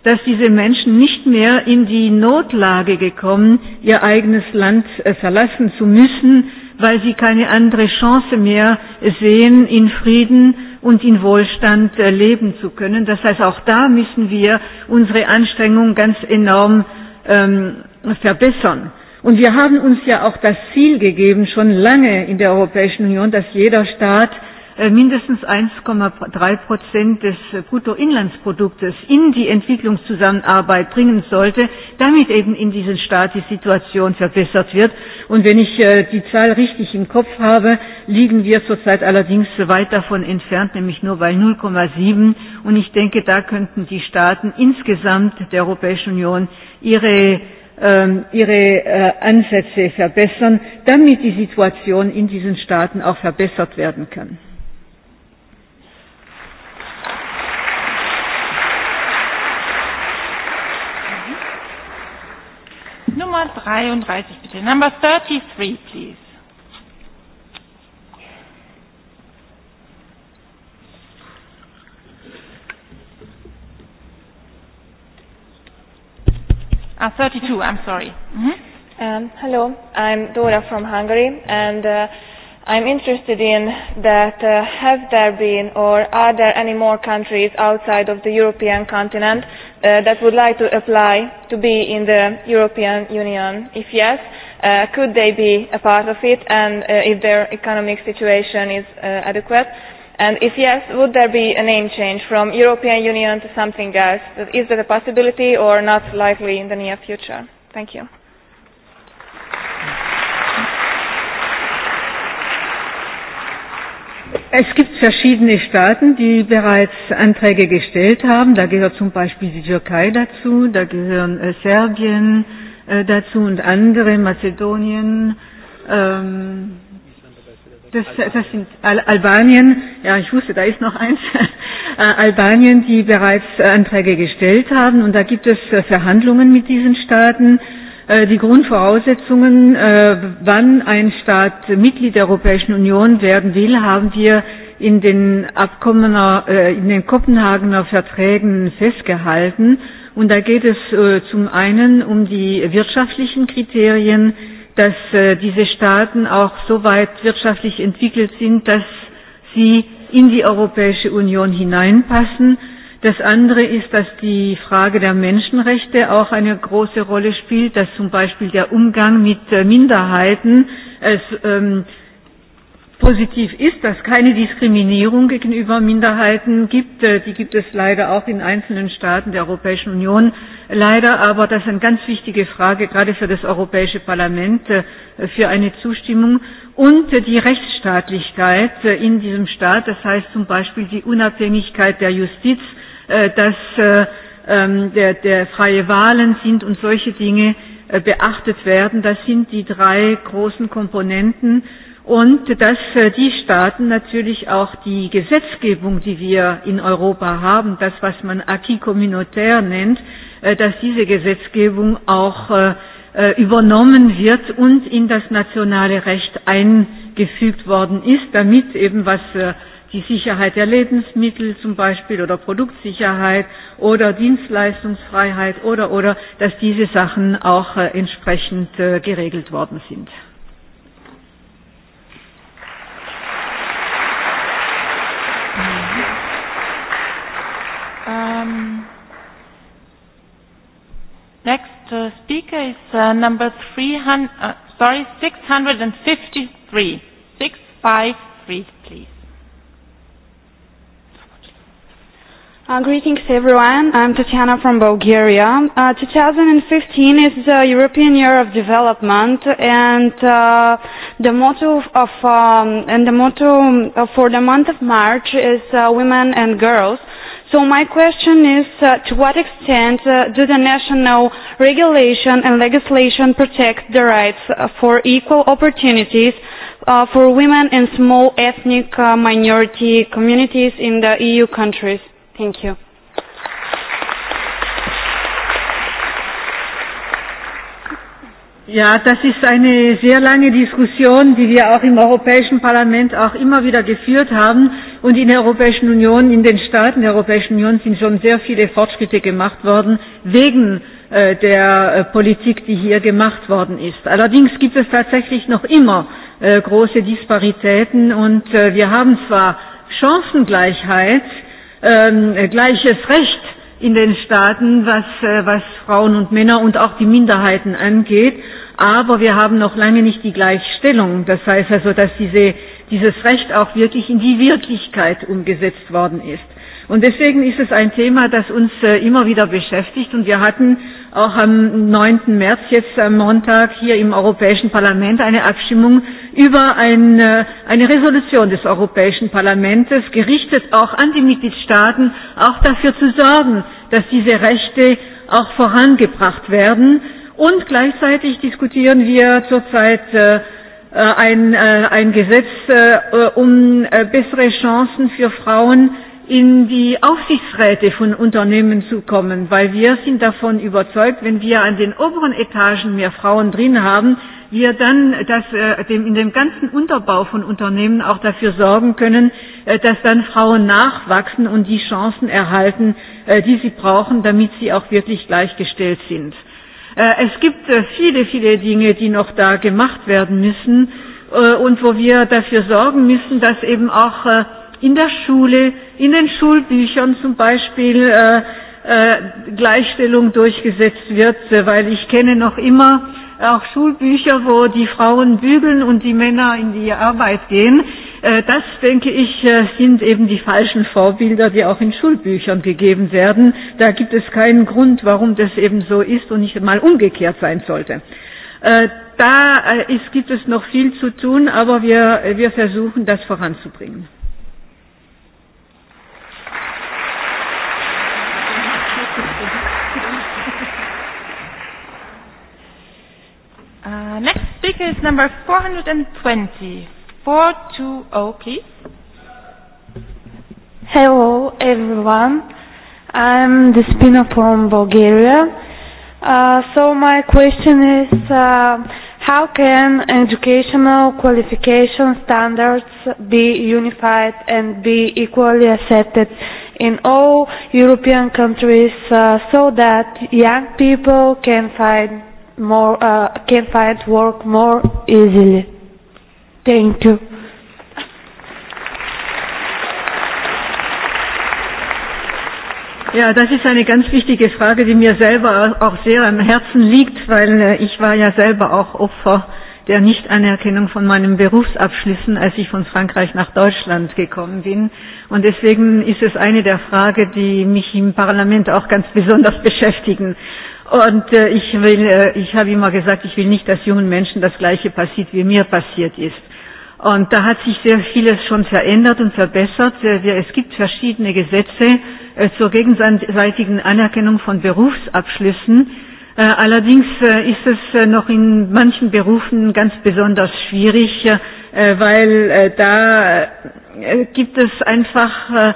[SPEAKER 25] dass diese Menschen nicht mehr in die Notlage gekommen, ihr eigenes Land verlassen zu müssen, weil sie keine andere Chance mehr sehen, in Frieden und in Wohlstand leben zu können. Das heißt, auch da müssen wir unsere Anstrengungen ganz enorm verbessern. Und wir haben uns ja auch das Ziel gegeben, schon lange in der Europäischen Union, dass jeder Staat mindestens 1,3 Prozent des Bruttoinlandsproduktes in die Entwicklungszusammenarbeit bringen sollte, damit eben in diesem Staat die Situation verbessert wird. Und wenn ich die Zahl richtig im Kopf habe, liegen wir zurzeit allerdings weit davon entfernt, nämlich nur bei 0,7. Und ich denke, da könnten die Staaten insgesamt der Europäischen Union ihre ihre Ansätze verbessern, damit die Situation in diesen Staaten auch verbessert werden kann.
[SPEAKER 24] Nummer 33 bitte. Number 33, please.
[SPEAKER 6] Ah, 32, I'm sorry. Um, hello, I'm Dora from Hungary, and uh, I'm interested in that uh, have there been or are there any more countries outside of the European continent that would like to apply to be in the European Union? If yes, could they be a part of it and if their economic situation is adequate? And if yes, would there be a name change from European Union to something else? Is that a possibility or not likely in the near future? Thank you.
[SPEAKER 25] Es gibt verschiedene Staaten, die bereits Anträge gestellt haben. Da gehört zum Beispiel die Türkei dazu, da gehören Serbien dazu und andere, Mazedonien, ähm, das, das sind Al Albanien, ja ich wusste, da ist noch eins, Albanien, die bereits Anträge gestellt haben und da gibt es Verhandlungen mit diesen Staaten Die Grundvoraussetzungen, wann ein Staat Mitglied der Europäischen Union werden will, haben wir in den Abkommener, in den Kopenhagener Verträgen festgehalten. Und da geht es zum einen um die wirtschaftlichen Kriterien, dass diese Staaten auch so weit wirtschaftlich entwickelt sind, dass sie in die Europäische Union hineinpassen Das andere ist, dass die Frage der Menschenrechte auch eine große Rolle spielt, dass zum Beispiel der Umgang mit Minderheiten es positiv ist, dass es keine Diskriminierung gegenüber Minderheiten gibt. Die gibt es leider auch in einzelnen Staaten der Europäischen Union. Leider aber, das ist eine ganz wichtige Frage, gerade für das Europäische Parlament, für eine Zustimmung. Und die Rechtsstaatlichkeit in diesem Staat, das heißt zum Beispiel die Unabhängigkeit der Justiz, dass der freie Wahlen sind und solche Dinge beachtet werden. Das sind die drei großen Komponenten und dass die Staaten natürlich auch die Gesetzgebung, die wir in Europa haben, das, was man acquis communautaire nennt, dass diese Gesetzgebung auch übernommen wird und in das nationale Recht eingefügt worden ist, damit eben was die Sicherheit der Lebensmittel zum Beispiel oder Produktsicherheit oder Dienstleistungsfreiheit oder, oder, dass diese Sachen auch entsprechend geregelt worden sind.
[SPEAKER 24] next uh, speaker is uh, number 300, uh, sorry, 653. 653, please.
[SPEAKER 17] Greetings everyone. I'm Tatiana from Bulgaria. 2015 is the European Year of Development and the motto of and the motto for the month of March is women and girls. So my question is to what extent do the national regulation and legislation protect the rights for equal opportunities for women and small ethnic minority communities in the
[SPEAKER 25] EU countries? Thank you. Ja, das ist eine sehr lange Diskussion, die wir auch im Europäischen Parlament auch immer wieder geführt haben. Und in der Europäischen Union, in den Staaten der Europäischen Union sind schon sehr viele Fortschritte gemacht worden, wegen der Politik, die hier gemacht worden ist. Allerdings gibt es tatsächlich noch immer große Disparitäten. Und wir haben zwar Chancengleichheit, ähm, gleiches Recht in den Staaten, was, was Frauen und Männer und auch die Minderheiten angeht. Aber wir haben noch lange nicht die Gleichstellung. Das heißt also, dass diese, dieses Recht auch wirklich in die Wirklichkeit umgesetzt worden ist. Und deswegen ist es ein Thema, das uns immer wieder beschäftigt. Und wir hatten auch am 9. März, jetzt am Montag, hier im Europäischen Parlament eine Abstimmung über eine, eine Resolution des Europäischen Parlaments, gerichtet auch an die Mitgliedstaaten, auch dafür zu sorgen, dass diese Rechte auch vorangebracht werden. Und gleichzeitig diskutieren wir zurzeit ein, ein Gesetz, um bessere Chancen für Frauen in die Aufsichtsräte von Unternehmen zu kommen, weil wir sind davon überzeugt, wenn wir an den oberen Etagen mehr Frauen drin haben, wir dann in dem ganzen Unterbau von Unternehmen auch dafür sorgen können, dass dann Frauen nachwachsen und die Chancen erhalten, die sie brauchen, damit sie auch wirklich gleichgestellt sind. Es gibt viele, viele Dinge, die noch da gemacht werden müssen und wo wir dafür sorgen müssen, dass eben auch in der Schule, in den Schulbüchern zum Beispiel Gleichstellung durchgesetzt wird, weil ich kenne noch immer auch Schulbücher, wo die Frauen bügeln und die Männer in die Arbeit gehen. Das, denke ich, sind eben die falschen Vorbilder, die auch in Schulbüchern gegeben werden. Da gibt es keinen Grund, warum das eben so ist und nicht mal umgekehrt sein sollte. Da gibt es noch viel zu tun, aber wir versuchen, das voranzubringen.
[SPEAKER 24] next speaker is number
[SPEAKER 6] 420.
[SPEAKER 24] 420, please.
[SPEAKER 6] Hello, everyone. I'm the Despina from Bulgaria. Uh, so my question is, uh, how can educational qualification standards be unified and be equally accepted in all European countries uh, so that young people can find more can find work more
[SPEAKER 19] easily.
[SPEAKER 25] Ja, das ist eine ganz wichtige Frage, die mir selber auch sehr am Herzen liegt, weil ich war ja selber auch Opfer der Nichtanerkennung von meinen Berufsabschlüssen, als ich von Frankreich nach Deutschland gekommen bin. Und deswegen ist es eine der Fragen, die mich im Parlament auch ganz besonders beschäftigen. Und ich will, ich habe immer gesagt, ich will nicht, dass jungen Menschen das Gleiche passiert, wie mir passiert ist. Und da hat sich sehr vieles schon verändert und verbessert. Es gibt verschiedene Gesetze zur gegenseitigen Anerkennung von Berufsabschlüssen. Allerdings ist es noch in manchen Berufen ganz besonders schwierig, weil da gibt es einfach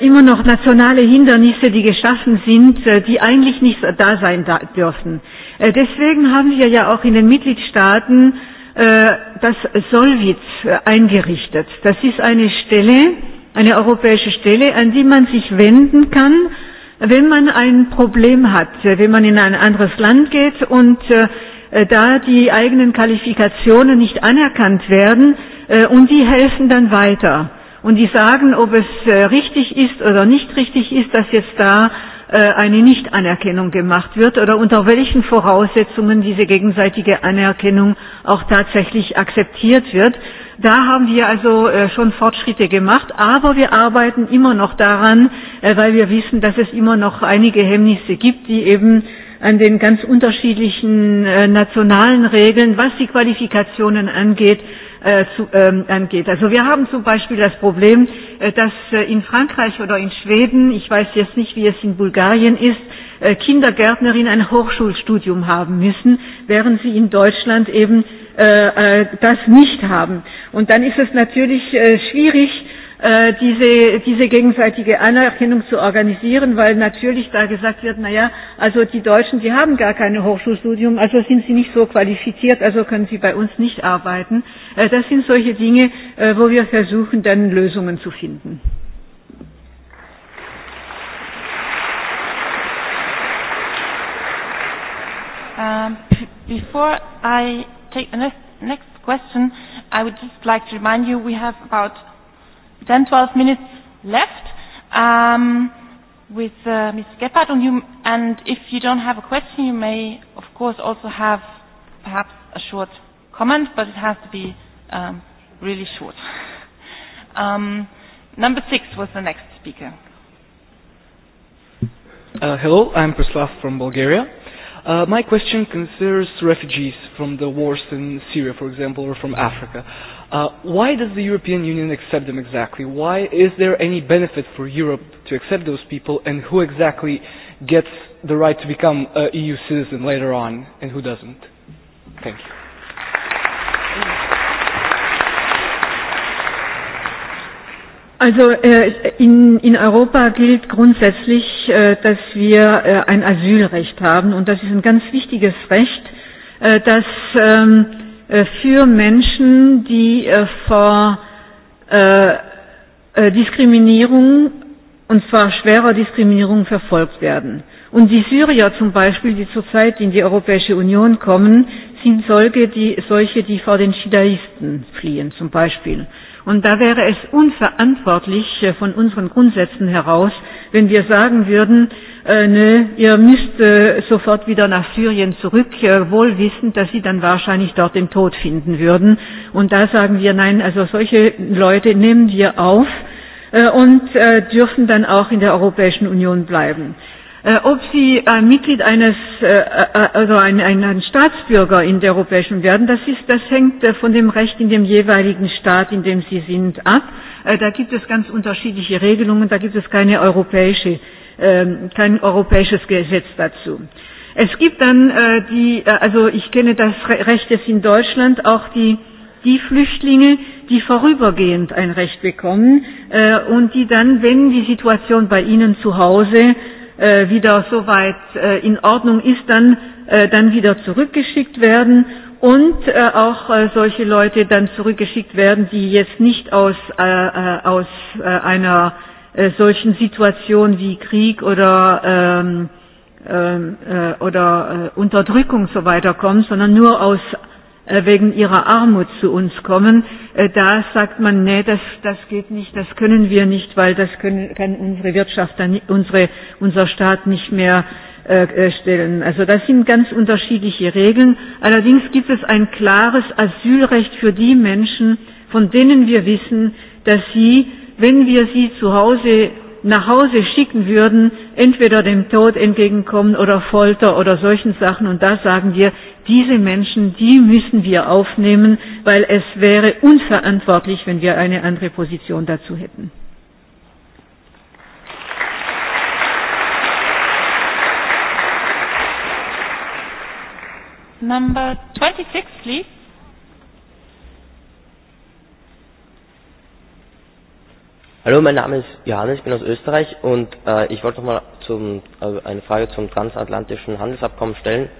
[SPEAKER 25] immer noch nationale Hindernisse, die geschaffen sind, die eigentlich nicht da sein dürfen. Deswegen haben wir ja auch in den Mitgliedstaaten das Solvit eingerichtet. Das ist eine Stelle, eine europäische Stelle, an die man sich wenden kann, wenn man ein Problem hat, wenn man in ein anderes Land geht und da die eigenen Qualifikationen nicht anerkannt werden und die helfen dann weiter und die sagen, ob es richtig ist oder nicht richtig ist, dass jetzt da eine Nichtanerkennung gemacht wird oder unter welchen Voraussetzungen diese gegenseitige Anerkennung auch tatsächlich akzeptiert wird. Da haben wir also schon Fortschritte gemacht, aber wir arbeiten immer noch daran, weil wir wissen, dass es immer noch einige Hemmnisse gibt, die eben an den ganz unterschiedlichen nationalen Regeln, was die Qualifikationen angeht, ähm angeht. Also wir haben zum Beispiel das Problem, dass in Frankreich oder in Schweden, ich weiß jetzt nicht, wie es in Bulgarien ist, Kindergärtnerinnen ein Hochschulstudium haben müssen, während sie in Deutschland eben das nicht haben. Und dann ist es natürlich schwierig, diese, diese gegenseitige Anerkennung zu organisieren, weil natürlich da gesagt wird, naja, also die Deutschen, die haben gar kein Hochschulstudium, also sind sie nicht so qualifiziert, also können sie bei uns nicht arbeiten. Das sind solche Dinge, wo wir versuchen, dann Lösungen zu finden.
[SPEAKER 24] Before I take the next question, I would just like to remind you we have about 10, 12 minutes left um, with uh, Ms. Gephardt. And, you, and if you don't have a question, you may, of course, also have perhaps a short comment, but it has to be um, really short. Um, number six was the next speaker.
[SPEAKER 8] Uh, hello, I'm Preslav from Bulgaria. My question concerns refugees from the wars in Syria, for example, or from Africa. Why does the European Union accept them exactly? Why is there any benefit for Europe to accept those people, and who exactly gets the right to become an EU citizen later on, and who doesn't? Thank you.
[SPEAKER 25] Also in, in Europa gilt grundsätzlich, dass wir ein Asylrecht haben und das ist ein ganz wichtiges Recht, das für Menschen, die vor Diskriminierung und zwar schwerer Diskriminierung verfolgt werden. Und die Syrer zum Beispiel, die zurzeit in die Europäische Union kommen, sind solche, die, solche, die vor den Schidaisten fliehen zum Beispiel. Und da wäre es unverantwortlich von unseren Grundsätzen heraus, wenn wir sagen würden, nö, ihr müsst sofort wieder nach Syrien zurück, wohl wissend, dass sie dann wahrscheinlich dort den Tod finden würden. Und da sagen wir, nein, also solche Leute nehmen wir auf und dürfen dann auch in der Europäischen Union bleiben ob sie ein Mitglied eines, also ein, ein, ein Staatsbürger in der Europäischen werden, das, ist, das hängt von dem Recht in dem jeweiligen Staat, in dem sie sind, ab. Da gibt es ganz unterschiedliche Regelungen, da gibt es keine europäische, kein europäisches Gesetz dazu. Es gibt dann die, also ich kenne das Recht jetzt in Deutschland, auch die, die Flüchtlinge, die vorübergehend ein Recht bekommen und die dann, wenn die Situation bei ihnen zu Hause wieder soweit in Ordnung ist, dann, dann wieder zurückgeschickt werden und auch solche Leute dann zurückgeschickt werden, die jetzt nicht aus, aus einer solchen Situation wie Krieg oder, ähm, äh, oder Unterdrückung so weiter kommen, sondern nur aus wegen ihrer Armut zu uns kommen, da sagt man, nee, das, das geht nicht, das können wir nicht, weil das können, kann unsere Wirtschaft, dann, unsere, unser Staat nicht mehr stellen. Also das sind ganz unterschiedliche Regeln. Allerdings gibt es ein klares Asylrecht für die Menschen, von denen wir wissen, dass sie, wenn wir sie zu Hause nach Hause schicken würden, entweder dem Tod entgegenkommen oder Folter oder solchen Sachen. Und da sagen wir, diese Menschen, die müssen wir aufnehmen, weil es wäre unverantwortlich, wenn wir eine andere Position dazu hätten.
[SPEAKER 24] Number 26, please.
[SPEAKER 16] Hallo, mein Name ist Johannes, ich bin aus Österreich und ich wollte nochmal äh, eine Frage zum transatlantischen Handelsabkommen stellen,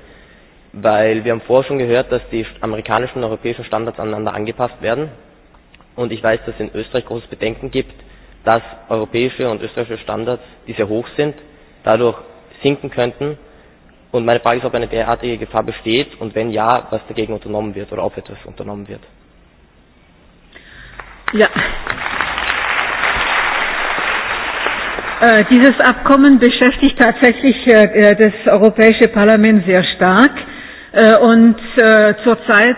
[SPEAKER 16] weil wir haben vorher schon gehört, dass die amerikanischen und europäischen Standards aneinander angepasst werden und ich weiß, dass es in Österreich großes Bedenken gibt, dass europäische und österreichische Standards, die sehr hoch sind, dadurch sinken könnten und meine Frage ist, ob eine derartige Gefahr besteht und wenn ja, was dagegen unternommen wird oder ob etwas unternommen wird.
[SPEAKER 25] Ja, Dieses Abkommen beschäftigt tatsächlich das Europäische Parlament sehr stark. Und zurzeit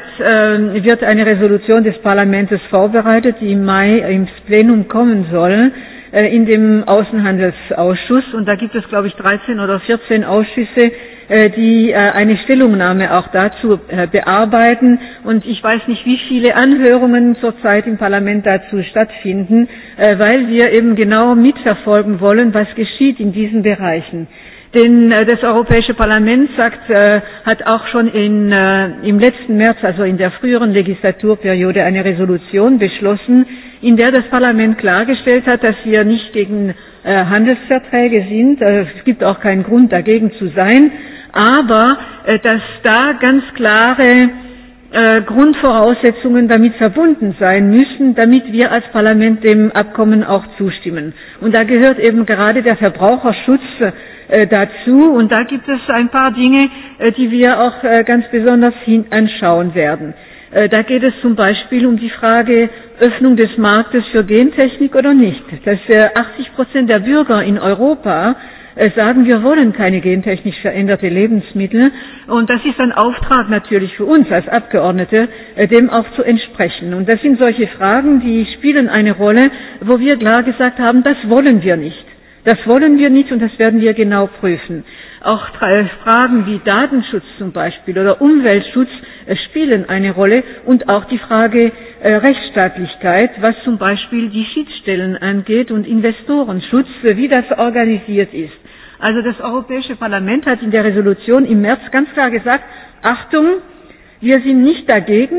[SPEAKER 25] wird eine Resolution des Parlaments vorbereitet, die im Mai ins Plenum kommen soll, in dem Außenhandelsausschuss. Und da gibt es, glaube ich, 13 oder 14 Ausschüsse, die eine Stellungnahme auch dazu bearbeiten. Und ich weiß nicht, wie viele Anhörungen zurzeit im Parlament dazu stattfinden, weil wir eben genau mitverfolgen wollen, was geschieht in diesen Bereichen. Denn das Europäische Parlament sagt, hat auch schon in, im letzten März, also in der früheren Legislaturperiode, eine Resolution beschlossen, in der das Parlament klargestellt hat, dass wir nicht gegen Handelsverträge sind. Es gibt auch keinen Grund dagegen zu sein aber dass da ganz klare Grundvoraussetzungen damit verbunden sein müssen, damit wir als Parlament dem Abkommen auch zustimmen. Und da gehört eben gerade der Verbraucherschutz dazu. Und da gibt es ein paar Dinge, die wir auch ganz besonders hin anschauen werden. Da geht es zum Beispiel um die Frage Öffnung des Marktes für Gentechnik oder nicht. Dass 80 Prozent der Bürger in Europa sagen, wir wollen keine gentechnisch veränderte Lebensmittel. Und das ist ein Auftrag natürlich für uns als Abgeordnete, dem auch zu entsprechen. Und das sind solche Fragen, die spielen eine Rolle, wo wir klar gesagt haben, das wollen wir nicht. Das wollen wir nicht und das werden wir genau prüfen. Auch Fragen wie Datenschutz zum Beispiel oder Umweltschutz spielen eine Rolle und auch die Frage Rechtsstaatlichkeit, was zum Beispiel die Schiedsstellen angeht und Investorenschutz, wie das organisiert ist. Also das Europäische Parlament hat in der Resolution im März ganz klar gesagt, Achtung, wir sind nicht dagegen,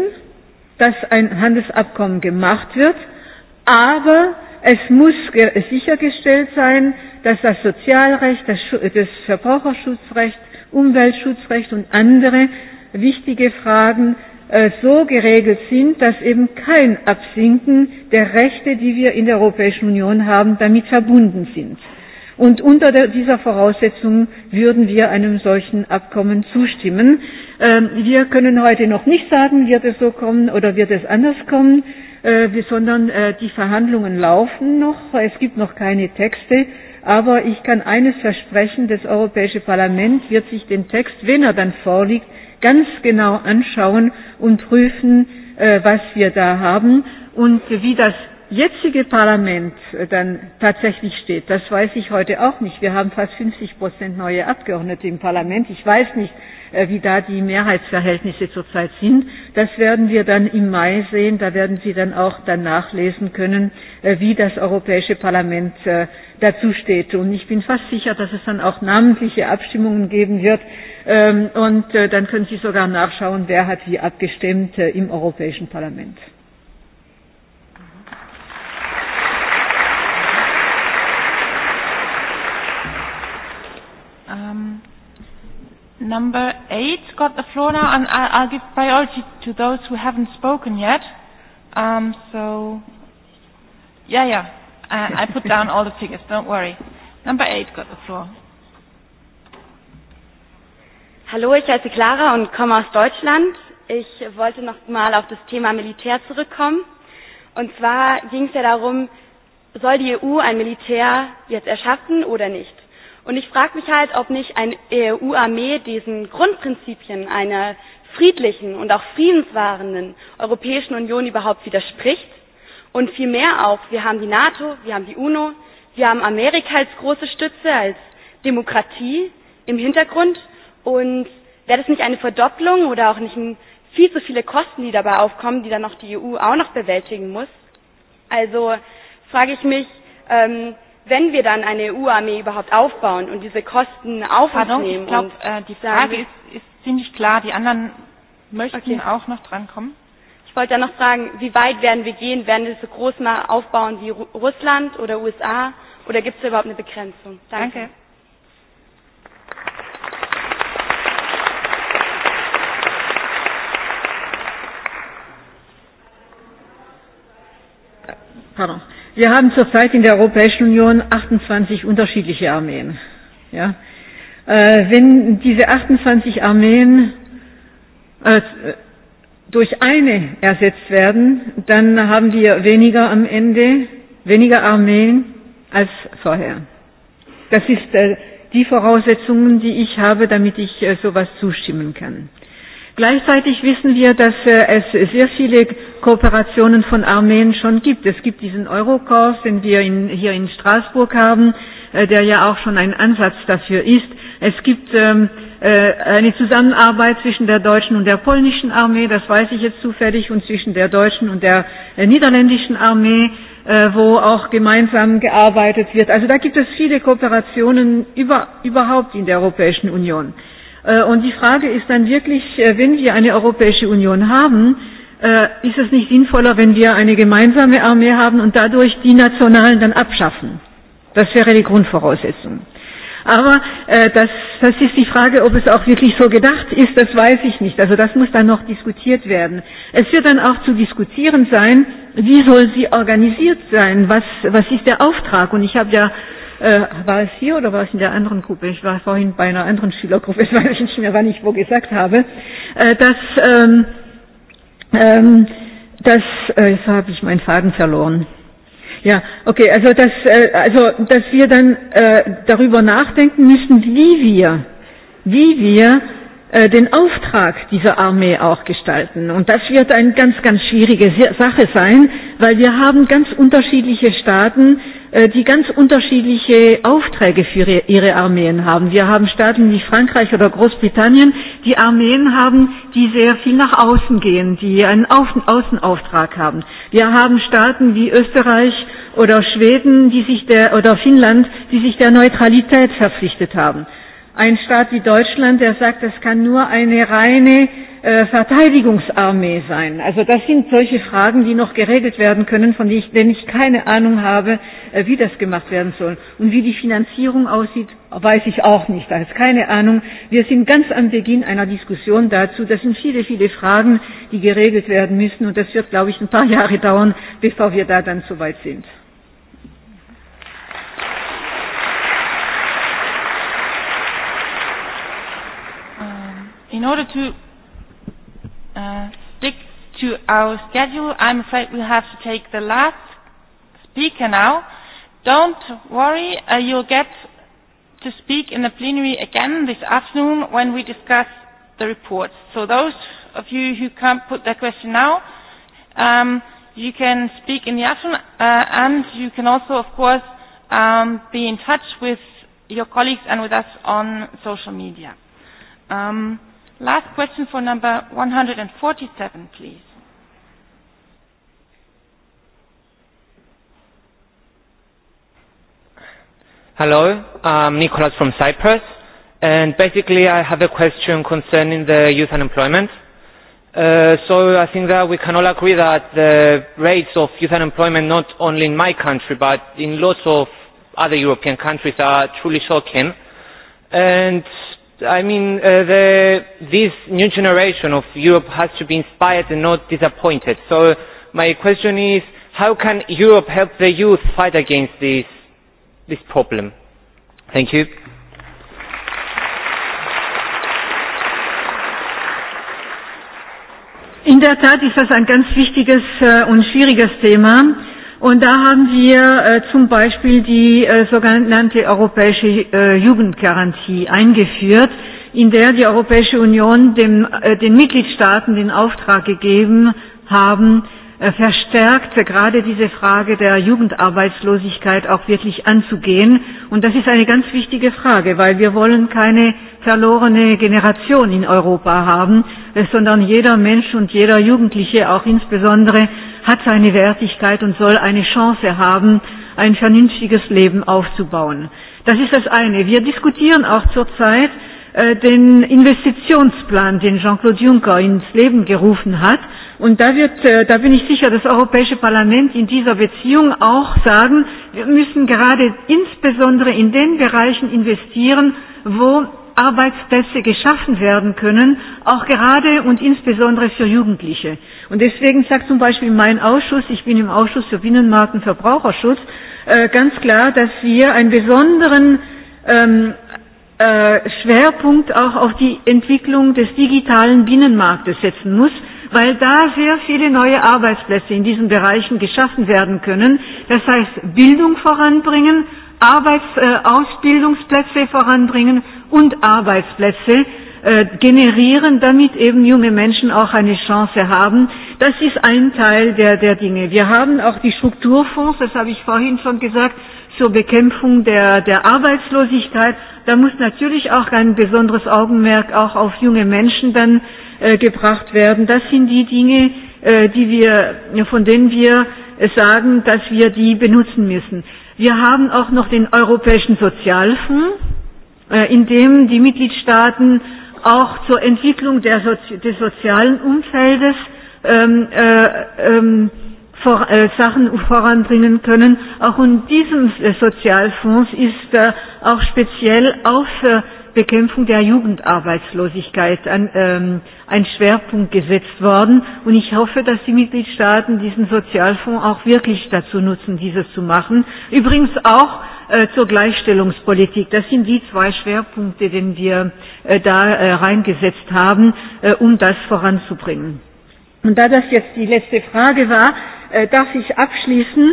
[SPEAKER 25] dass ein Handelsabkommen gemacht wird, aber es muss sichergestellt sein, dass das Sozialrecht, das Verbraucherschutzrecht, Umweltschutzrecht und andere wichtige Fragen so geregelt sind, dass eben kein Absinken der Rechte, die wir in der Europäischen Union haben, damit verbunden sind. Und unter dieser Voraussetzung würden wir einem solchen Abkommen zustimmen. Wir können heute noch nicht sagen, wird es so kommen oder wird es anders kommen, sondern die Verhandlungen laufen noch. Es gibt noch keine Texte. Aber ich kann eines versprechen, das Europäische Parlament wird sich den Text, wenn er dann vorliegt, ganz genau anschauen und prüfen, was wir da haben und wie das jetzige Parlament dann tatsächlich steht, das weiß ich heute auch nicht. Wir haben fast 50 Prozent neue Abgeordnete im Parlament. Ich weiß nicht, wie da die Mehrheitsverhältnisse zurzeit sind. Das werden wir dann im Mai sehen. Da werden Sie dann auch danach lesen können, wie das Europäische Parlament dazu steht. Und ich bin fast sicher, dass es dann auch namentliche Abstimmungen geben wird. Und dann können Sie sogar nachschauen, wer hat wie abgestimmt im Europäischen Parlament.
[SPEAKER 24] Number eight got the floor now, and I'll give priority to those who haven't spoken yet. Um, so, yeah, yeah, I, I put down all the figures.
[SPEAKER 17] Don't worry. Number eight got the floor. Hallo, ich heiße Clara und komme aus Deutschland. Ich wollte noch mal auf das Thema Militär zurückkommen. Und zwar ging es ja darum, soll die EU ein Militär jetzt erschaffen oder nicht? Und ich frage mich halt, ob nicht eine EU-Armee diesen Grundprinzipien einer friedlichen und auch friedenswahrenden Europäischen Union überhaupt widerspricht. Und vielmehr auch, wir haben die NATO, wir haben die UNO, wir haben Amerika als große Stütze, als Demokratie im Hintergrund. Und wäre das nicht eine Verdopplung oder auch nicht viel zu viele Kosten, die dabei aufkommen, die dann noch die EU auch noch bewältigen muss? Also frage ich mich, ähm, wenn wir dann eine EU-Armee überhaupt aufbauen und diese Kosten aufnehmen. Ich glaube, die Frage ist, ist ziemlich klar. Die anderen möchten auch noch drankommen. Ich wollte dann noch fragen, wie weit werden wir gehen? Werden wir so groß mal aufbauen wie Russland oder USA? Oder gibt es überhaupt eine Begrenzung? Danke.
[SPEAKER 25] Pardon. Wir haben zurzeit in der Europäischen Union 28 unterschiedliche Armeen. Ja? Wenn diese 28 Armeen durch eine ersetzt werden, dann haben wir weniger am Ende, weniger Armeen als vorher. Das ist die Voraussetzungen, die ich habe, damit ich sowas zustimmen kann. Gleichzeitig wissen wir, dass es sehr viele Kooperationen von Armeen schon gibt. Es gibt diesen Eurokorps, den wir in, hier in Straßburg haben, der ja auch schon ein Ansatz dafür ist. Es gibt eine Zusammenarbeit zwischen der deutschen und der polnischen Armee, das weiß ich jetzt zufällig, und zwischen der deutschen und der niederländischen Armee, wo auch gemeinsam gearbeitet wird. Also da gibt es viele Kooperationen überhaupt in der Europäischen Union. Und die Frage ist dann wirklich, wenn wir eine Europäische Union haben, ist es nicht sinnvoller, wenn wir eine gemeinsame Armee haben und dadurch die nationalen dann abschaffen? Das wäre die Grundvoraussetzung. Aber äh, das, das ist die Frage, ob es auch wirklich so gedacht ist, das weiß ich nicht. Also das muss dann noch diskutiert werden. Es wird dann auch zu diskutieren sein, wie soll sie organisiert sein, was, was ist der Auftrag. Und ich habe ja war es hier oder war es in der anderen Gruppe? Ich war vorhin bei einer anderen Schülergruppe, ich weiß ich nicht mehr, wann ich wo gesagt habe, dass, ähm, ähm, dass äh, jetzt habe ich meinen Faden verloren. Ja, okay, also dass, äh, also, dass wir dann äh, darüber nachdenken müssen, wie wir, wie wir den Auftrag dieser Armee auch gestalten. Und das wird eine ganz, ganz schwierige Sache sein, weil wir haben ganz unterschiedliche Staaten, die ganz unterschiedliche Aufträge für ihre Armeen haben. Wir haben Staaten wie Frankreich oder Großbritannien, die Armeen haben, die sehr viel nach außen gehen, die einen Außenauftrag haben. Wir haben Staaten wie Österreich oder Schweden, die sich der, oder Finnland, die sich der Neutralität verpflichtet haben. Ein Staat wie Deutschland, der sagt, das kann nur eine reine Verteidigungsarmee sein. Also das sind solche Fragen, die noch geregelt werden können, von denen ich ich keine Ahnung habe, wie das gemacht werden soll. Und wie die Finanzierung aussieht, weiß ich auch nicht. Da ist keine Ahnung. Wir sind ganz am Beginn einer Diskussion dazu. Das sind viele, viele Fragen, die geregelt werden müssen. Und das wird, glaube ich, ein paar Jahre dauern, bevor wir da dann so weit sind.
[SPEAKER 24] in order to uh, stick to our schedule, I'm afraid we have to take the last speaker now. Don't worry, uh, you'll get to speak in the plenary again this afternoon when we discuss the reports. So those of you who can't put their question now, um, you can speak in the afternoon uh, and you can also, of course, um, be in touch with your colleagues and with us on social media. Um, Last question for number 147, please.
[SPEAKER 22] Hello, I'm Nicholas from Cyprus, and basically I have a question concerning the youth unemployment. So I think that we can all agree that the rates of youth unemployment, not only in my country but in lots of other European countries, are truly shocking. And I mean, the, this new generation of Europe has to be inspired and not disappointed. So my question is, how can Europe help the youth fight against this, this problem? Thank you.
[SPEAKER 25] In der Tat ist das ein ganz wichtiges und schwieriges Thema Und da haben wir zum Beispiel die sogenannte europäische Jugendgarantie eingeführt, in der die Europäische Union dem, den Mitgliedstaaten den Auftrag gegeben haben, verstärkt gerade diese Frage der Jugendarbeitslosigkeit auch wirklich anzugehen. Und das ist eine ganz wichtige Frage, weil wir wollen keine verlorene Generation in Europa haben, sondern jeder Mensch und jeder Jugendliche, auch insbesondere hat seine Wertigkeit und soll eine Chance haben, ein vernünftiges Leben aufzubauen. Das ist das eine. Wir diskutieren auch zurzeit den Investitionsplan, den Jean-Claude Juncker ins Leben gerufen hat. Und da, wird, da bin ich sicher, das Europäische Parlament in dieser Beziehung auch sagen, wir müssen gerade insbesondere in den Bereichen investieren, wo Arbeitsplätze geschaffen werden können, auch gerade und insbesondere für Jugendliche. Und deswegen sagt zum Beispiel mein Ausschuss, ich bin im Ausschuss für Binnenmarkt und Verbraucherschutz, ganz klar, dass wir einen besonderen Schwerpunkt auch auf die Entwicklung des digitalen Binnenmarktes setzen muss, weil da sehr viele neue Arbeitsplätze in diesen Bereichen geschaffen werden können. Das heißt, Bildung voranbringen, Arbeitsausbildungsplätze voranbringen und Arbeitsplätze generieren, damit eben junge Menschen auch eine Chance haben, Das ist ein Teil der, der Dinge. Wir haben auch die Strukturfonds, das habe ich vorhin schon gesagt, zur Bekämpfung der, der Arbeitslosigkeit. Da muss natürlich auch ein besonderes Augenmerk auch auf junge Menschen dann gebracht werden. Das sind die Dinge, die wir, von denen wir sagen, dass wir die benutzen müssen. Wir haben auch noch den Europäischen Sozialfonds, in dem die Mitgliedstaaten auch zur Entwicklung der des sozialen Umfeldes Sachen voranbringen können. Auch in diesem Sozialfonds ist auch speziell auf Bekämpfung der Jugendarbeitslosigkeit ein Schwerpunkt gesetzt worden. Und ich hoffe, dass die Mitgliedstaaten diesen Sozialfonds auch wirklich dazu nutzen, dieses zu machen. Übrigens auch zur Gleichstellungspolitik. Das sind die zwei Schwerpunkte, die wir da reingesetzt haben, um das voranzubringen. Und da das jetzt die letzte Frage war, darf ich abschließen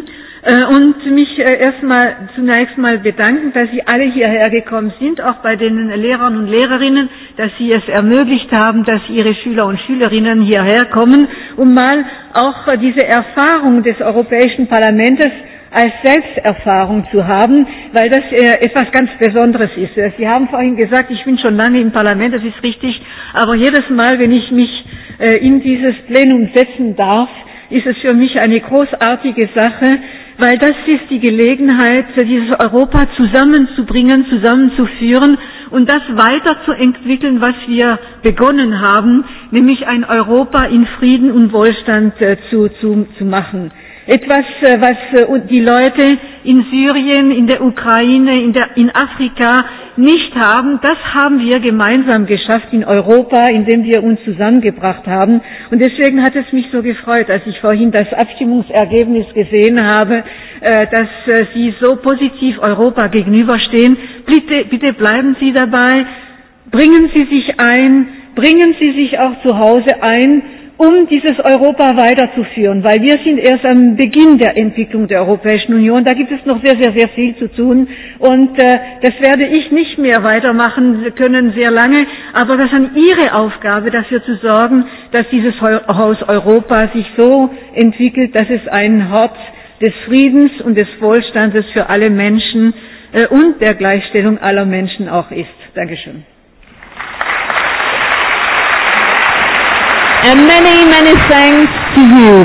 [SPEAKER 25] und mich erstmal zunächst mal bedanken, dass Sie alle hierher gekommen sind, auch bei den Lehrern und Lehrerinnen, dass Sie es ermöglicht haben, dass Ihre Schüler und Schülerinnen hierher kommen, um mal auch diese Erfahrung des Europäischen Parlaments als Selbsterfahrung zu haben, weil das etwas ganz Besonderes ist. Sie haben vorhin gesagt, ich bin schon lange im Parlament, das ist richtig, aber jedes Mal, wenn ich mich in dieses Plenum setzen darf, ist es für mich eine großartige Sache, weil das ist die Gelegenheit, dieses Europa zusammenzubringen, zusammenzuführen und das weiterzuentwickeln, was wir begonnen haben, nämlich ein Europa in Frieden und Wohlstand zu, zu, zu machen etwas, was die Leute in Syrien, in der Ukraine, in, der, in Afrika nicht haben, das haben wir gemeinsam geschafft in Europa, indem wir uns zusammengebracht haben. Und deswegen hat es mich so gefreut, als ich vorhin das Abstimmungsergebnis gesehen habe, dass Sie so positiv Europa gegenüberstehen. Bitte, bitte bleiben Sie dabei, bringen Sie sich ein, bringen Sie sich auch zu Hause ein, um dieses Europa weiterzuführen, weil wir sind erst am Beginn der Entwicklung der Europäischen Union. Da gibt es noch sehr, sehr, sehr viel zu tun. Und das werde ich nicht mehr weitermachen können, sehr lange. Aber das ist Ihre Aufgabe, dafür zu sorgen, dass dieses Haus Europa sich so entwickelt, dass es ein Hort des Friedens und des Wohlstandes für alle Menschen und der Gleichstellung aller Menschen auch ist. Dankeschön. And many, many thanks to you.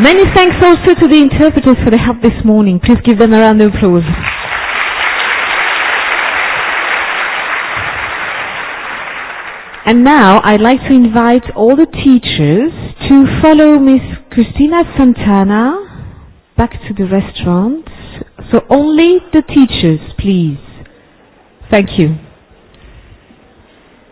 [SPEAKER 2] Many thanks also to the interpreters for the help this morning. Please give them a round of applause. And now I'd like to invite all the teachers to follow Miss Christina Santana back to the restaurant. So only the teachers,
[SPEAKER 1] please. Thank you.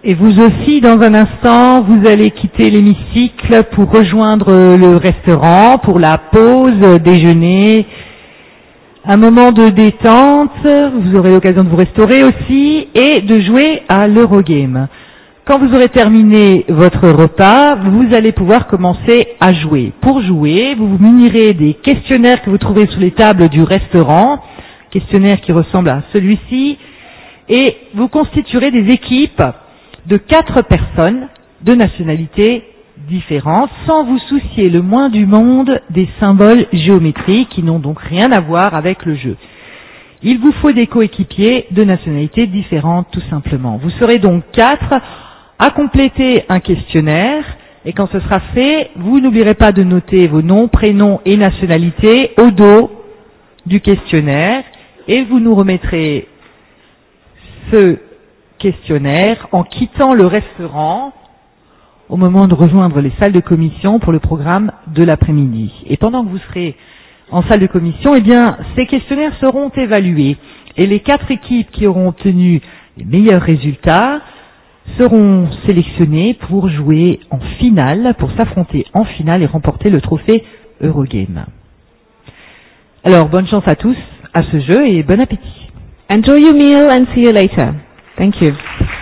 [SPEAKER 1] Et vous aussi, dans un instant, vous allez quitter l'hémicycle pour rejoindre le restaurant, pour la pause, déjeuner, un moment de détente, vous aurez l'occasion de vous restaurer aussi, et de jouer à l'Eurogame. Quand vous aurez terminé votre repas, vous allez pouvoir commencer à jouer. Pour jouer, vous vous munirez des questionnaires que vous trouverez sous les tables du restaurant, questionnaires qui ressemblent à celui-ci, et vous constituerez des équipes de quatre personnes de nationalités différentes, sans vous soucier le moins du monde des symboles géométriques qui n'ont donc rien à voir avec le jeu. Il vous faut des coéquipiers de nationalités différentes, tout simplement. Vous serez donc quatre à compléter un questionnaire, et quand ce sera fait, vous n'oublierez pas de noter vos noms, prénoms et nationalités au dos du questionnaire, et vous nous remettrez ce questionnaire en quittant le restaurant au moment de rejoindre les salles de commission pour le programme de l'après-midi. Et pendant que vous serez en salle de commission, eh bien, ces questionnaires seront évalués et les quatre équipes qui auront obtenu les meilleurs résultats seront sélectionnées pour jouer en finale, pour s'affronter en finale et remporter le trophée Eurogame. Alors, bonne chance à tous à ce jeu et bon appétit. Enjoy your meal and see you later. Thank you.